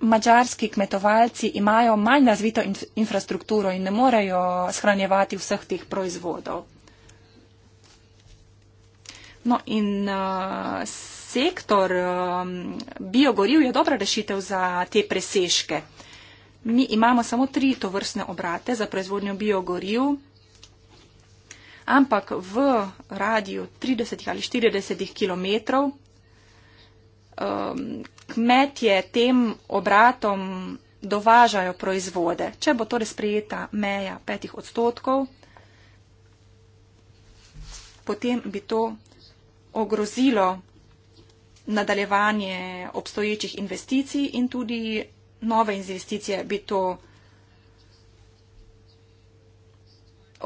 Mačarski kmetovalci imajo manj razvito infrastrukturo in ne morejo shranjevati vseh teh proizvodov. No in uh, sektor um, biogoriv je dobra rešitev za te presežke. Mi imamo samo tri tovrstne obrate za proizvodnjo biogoriv, ampak v radiju 30 ali 40 km um, kmetje tem obratom dovažajo proizvode. Če bo torej sprejeta meja petih odstotkov, potem bi to ogrozilo nadaljevanje obstoječih investicij in tudi nove investicije bi to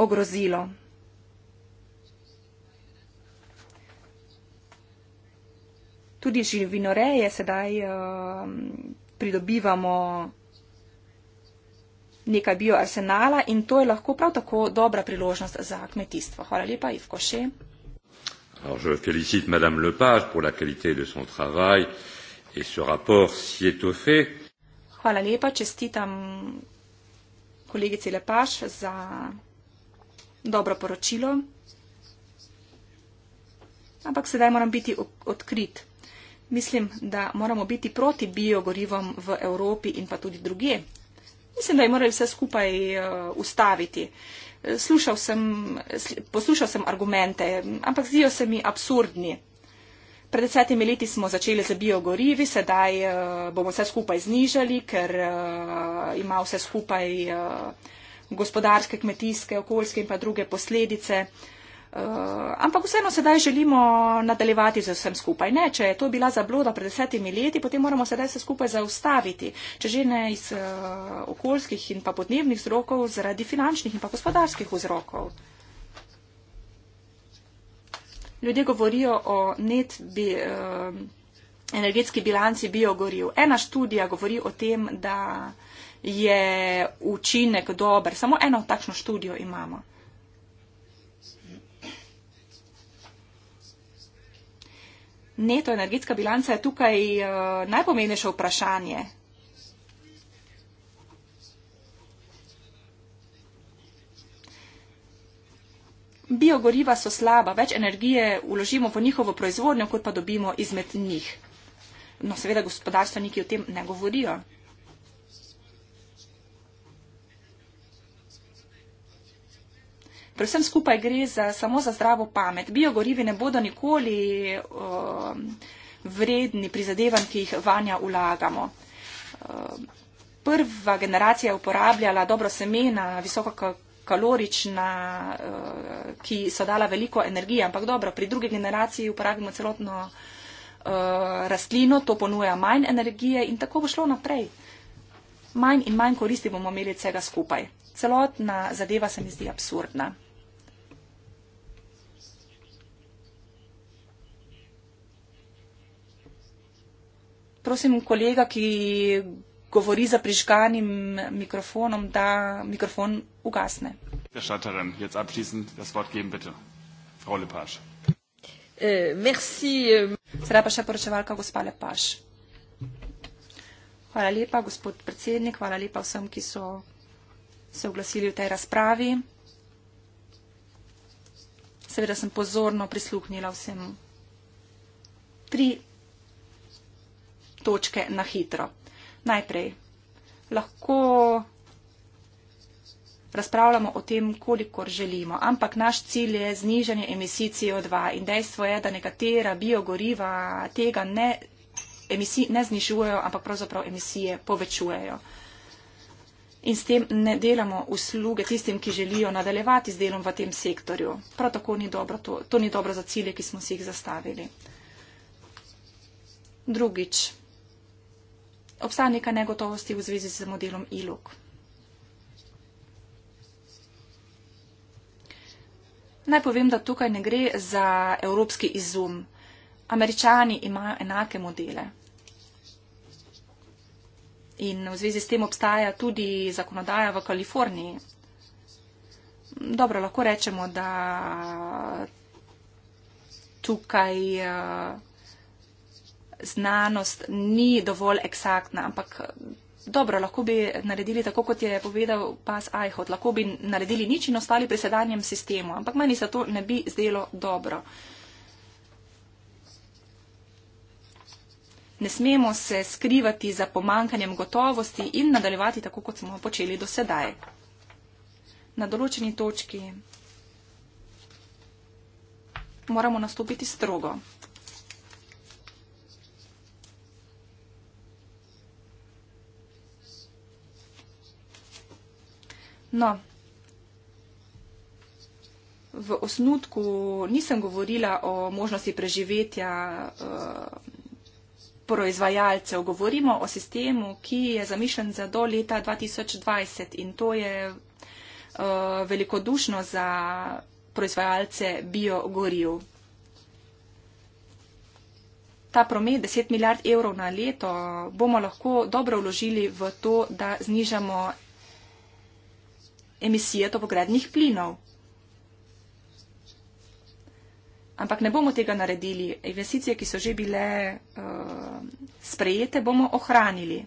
ogrozilo. Tudi živinoreje sedaj um, pridobivamo nekaj bioarsenala in to je lahko prav tako dobra priložnost za kmetijstvo. Hvala lepa, Ivko Še. Alors je félicite Madame Lepage pour la qualité de son travail et ce rapport si étoffé. Hvala lepa, čestitam kolegici Lepaš za dobro poročilo. Ampak sedaj moram biti odkrit. Mislim, da moramo biti proti biogorivom v Evropi in pa tudi druge. Mislim, da je morali vse skupaj eh, ustaviti. Uh, slušal sem, poslušal sem argumente, ampak zdijo se mi absurdni. Pred desetimi leti smo začeli z biogorivi, sedaj eh, bomo vse skupaj znižali, ker eh, ima vse skupaj eh, gospodarske, kmetijske, okoljske in pa druge posledice. Eh, ampak vseeno sedaj želimo nadaljevati z vsem skupaj. Ne, če je to bila zabloda pred desetimi leti, potem moramo sedaj se skupaj zaustaviti, če že ne iz uh, okoljskih in pa podnebnih vzrokov, zaradi finančnih in pa gospodarskih vzrokov. Ljudje govorijo o net bi, uh, energetski bilanci biogoriv. Ena študija govori o tem, da je učinek dober. Samo eno takšno študijo imamo. Neto energetska bilanca je tukaj eh, najpomembnejše vprašanje. Biogoriva so slaba, več energije uložimo v njihovo proizvodnjo, kot pa dobimo izmed njih. No, seveda gospodarstveniki o tem ne govorijo. Predvsem skupaj gre za, samo za zdravo pamet. Biogorivi ne bodo nikoli uh, vredni prizadevanj, ki jih vanja ulagamo. Uh, um, prva generacija je uporabljala dobro semena, visoko kalorična, uh, ki so dala veliko energije, ampak dobro, pri drugi generaciji uporabimo celotno uh, rastlino, to ponuja manj energije in tako bo šlo naprej. Manj in manj koristi bomo imeli vsega skupaj celotna zadeva se mi zdi absurdna. Prosim kolega, ki govori za prižganim mikrofonom, da mikrofon ugasne. Äh, äh. Sedaj pa še poročevalka gospa Lepaš. Hvala lepa, gospod predsednik, hvala lepa vsem, ki so se oglasili v tej razpravi. Seveda sem pozorno prisluhnila vsem tri točke na hitro. Najprej, lahko razpravljamo o tem, kolikor želimo, ampak naš cilj je znižanje emisij CO2 in dejstvo je, da nekatera biogoriva tega ne, emisij ne znižujejo, ampak pravzaprav emisije povečujejo in s tem ne delamo usluge tistim, ki želijo nadaljevati z delom v tem sektorju. Prav tako ni dobro to. To ni dobro za cilje, ki smo si jih zastavili. Drugič. Obstaja neka negotovosti v zvezi z modelom ILUK. Naj povem, da tukaj ne gre za evropski izum. Američani imajo enake modele. In v zvezi s tem obstaja tudi zakonodaja v Kaliforniji. Dobro, lahko rečemo, da tukaj eh, znanost ni dovolj eksaktna, ampak eh, dobro, lahko bi naredili tako, kot je povedal pas Ajhot, lahko bi naredili nič in ostali pri sedanjem sistemu, ampak meni se to ne bi zdelo dobro. ne smemo se skrivati za pomankanjem gotovosti in nadaljevati tako, kot smo počeli do sedaj. Na določeni točki moramo nastopiti strogo. No, v osnutku nisem govorila o možnosti preživetja. Uh, proizvajalcev. Govorimo o sistemu, ki je zamišljen za do leta 2020 in to je uh, velikodušno za proizvajalce biogoriv. Ta promet 10 milijard evrov na leto bomo lahko dobro vložili v to, da znižamo emisije topogradnih plinov ampak ne bomo tega naredili. Investicije, ki so že bile uh, sprejete, bomo ohranili.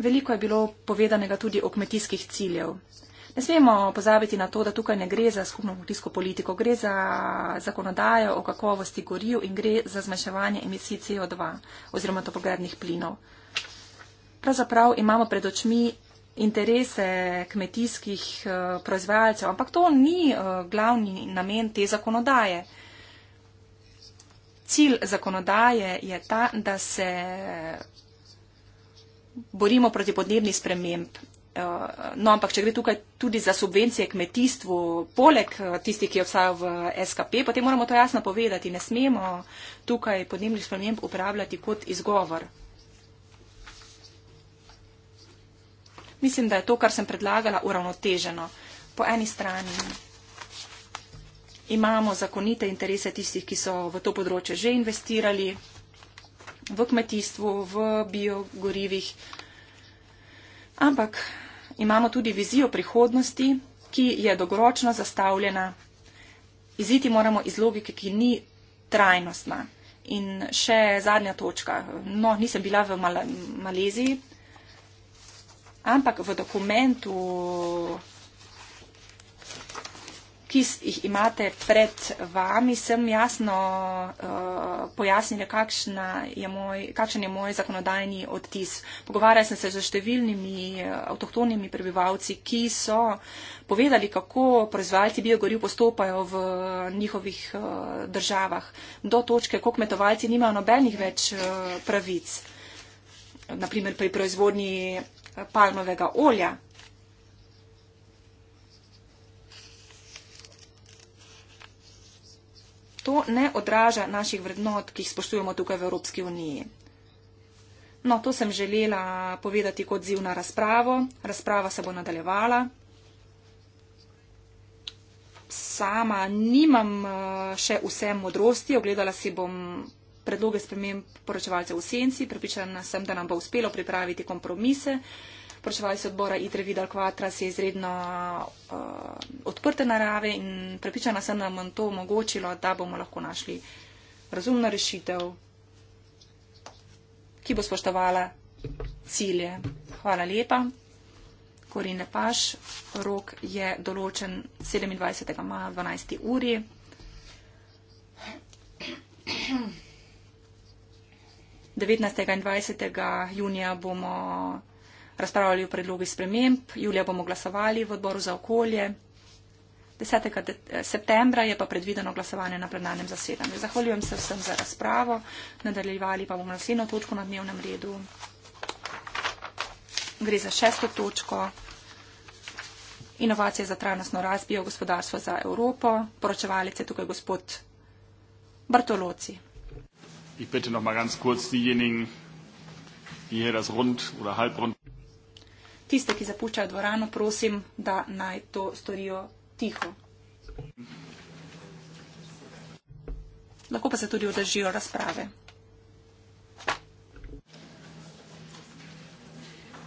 Veliko je bilo povedanega tudi o kmetijskih ciljev. Ne smemo pozabiti na to, da tukaj ne gre za skupno kmetijsko politiko, gre za zakonodajo o kakovosti goril in gre za zmanjševanje emisij CO2 oziroma topogrednih plinov. Pravzaprav imamo pred očmi interese kmetijskih eh, proizvajalcev, ampak to ni eh, glavni namen te zakonodaje. Cilj zakonodaje je ta, da se borimo proti podnebni sprememb. Eh, no, ampak če gre tukaj tudi za subvencije kmetijstvu, poleg tistih, ki obstajajo v SKP, potem moramo to jasno povedati. Ne smemo tukaj podnebnih sprememb uporabljati kot izgovor. mislim, da je to, kar sem predlagala, uravnoteženo. Po eni strani imamo zakonite interese tistih, ki so v to področje že investirali v kmetijstvu, v biogorivih, ampak imamo tudi vizijo prihodnosti, ki je dogoročno zastavljena. Iziti moramo iz logike, ki ni trajnostna. In še zadnja točka. No, nisem bila v Mal Maleziji, Ampak v dokumentu, ki jih imate pred vami, sem jasno uh, pojasnila, kakšen je moj zakonodajni odtis. Pogovarjala sem se z številnimi eh, avtohtonimi prebivalci, ki so povedali, kako proizvajalci biogoriv postopajo v njihovih uh, državah. Do točke, ko kmetovalci nimajo nobenih več uh, pravic. Naprimer pri proizvodnji palmovega olja. To ne odraža naših vrednot, ki jih spoštujemo tukaj v Evropski uniji. No, to sem želela povedati kot ziv na razpravo. Razprava se bo nadaljevala. Sama nimam eh, še vse modrosti, ogledala si bom predloge sprememb poročevalcev v senci. Pripričana sem, da nam bo uspelo pripraviti kompromise. Poročevalci odbora Itre Vidal Quatra se izredno uh, odprte narave in pripričana sem, da nam to omogočilo, da bomo lahko našli razumno rešitev, ki bo spoštovala cilje. Hvala lepa. Korine Paš, rok je določen 27. maja 12. uri. 19. in 20. junija bomo razpravljali o predlogi sprememb, julija bomo glasovali v odboru za okolje, 10. septembra je pa predvideno glasovanje na plenarnem zasedanju. Zahvaljujem se vsem za razpravo, nadaljevali pa bomo naslednjo točko na dnevnem redu. Gre za šesto točko. Inovacije za trajnostno razbijo gospodarstvo za Evropo. Poročevalec je tukaj gospod Bartoloci. Ich bitte noch mal ganz kurz diejenigen, die hier das Rund- oder Halbrund. Tiste, ki zapuščajo dvorano, prosim, da naj to storijo tiho. Lahko pa se tudi udržijo razprave.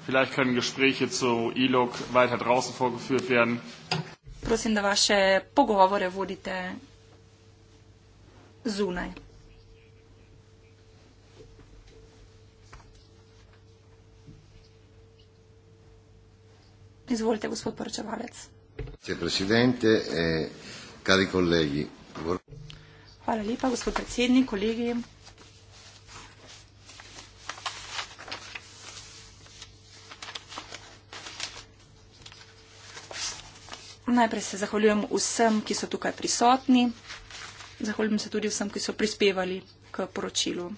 Vielleicht können Gespräche zu ILOG weiter draußen vorgeführt werden. Prosim, da vaše pogovore vodite zunaj. Izvolite, gospod poročevalec. E Hvala lepa, gospod predsednik, kolegi. Najprej se zahvaljujem vsem, ki so tukaj prisotni. Zahvaljujem se tudi vsem, ki so prispevali k poročilu,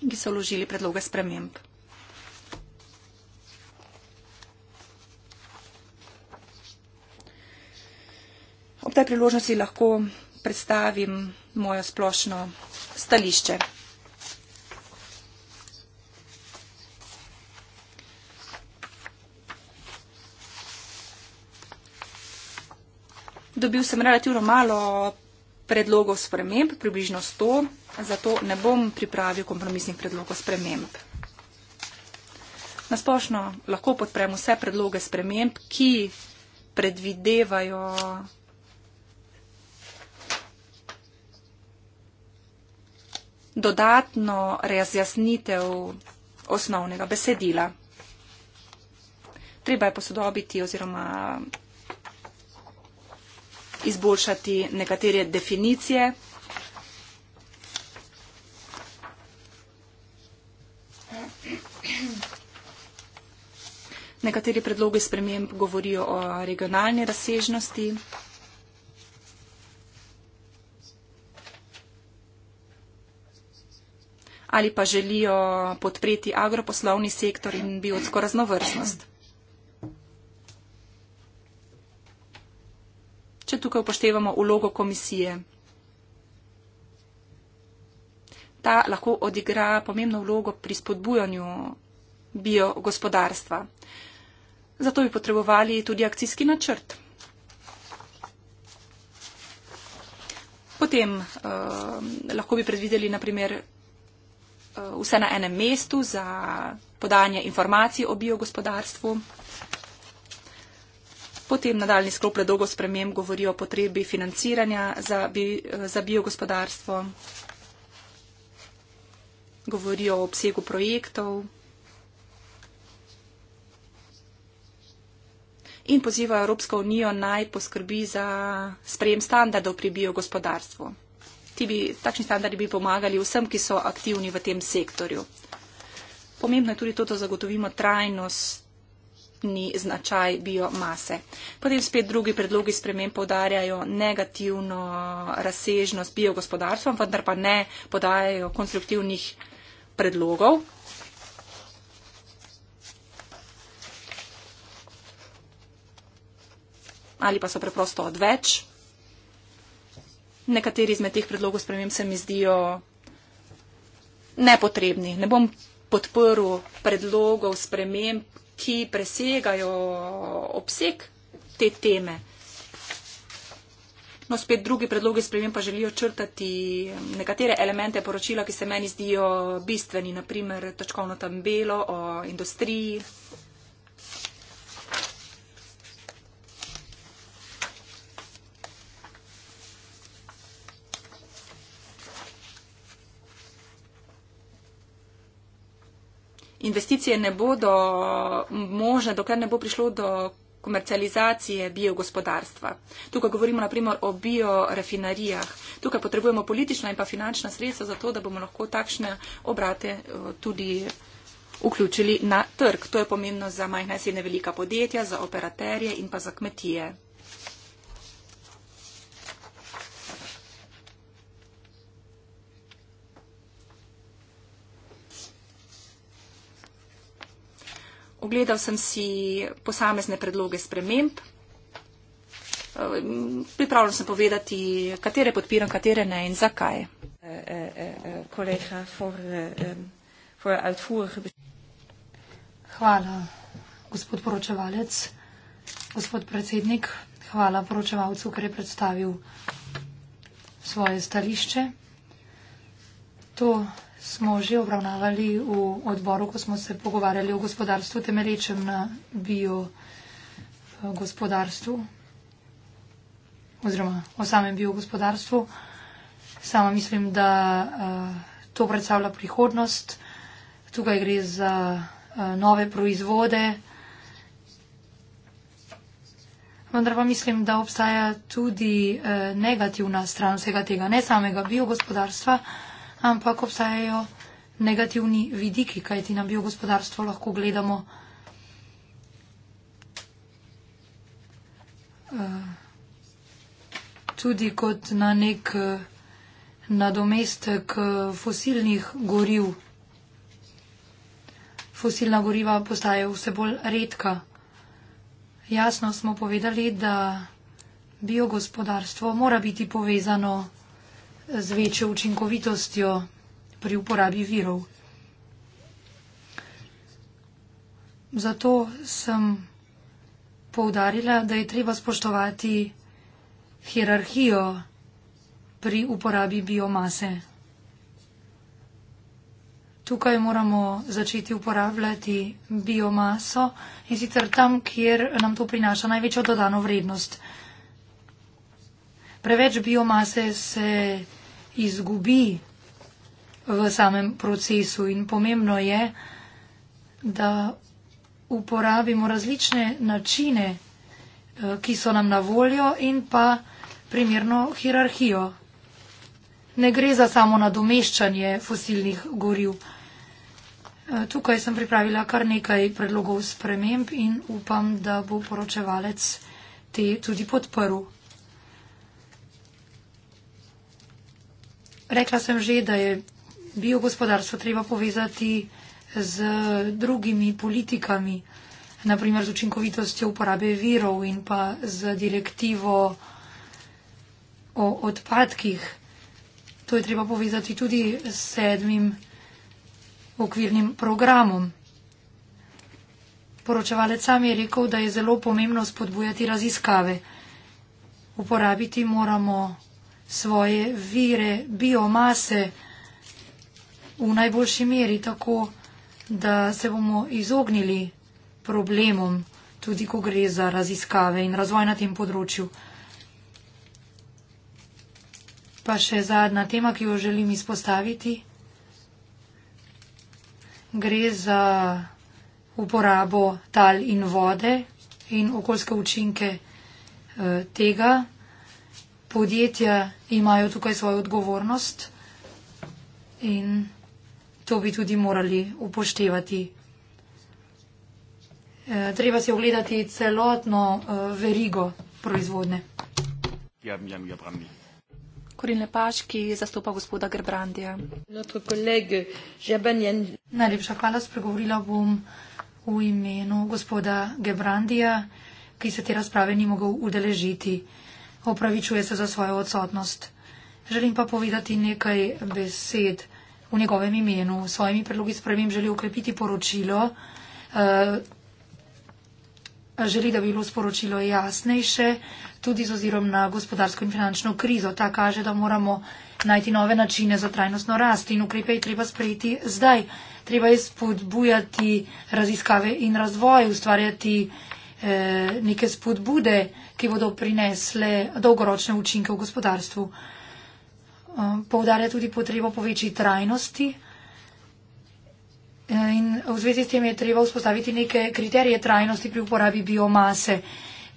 ki so vložili predloge sprememb. Ob tej priložnosti lahko predstavim mojo splošno stališče. Dobil sem relativno malo predlogov sprememb, približno 100, zato ne bom pripravil kompromisnih predlogov sprememb. Nasplošno lahko podprem vse predloge sprememb, ki predvidevajo dodatno razjasnitev osnovnega besedila. Treba je posodobiti oziroma izboljšati nekatere definicije. Nekateri predlogi sprememb govorijo o regionalni razsežnosti. ali pa želijo podpreti agroposlovni sektor in biotsko raznovrstnost. Če tukaj upoštevamo ulogo komisije, ta lahko odigra pomembno vlogo pri spodbujanju biogospodarstva. Zato bi potrebovali tudi akcijski načrt. Potem eh, lahko bi predvideli, naprimer, Eh, vse na enem mestu za podanje informacij o biogospodarstvu. Potem nadaljni sklop predolgo sprememb govori o potrebi financiranja za, bi, eh, za biogospodarstvo, govori o obsegu projektov in poziva Evropsko unijo naj poskrbi za sprejem standardov pri biogospodarstvu ti bi, takšni standardi bi pomagali vsem, ki so aktivni v tem sektorju. Pomembno je tudi to, da zagotovimo trajnostni značaj biomase. Potem spet drugi predlogi sprememb podarjajo negativno razsežnost biogospodarstva, vendar pa ne podajajo konstruktivnih predlogov. Ali pa so preprosto odveč nekateri izmed teh predlogov sprememb se mi zdijo nepotrebni. Ne bom podprl predlogov sprememb, ki presegajo obseg te teme. No, spet drugi predlogi sprejem pa želijo črtati nekatere elemente poročila, ki se meni zdijo bistveni, naprimer točkovno tambelo o industriji. investicije ne bodo možne, dokler ne bo prišlo do komercializacije biogospodarstva. Tukaj govorimo naprimer o biorefinarijah. Tukaj potrebujemo politična in pa finančna sredstva za to, da bomo lahko takšne obrate eh, tudi vključili na trg. To je pomembno za majhna in srednja velika podjetja, za operaterje in pa za kmetije. Ogledal sem si posamezne predloge sprememb. Pripravljam se povedati, katere podpiram, katere ne in zakaj. Hvala, gospod poročevalec, gospod predsednik. Hvala poročevalcu, ker je predstavil svoje stališče. To smo že obravnavali v odboru, ko smo se pogovarjali o gospodarstvu, temelječem na bio eh, gospodarstvu oziroma o samem bio gospodarstvu. Sama mislim, da eh, to predstavlja prihodnost. Tukaj gre za eh, nove proizvode. Vendar pa mislim, da obstaja tudi negativna stran vsega tega, ne samega biogospodarstva, ampak obstajajo negativni vidiki, kajti na biogospodarstvo lahko gledamo uh, tudi kot na nek eh, nadomestek eh, fosilnih goriv. Fosilna goriva postajajo vse bolj redka. Jasno smo povedali, da biogospodarstvo mora biti povezano z večjo učinkovitostjo pri uporabi virov. Zato sem poudarila, da je treba spoštovati hierarhijo pri uporabi biomase. Tukaj moramo začeti uporabljati biomaso in sicer tam, kjer nam to prinaša največjo dodano vrednost preveč biomase se izgubi v samem procesu in pomembno je, da uporabimo različne načine, eh, ki so nam na voljo in pa primerno hierarhijo. Ne gre za samo nadomeščanje fosilnih goriv. Eh, tukaj sem pripravila kar nekaj predlogov sprememb in upam, da bo poročevalec te tudi podporu. Rekla sem že, da je biogospodarstvo treba povezati z drugimi politikami, naprimer z učinkovitostjo uporabe virov in pa z direktivo o odpadkih. To je treba povezati tudi s sedmim okvirnim programom. Poročevalec sam je rekel, da je zelo pomembno spodbujati raziskave. Uporabiti moramo svoje vire biomase v najboljši meri, tako da se bomo izognili problemom, tudi ko gre za raziskave in razvoj na tem področju. Pa še zadnja tema, ki jo želim izpostaviti. Gre za uporabo tal in vode in okoljske učinke eh, tega podjetja imajo tukaj svojo odgovornost in to bi tudi morali upoštevati. Eh, treba si ogledati celotno eh, verigo proizvodne. Ja, ja, ja, Korin Lepaš, ki zastopa gospoda Gerbrandija. Najlepša hvala, spregovorila bom v imenu gospoda Gerbrandija, ki se te razprave ni mogel udeležiti opravičuje se za svojo odsotnost. Želim pa povedati nekaj besed v njegovem imenu. S svojimi predlogi spremem želi ukrepiti poročilo. Eh, želi, da bi bilo sporočilo jasnejše, tudi z ozirom na gospodarsko in finančno krizo. Ta kaže, da moramo najti nove načine za trajnostno rast in ukrepe je treba sprejeti zdaj. Treba je spodbujati raziskave in razvoj, ustvarjati Eh, neke spodbude, ki bodo prinesle dolgoročne učinke v gospodarstvu. Eh, Povdarja tudi potrebo po večji trajnosti eh, in v zvezi s tem je treba vzpostaviti neke kriterije trajnosti pri uporabi biomase.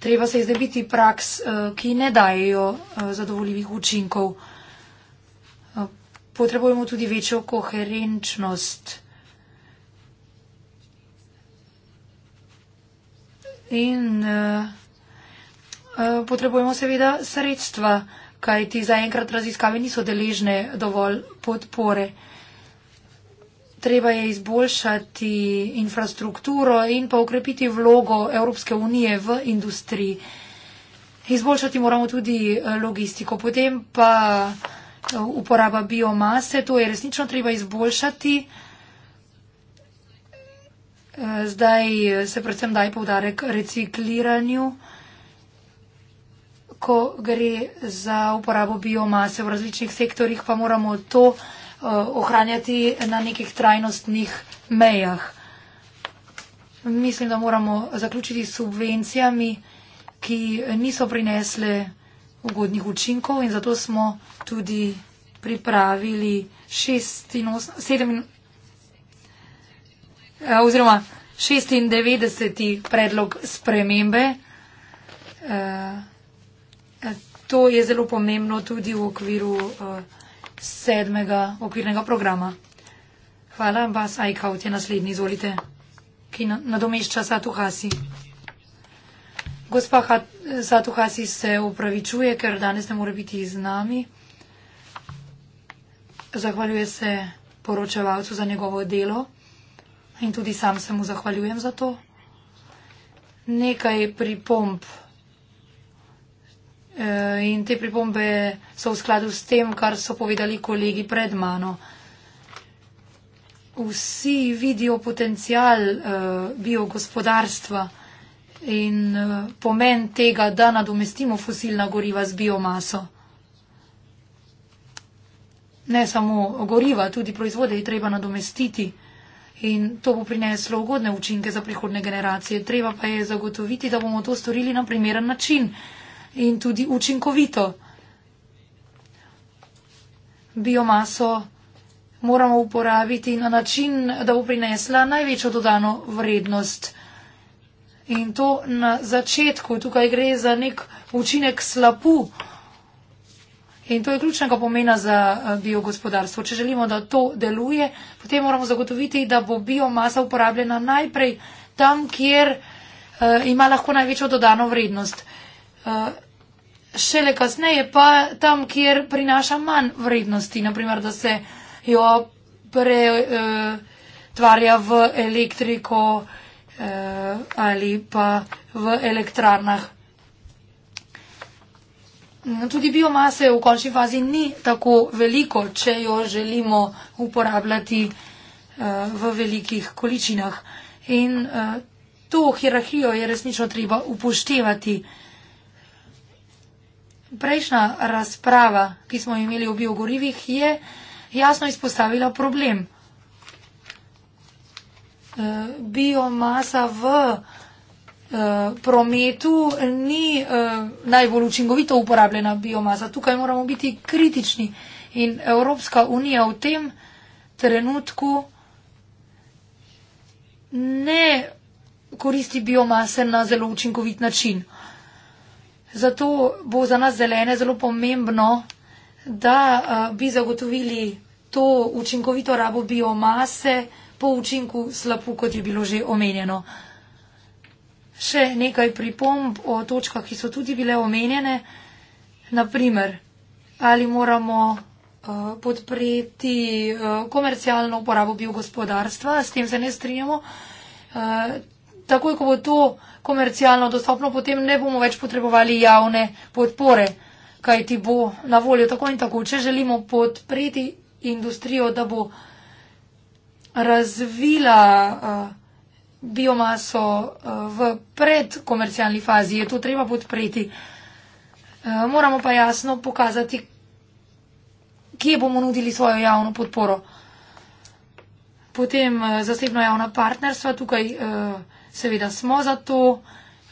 Treba se izdebiti praks, ki ne dajo zadovoljivih učinkov. Potrebujemo tudi večjo koherenčnost. In uh, uh, potrebujemo seveda sredstva, kaj ti zaenkrat raziskave niso deležne dovolj podpore. Treba je izboljšati infrastrukturo in pa ukrepiti vlogo Evropske unije v industriji. Izboljšati moramo tudi eh, logistiko. Potem pa uporaba biomase, to je resnično treba izboljšati. Uh, Zdaj se predvsem daj povdarek recikliranju, ko gre za uporabo biomase v različnih sektorjih, pa moramo to eh, ohranjati na nekih trajnostnih mejah. Mislim, da moramo zaključiti s subvencijami, ki niso prinesle ugodnih učinkov in zato smo tudi pripravili 86. Eh, oziroma 96. predlog spremembe. Eh, to je zelo pomembno tudi v okviru eh, sedmega okvirnega programa. Hvala vas, Aikaut je naslednji, izvolite, ki nadomešča Satuhasi. Gospa Satuhasi se upravičuje, ker danes ne more biti z nami. Zahvaljuje se poročevalcu za njegovo delo in tudi sam se mu zahvaljujem za to. Nekaj pripomb. E, in te pripombe so v skladu s tem, kar so povedali kolegi pred mano. Vsi vidijo potencial e, biogospodarstva in e, pomen tega, da nadomestimo fosilna goriva z biomaso. Ne samo goriva, tudi proizvode je treba nadomestiti in to bo prineslo ugodne učinke za prihodne generacije. Treba pa je zagotoviti, da bomo to storili na primeren način in tudi učinkovito. Biomaso moramo uporabiti na način, da bo prinesla največjo dodano vrednost. In to na začetku, tukaj gre za nek učinek slapu. In to je ključnega pomena za eh, biogospodarstvo. Če želimo, da to deluje, potem moramo zagotoviti, da bo biomasa uporabljena najprej tam, kjer uh, ima lahko največjo dodano vrednost. Uh, šele kasneje pa tam, kjer prinaša manj vrednosti, naprimer, da se jo pretvarja uh, v elektriko uh, ali pa v elektrarnah. Mm, tudi biomase v končni fazi ni tako veliko, če jo želimo uporabljati eh, v velikih količinah. In eh, to hierarhijo je resnično treba upoštevati. Prejšnja razprava, ki smo imeli o biogorivih, je jasno izpostavila problem. Eh, biomasa v Eh, prometu ni eh, najbolj učinkovito uporabljena biomasa. Tukaj moramo biti kritični in Evropska unija v tem trenutku ne koristi biomase na zelo učinkovit način. Zato bo za nas zelene zelo pomembno, da eh, bi zagotovili to učinkovito rabo biomase po učinku slapu, kot je bilo že omenjeno. Še nekaj pripomb o točkah, ki so tudi bile omenjene. Naprimer, ali moramo uh, podpreti uh, komercialno uporabo biogospodarstva, s tem se ne strinjamo. Uh, takoj, ko bo to komercialno dostopno, potem ne bomo več potrebovali javne podpore, kaj ti bo na voljo tako in tako. Če želimo podpreti industrijo, da bo razvila. Uh, biomaso eh, v predkomercialni fazi je to treba podpreti. Eh, moramo pa jasno pokazati, kje bomo nudili svojo javno podporo. Potem eh, zasebno javna partnerstva, tukaj seveda smo za to,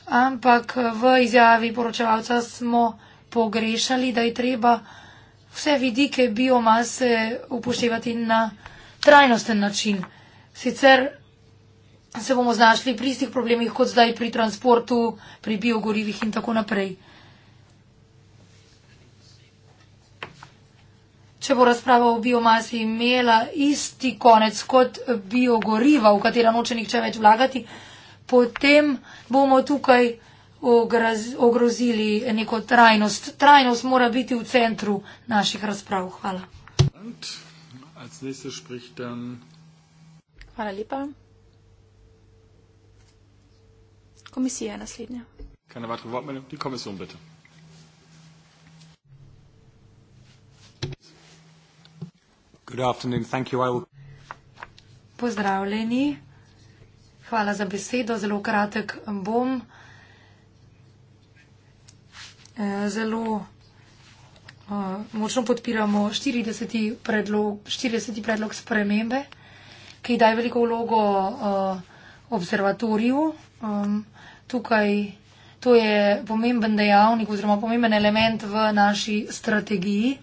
ampak v izjavi poročevalca smo pogrešali, da je treba vse vidike biomase upoštevati na trajnosten način. Sicer se bomo znašli pri istih problemih kot zdaj pri transportu, pri biogorivih in tako naprej. Če bo razprava o biomasi imela isti konec kot biogoriva, v katera noče nihče več vlagati, potem bomo tukaj ogrozili neko trajnost. Trajnost mora biti v centru naših razprav. Hvala. Hvala lepa. Komisije naslednja. Keine weitere Wortmeldung? Die Kommission bitte. Good afternoon. Thank you. I will... Pozdravljeni. Hvala za besedo. Zelo kratek um, bom. Eh, zelo eh, močno podpiramo 40. predlog, 40. predlog spremembe, ki daje veliko vlogo eh, observatoriju. Um, tukaj, to je pomemben dejavnik oziroma pomemben element v naši strategiji,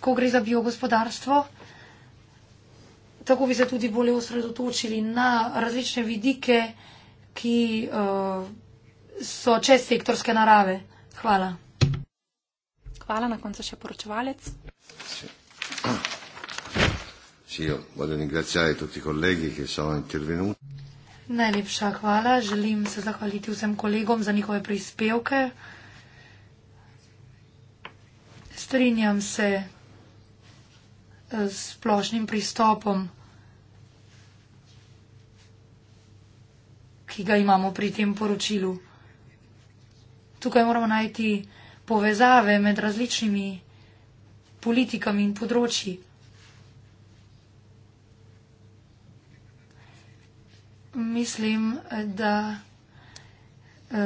ko gre za biogospodarstvo. Tako bi se tudi bolje osredotočili na različne vidike, ki uh, so čez sektorske narave. Hvala. Hvala, na koncu še poročevalec. Sì, io voglio ringraziare tutti i colleghi che sono intervenuti. Najlepša hvala. Želim se zahvaliti vsem kolegom za njihove prispevke. Strinjam se eh, s splošnim pristopom, ki ga imamo pri tem poročilu. Tukaj moramo najti povezave med različnimi politikami in področji. mislim, da uh,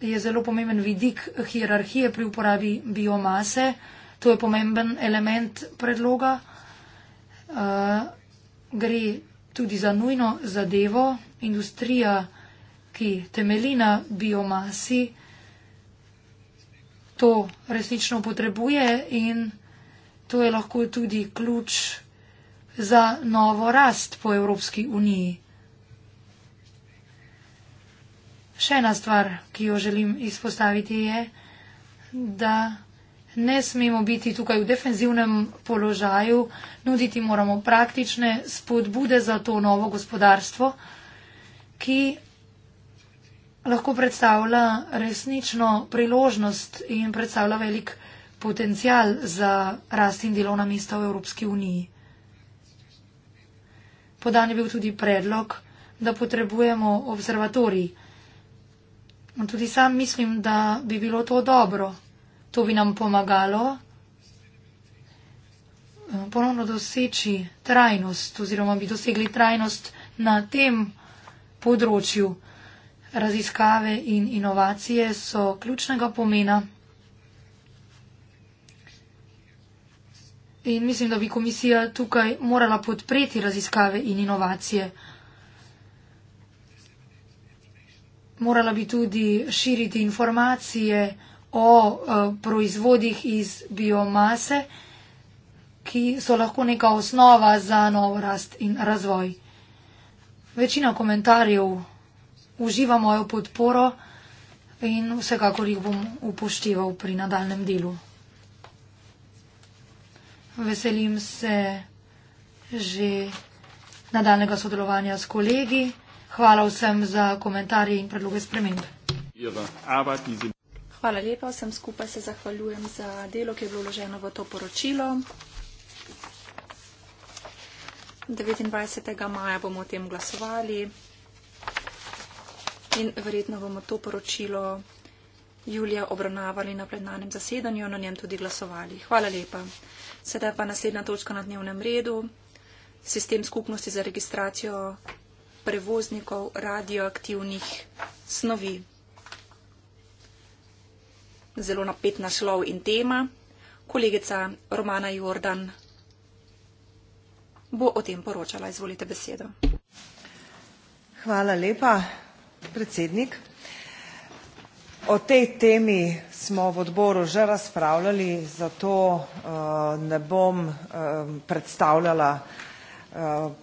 je zelo pomemben vidik hierarhije pri uporabi biomase. To je pomemben element predloga. Uh, gre tudi za nujno zadevo. Industrija, ki temelji na biomasi, to resnično potrebuje in to je lahko tudi ključ za novo rast po Evropski uniji. Še ena stvar, ki jo želim izpostaviti, je, da ne smemo biti tukaj v defenzivnem položaju, nuditi moramo praktične spodbude za to novo gospodarstvo, ki lahko predstavlja resnično priložnost in predstavlja velik potencial za rast in delovna mesta v Evropski uniji. Podan je bil tudi predlog, da potrebujemo observatorij, In no, tudi sam mislim, da bi bilo to dobro. To bi nam pomagalo eh, ponovno doseči trajnost oziroma bi dosegli trajnost na tem področju. Raziskave in inovacije so ključnega pomena. In mislim, da bi komisija tukaj morala podpreti raziskave in inovacije. morala bi tudi širiti informacije o eh, proizvodih iz biomase, ki so lahko neka osnova za novo rast in razvoj. Večina komentarjev uživa mojo podporo in vsekakor jih bom upošteval pri nadaljem delu. Veselim se že nadaljnega sodelovanja s kolegi. Hvala vsem za komentarje in predloge sprememb. Hvala lepa, vsem skupaj se zahvaljujem za delo, ki je bilo vloženo v to poročilo. 29. maja bomo o tem glasovali in verjetno bomo to poročilo julija obravnavali na plenarnem zasedanju in o njem tudi glasovali. Hvala lepa. Sedaj pa naslednja točka na dnevnem redu. Sistem skupnosti za registracijo prevoznikov radioaktivnih snovi. Zelo napet naslov in tema. Kolegica Romana Jordan bo o tem poročala. Izvolite besedo. Hvala lepa, predsednik. O tej temi smo v odboru že razpravljali, zato uh, ne bom uh, predstavljala uh,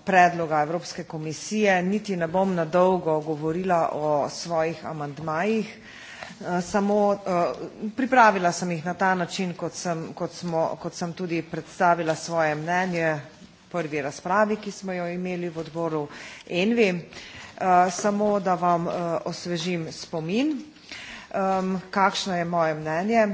predloga Evropske komisije, niti ne bom na dolgo govorila o svojih amandmajih. Eh, samo eh, pripravila sem jih na ta način, kot sem, kot smo, kot sem tudi predstavila svoje mnenje prvi razpravi, ki smo jo imeli v odboru Envi. Eh, samo, da vam osvežim spomin, kakšno je moje mnenje.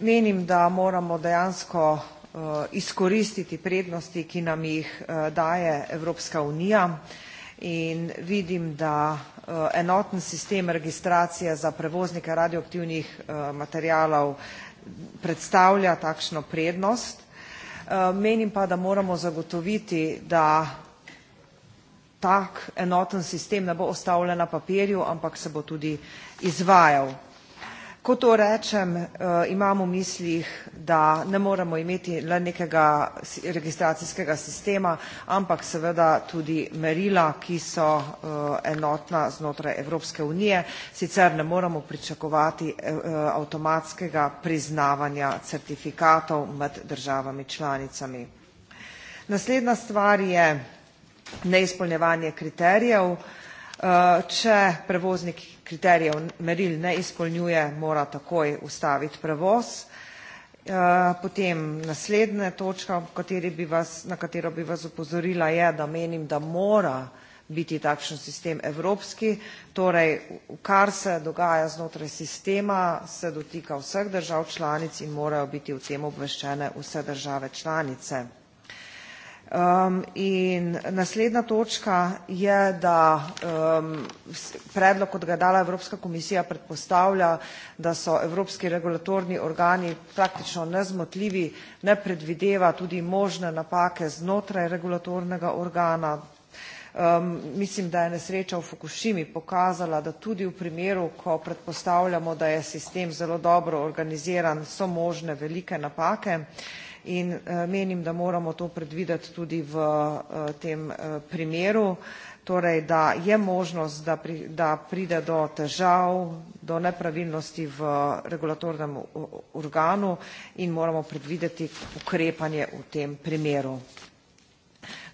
Menim, da moramo dejansko Eh, izkoristiti prednosti, ki nam jih eh, daje Evropska unija. In vidim, da eh, enoten sistem registracije za prevoznike radioaktivnih materialov predstavlja takšno prednost. Menim pa, da moramo zagotoviti, da tak enoten sistem ne bo ostavljen na papirju, ampak se bo tudi izvajal. Ko to rečem, eh, imam v mislih, da ne moremo imeti le nekega registracijskega sistema, ampak seveda tudi merila, ki so eh, enotna znotraj Evropske unije, sicer ne moremo pričakovati eh, avtomatskega priznavanja certifikatov med državami članicami. Naslednja stvar je neizpolnjevanje kriterijev. Če prevoznik kriterijev, meril ne izpolnjuje, mora takoj ustaviti prevoz. Eh, potem naslednja točka, bi vas, na katero bi vas upozorila, je, da menim, da mora biti takšen sistem evropski, torej kar se dogaja znotraj sistema, se dotika vseh držav članic in morajo biti v tem obveščene vse države članice. Um, in naslednja točka je, da um, predlog, kot ga je dala Evropska komisija, predpostavlja, da so evropski regulatorni organi praktično nezmotljivi, ne predvideva tudi možne napake znotraj regulatornega organa. Um, mislim, da je nesreča v Fukushimi pokazala, da tudi v primeru, ko predpostavljamo, da je sistem zelo dobro organiziran, so možne velike napake in eh, menim, da moramo to predvideti tudi v eh, tem eh, primeru, torej da je možnost, da pride do težav, do nepravilnosti v regulatornem organu in moramo predvideti ukrepanje v tem primeru.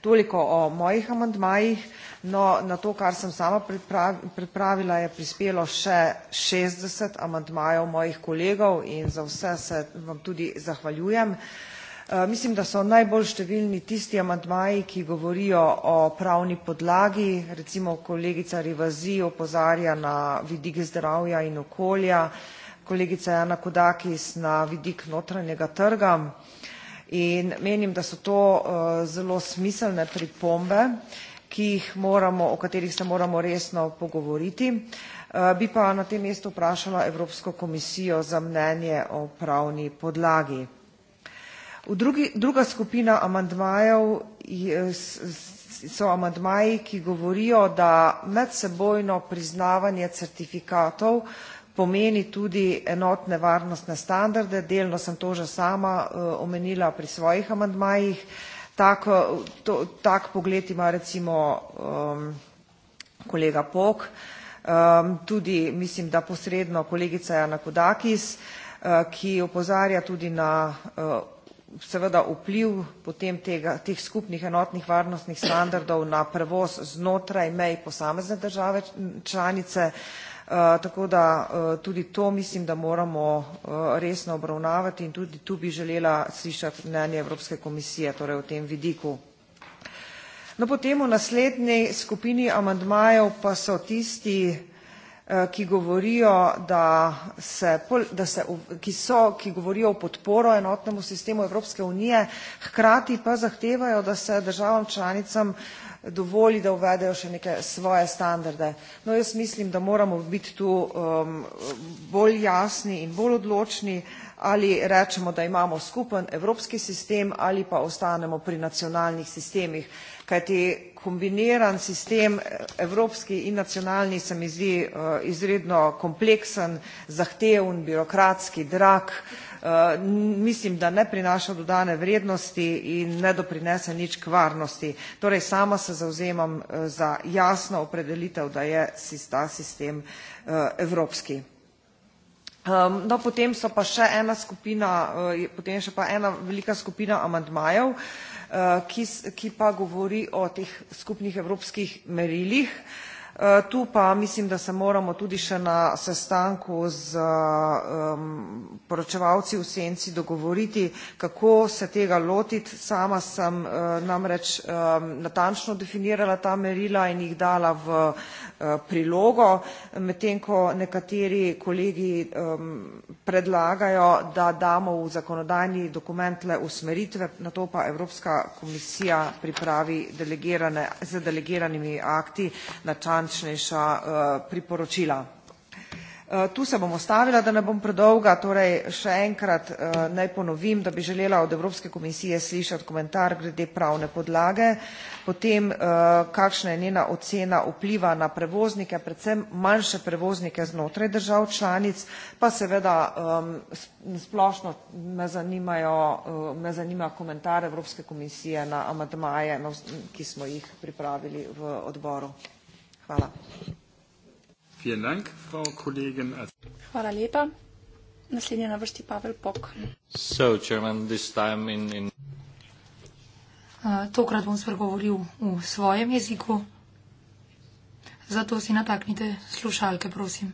Toliko o mojih amandmajih, no na to, kar sem sama pripravila, je prispelo še 60 amandmajev mojih kolegov in za vse se vam tudi zahvaljujem. Eh, mislim, da so najbolj številni tisti amantmaji, ki govorijo o pravni podlagi, recimo kolegica Rivazi opozarja na vidik zdravja in okolja, kolegica Jana Kodakis na vidik notranjega trga in menim, da so to eh, zelo smiselne pripombe, ki jih moramo, o katerih se moramo resno pogovoriti. Eh, bi pa na tem mestu vprašala Evropsko komisijo za mnenje o pravni podlagi. V drugi, druga skupina amandmajev so amandmaji, ki govorijo, da medsebojno priznavanje certifikatov pomeni tudi enotne varnostne standarde. Delno sem to že sama e, omenila pri svojih amandmajih. Tak, e, to, tak pogled ima recimo um, kolega Pok, um, tudi mislim, da posredno kolegica Jana Kodakis, uh, e, ki opozarja tudi na uh, seveda vpliv potem tega, teh skupnih enotnih varnostnih standardov na prevoz znotraj mej posamezne države članice. Uh, tako da uh, tudi to mislim, da moramo uh, resno obravnavati in tudi tu bi želela slišati mnenje Evropske komisije torej v tem vidiku. No, potem v naslednji skupini amandmajev pa so tisti, uh, Eh, ki govorijo, da se, da se, ki so, ki govorijo o podporo enotnemu sistemu Evropske unije, hkrati pa zahtevajo, da se državam članicam dovoli, da uvedejo še neke svoje standarde. No, jaz mislim, da moramo biti tu um, bolj jasni in bolj odločni ali rečemo, da imamo skupen evropski sistem ali pa ostanemo pri nacionalnih sistemih, kajti kombiniran sistem, eh, evropski in nacionalni, se mi zdi eh, izredno kompleksen, zahteven, birokratski, drag. Eh, mislim, da ne prinaša dodane vrednosti in ne doprinese nič k varnosti. Torej, sama se zauzemam za jasno opredelitev, da je ta sistem evropski. Ehm, no, potem so pa še ena skupina, potem še pa ena velika skupina amandmajev. Eh, ki pa govori o teh skupnih evropskih merilih, Tu pa mislim, da se moramo tudi še na sestanku z um, poročevalci v senci dogovoriti, kako se tega lotiti. Sama sem uh, namreč um, natančno definirala ta merila in jih dala v uh, prilogo, medtem ko nekateri kolegi um, predlagajo, da damo v zakonodajni dokument le usmeritve, na to pa Evropska komisija pripravi delegirane, z delegiranimi akti načan natančnejša eh, priporočila. Eh, tu se bom ustavila, da ne bom predolga, torej še enkrat eh, naj ponovim, da bi želela od Evropske komisije slišati komentar glede pravne podlage, potem kakšna je njena ocena vpliva na prevoznike, predvsem manjše prevoznike znotraj držav članic, pa seveda splošno me zanimajo, me zanima komentar Evropske komisije na amandmaje, ki smo jih pripravili v odboru. Hvala. Hvala lepa. Naslednji na vrsti Pavel Pok. So, chairman, this time in, in... Tokrat bom spregovoril v svojem jeziku. Zato si nataknite slušalke, prosim.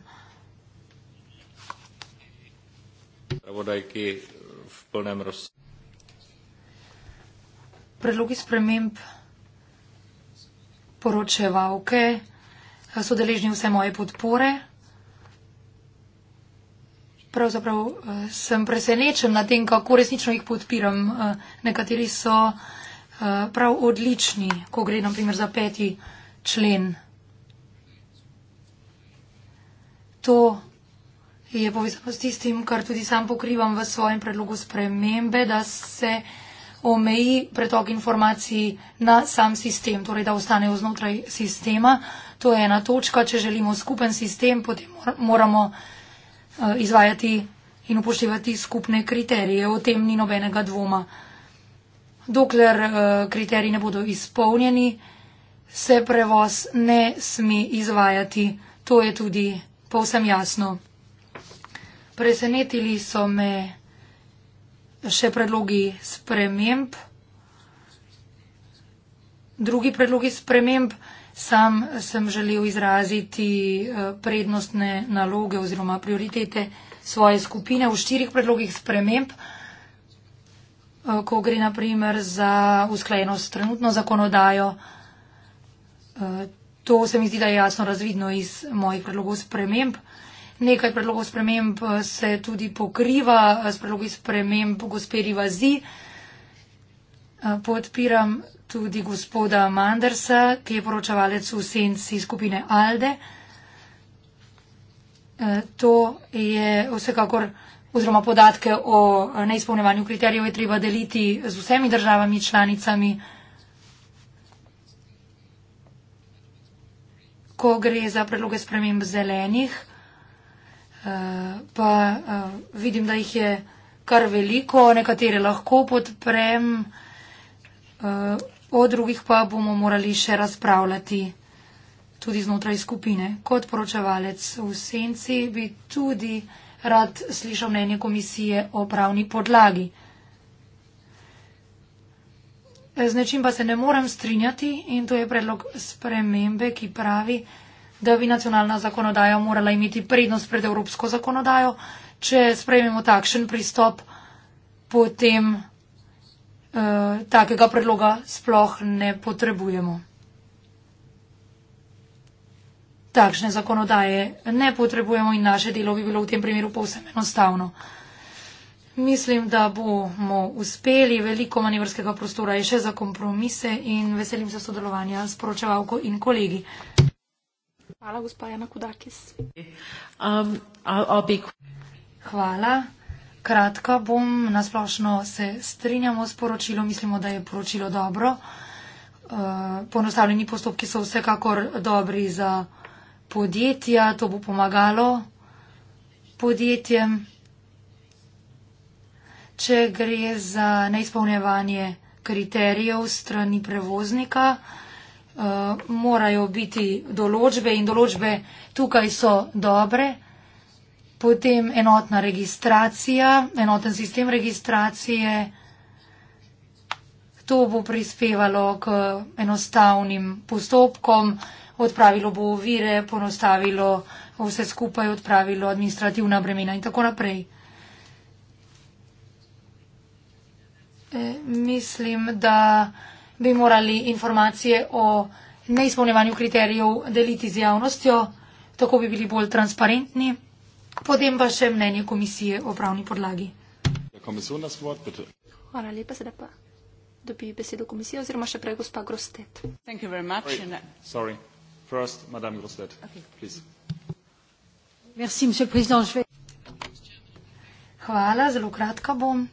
Predlogi sprememb poročevalke so deležni vse moje podpore. Pravzaprav eh, sem presenečen na tem, kako resnično jih podpiram. Eh, nekateri so eh, prav odlični, ko gre naprimer za peti člen. To je povezano s tistim, kar tudi sam pokrivam v svojem predlogu spremembe, da se omeji pretok informacij na sam sistem, torej da ostanejo znotraj sistema. To je ena točka, če želimo skupen sistem, potem moramo eh, izvajati in upoštevati skupne kriterije. O tem ni nobenega dvoma. Dokler eh, kriteriji ne bodo izpolnjeni, se prevoz ne sme izvajati. To je tudi povsem jasno. Presenetili so me še predlogi sprememb. Drugi predlogi sprememb. Sam sem želel izraziti eh, prednostne naloge oziroma prioritete svoje skupine v štirih predlogih sprememb, eh, ko gre naprimer za usklajenost trenutno zakonodajo. Eh, to se mi zdi, da je jasno razvidno iz mojih predlogov sprememb. Nekaj predlogov sprememb se tudi pokriva s predlogi sprememb gospe Rivazi. Podpiram tudi gospoda Mandersa, ki je poročevalec v senci skupine Alde. E, to je vsekakor, oziroma podatke o neizpolnevanju kriterijev je treba deliti z vsemi državami članicami. Ko gre za predloge sprememb zelenih, e, pa e, vidim, da jih je kar veliko, nekatere lahko podprem o drugih pa bomo morali še razpravljati tudi znotraj skupine. Kot poročevalec v senci bi tudi rad slišal mnenje komisije o pravni podlagi. Z nečim pa se ne morem strinjati in to je predlog spremembe, ki pravi, da bi nacionalna zakonodaja morala imeti prednost pred evropsko zakonodajo. Če sprejmemo takšen pristop, potem Eh, takega predloga sploh ne potrebujemo. Takšne zakonodaje ne potrebujemo in naše delo bi bilo v tem primeru povsem enostavno. Mislim, da bomo uspeli, veliko manevrskega prostora je še za kompromise in veselim se sodelovanja s poročevalko in kolegi. Hvala, gospa Jana Kudakis. Um, I'll, I'll be... Hvala. Kratka bom, nasplošno se strinjamo s poročilom, mislimo, da je poročilo dobro. Eh, Ponostavljeni postopki so vsekakor dobri za podjetja, to bo pomagalo podjetjem. Če gre za neizpolnjevanje kriterijev strani prevoznika, eh, morajo biti določbe in določbe tukaj so dobre potem enotna registracija, enoten sistem registracije. To bo prispevalo k enostavnim postopkom, odpravilo bo ovire, ponostavilo vse skupaj, odpravilo administrativna bremena in tako naprej. E, mislim, da bi morali informacije o neizpolnevanju kriterijev deliti z javnostjo, tako bi bili bolj transparentni potem pa še mnenje komisije o pravni podlagi. Hvala lepa, sedaj pa dobi besedo komisija oziroma še prej gospa Grostet. Hvala, zelo kratka bom.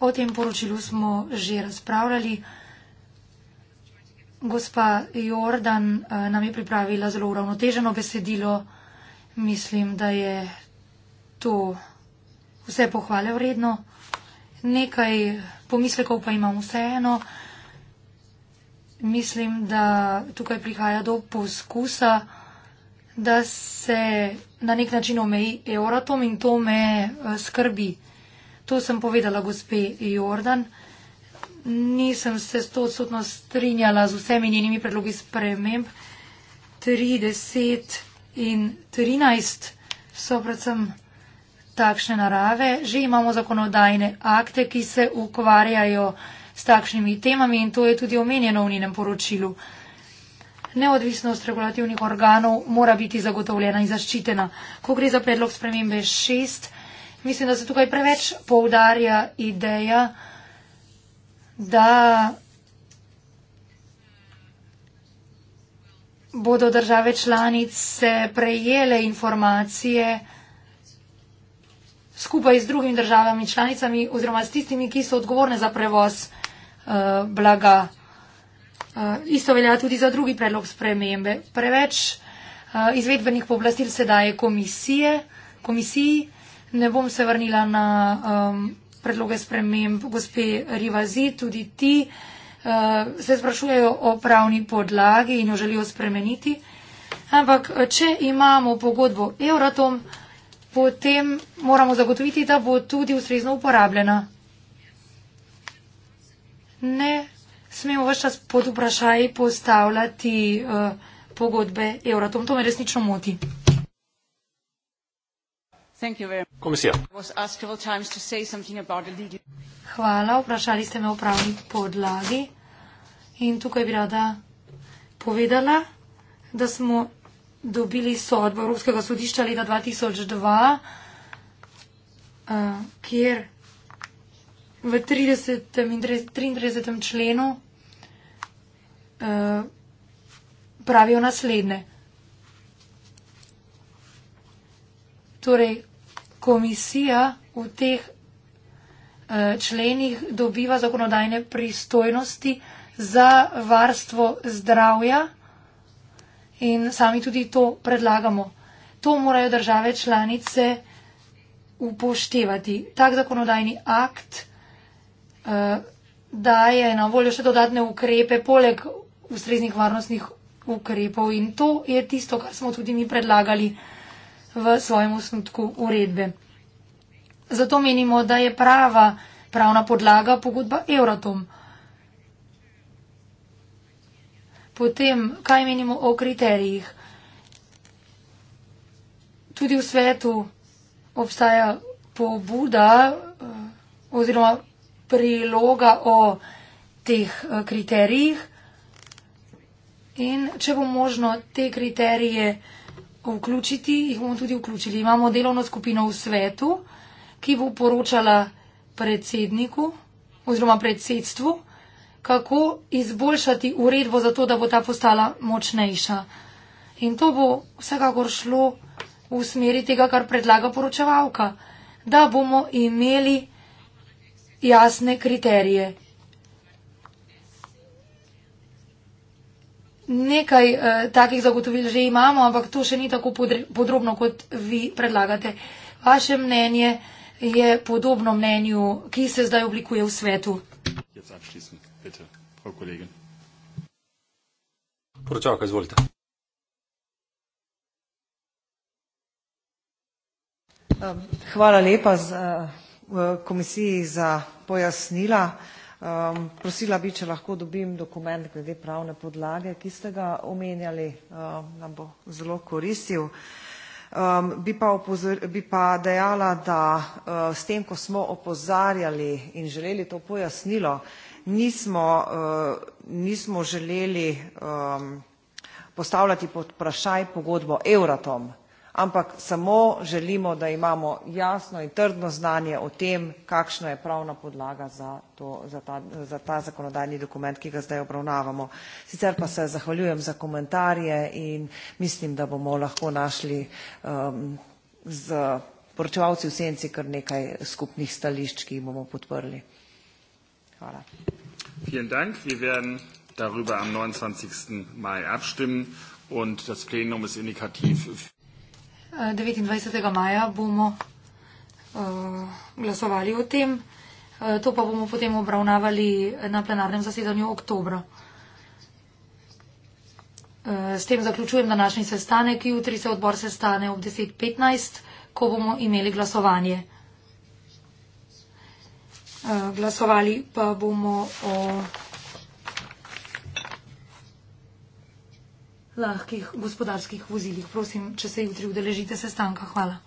O tem poročilu smo že razpravljali. Gospa Jordan eh, nam je pripravila zelo uravnoteženo besedilo. Mislim, da je to vse pohvale vredno. Nekaj pomislekov pa imam vseeno. Mislim, da tukaj prihaja do poskusa, da se na nek način omeji euratom in to me eh, skrbi. To sem povedala gospe Jordan nisem se stotsotno strinjala z vsemi njenimi predlogi sprememb. 30 in 13 so predvsem takšne narave. Že imamo zakonodajne akte, ki se ukvarjajo s takšnimi temami in to je tudi omenjeno v njenem poročilu. Neodvisnost regulativnih organov mora biti zagotovljena in zaščitena. Ko gre za predlog spremembe 6, mislim, da se tukaj preveč poudarja ideja, da bodo države članice prejele informacije skupaj z drugimi državami članicami oziroma s tistimi, ki so odgovorne za prevoz uh, blaga. Uh, isto velja tudi za drugi predlog spremembe. Preveč uh, izvedbenih pooblastil se daje komisije, komisiji. Ne bom se vrnila na um, predloge sprememb gospe Rivazi, tudi ti uh, se sprašujejo o pravni podlagi in jo želijo spremeniti. Ampak, eh, če imamo pogodbo Euratom, potem moramo zagotoviti, da bo tudi ustrezno uporabljena. Ne smemo vse čas pod vprašaj postavljati uh, pogodbe Euratom. To me resnično moti. Hvala, vprašali ste me o pravni podlagi in tukaj bi rada povedala, da smo dobili sodbo Evropskega sodišča leta 2002, eh, kjer v 30. in 33. členu eh, pravijo naslednje. Torej, komisija v teh eh, členih dobiva zakonodajne pristojnosti za varstvo zdravja in sami tudi to predlagamo. To morajo države članice upoštevati. Tak zakonodajni akt uh, daje na voljo še dodatne ukrepe poleg ustreznih varnostnih ukrepov in to je tisto, kar smo tudi mi predlagali v svojem osnutku uredbe. Zato menimo, da je prava pravna podlaga pogodba Euratom. Potem, kaj menimo o kriterijih? Tudi v svetu obstaja pobuda eh, oziroma priloga o teh eh, kriterijih. In če bo možno te kriterije vključiti, jih bomo tudi vključili. Imamo delovno skupino v svetu, ki bo poročala predsedniku oziroma predsedstvu, kako izboljšati uredbo za to, da bo ta postala močnejša. In to bo vsekakor šlo v smeri tega, kar predlaga poročevalka, da bomo imeli jasne kriterije. nekaj uh, takih zagotovil že imamo, ampak to še ni tako podre, podrobno, kot vi predlagate. Vaše mnenje je podobno mnenju, ki se zdaj oblikuje v svetu. Poročavka, izvolite. Ehm, hvala lepa z, uh, komisiji za pojasnila. Uh, Ehm, prosila bi, če lahko dobim dokument glede pravne podlage, ki ste ga omenjali, ehm, nam bo zelo koristil. Ehm, bi pa, opozor, bi pa dejala, da eh, s tem, ko smo opozarjali in želeli to pojasnilo, nismo, eh, nismo želeli postavljati pod vprašaj pogodbo Euratom ampak samo želimo, da imamo jasno in trdno znanje o tem, kakšna je pravna podlaga za, to, za, ta, za ta zakonodajni dokument, ki ga zdaj obravnavamo. Sicer pa se zahvaljujem za komentarje in mislim, da bomo lahko našli um, z poročevalci v senci kar nekaj skupnih stališč, ki jih bomo podprli. Hvala. Vielen Dank. Wir werden darüber am 29. Mai abstimmen und das Plenum ist indikativ. Für 29. maja bomo eh, glasovali o tem. Eh, to pa bomo potem obravnavali na plenarnem zasedanju oktobra. Eh, s tem zaključujem današnji sestanek. Jutri se odbor sestane ob 10.15, ko bomo imeli glasovanje. Glasovali pa bomo o. lahkih gospodarskih vozilih. Prosim, če se jutri udeležite sestanka. Hvala.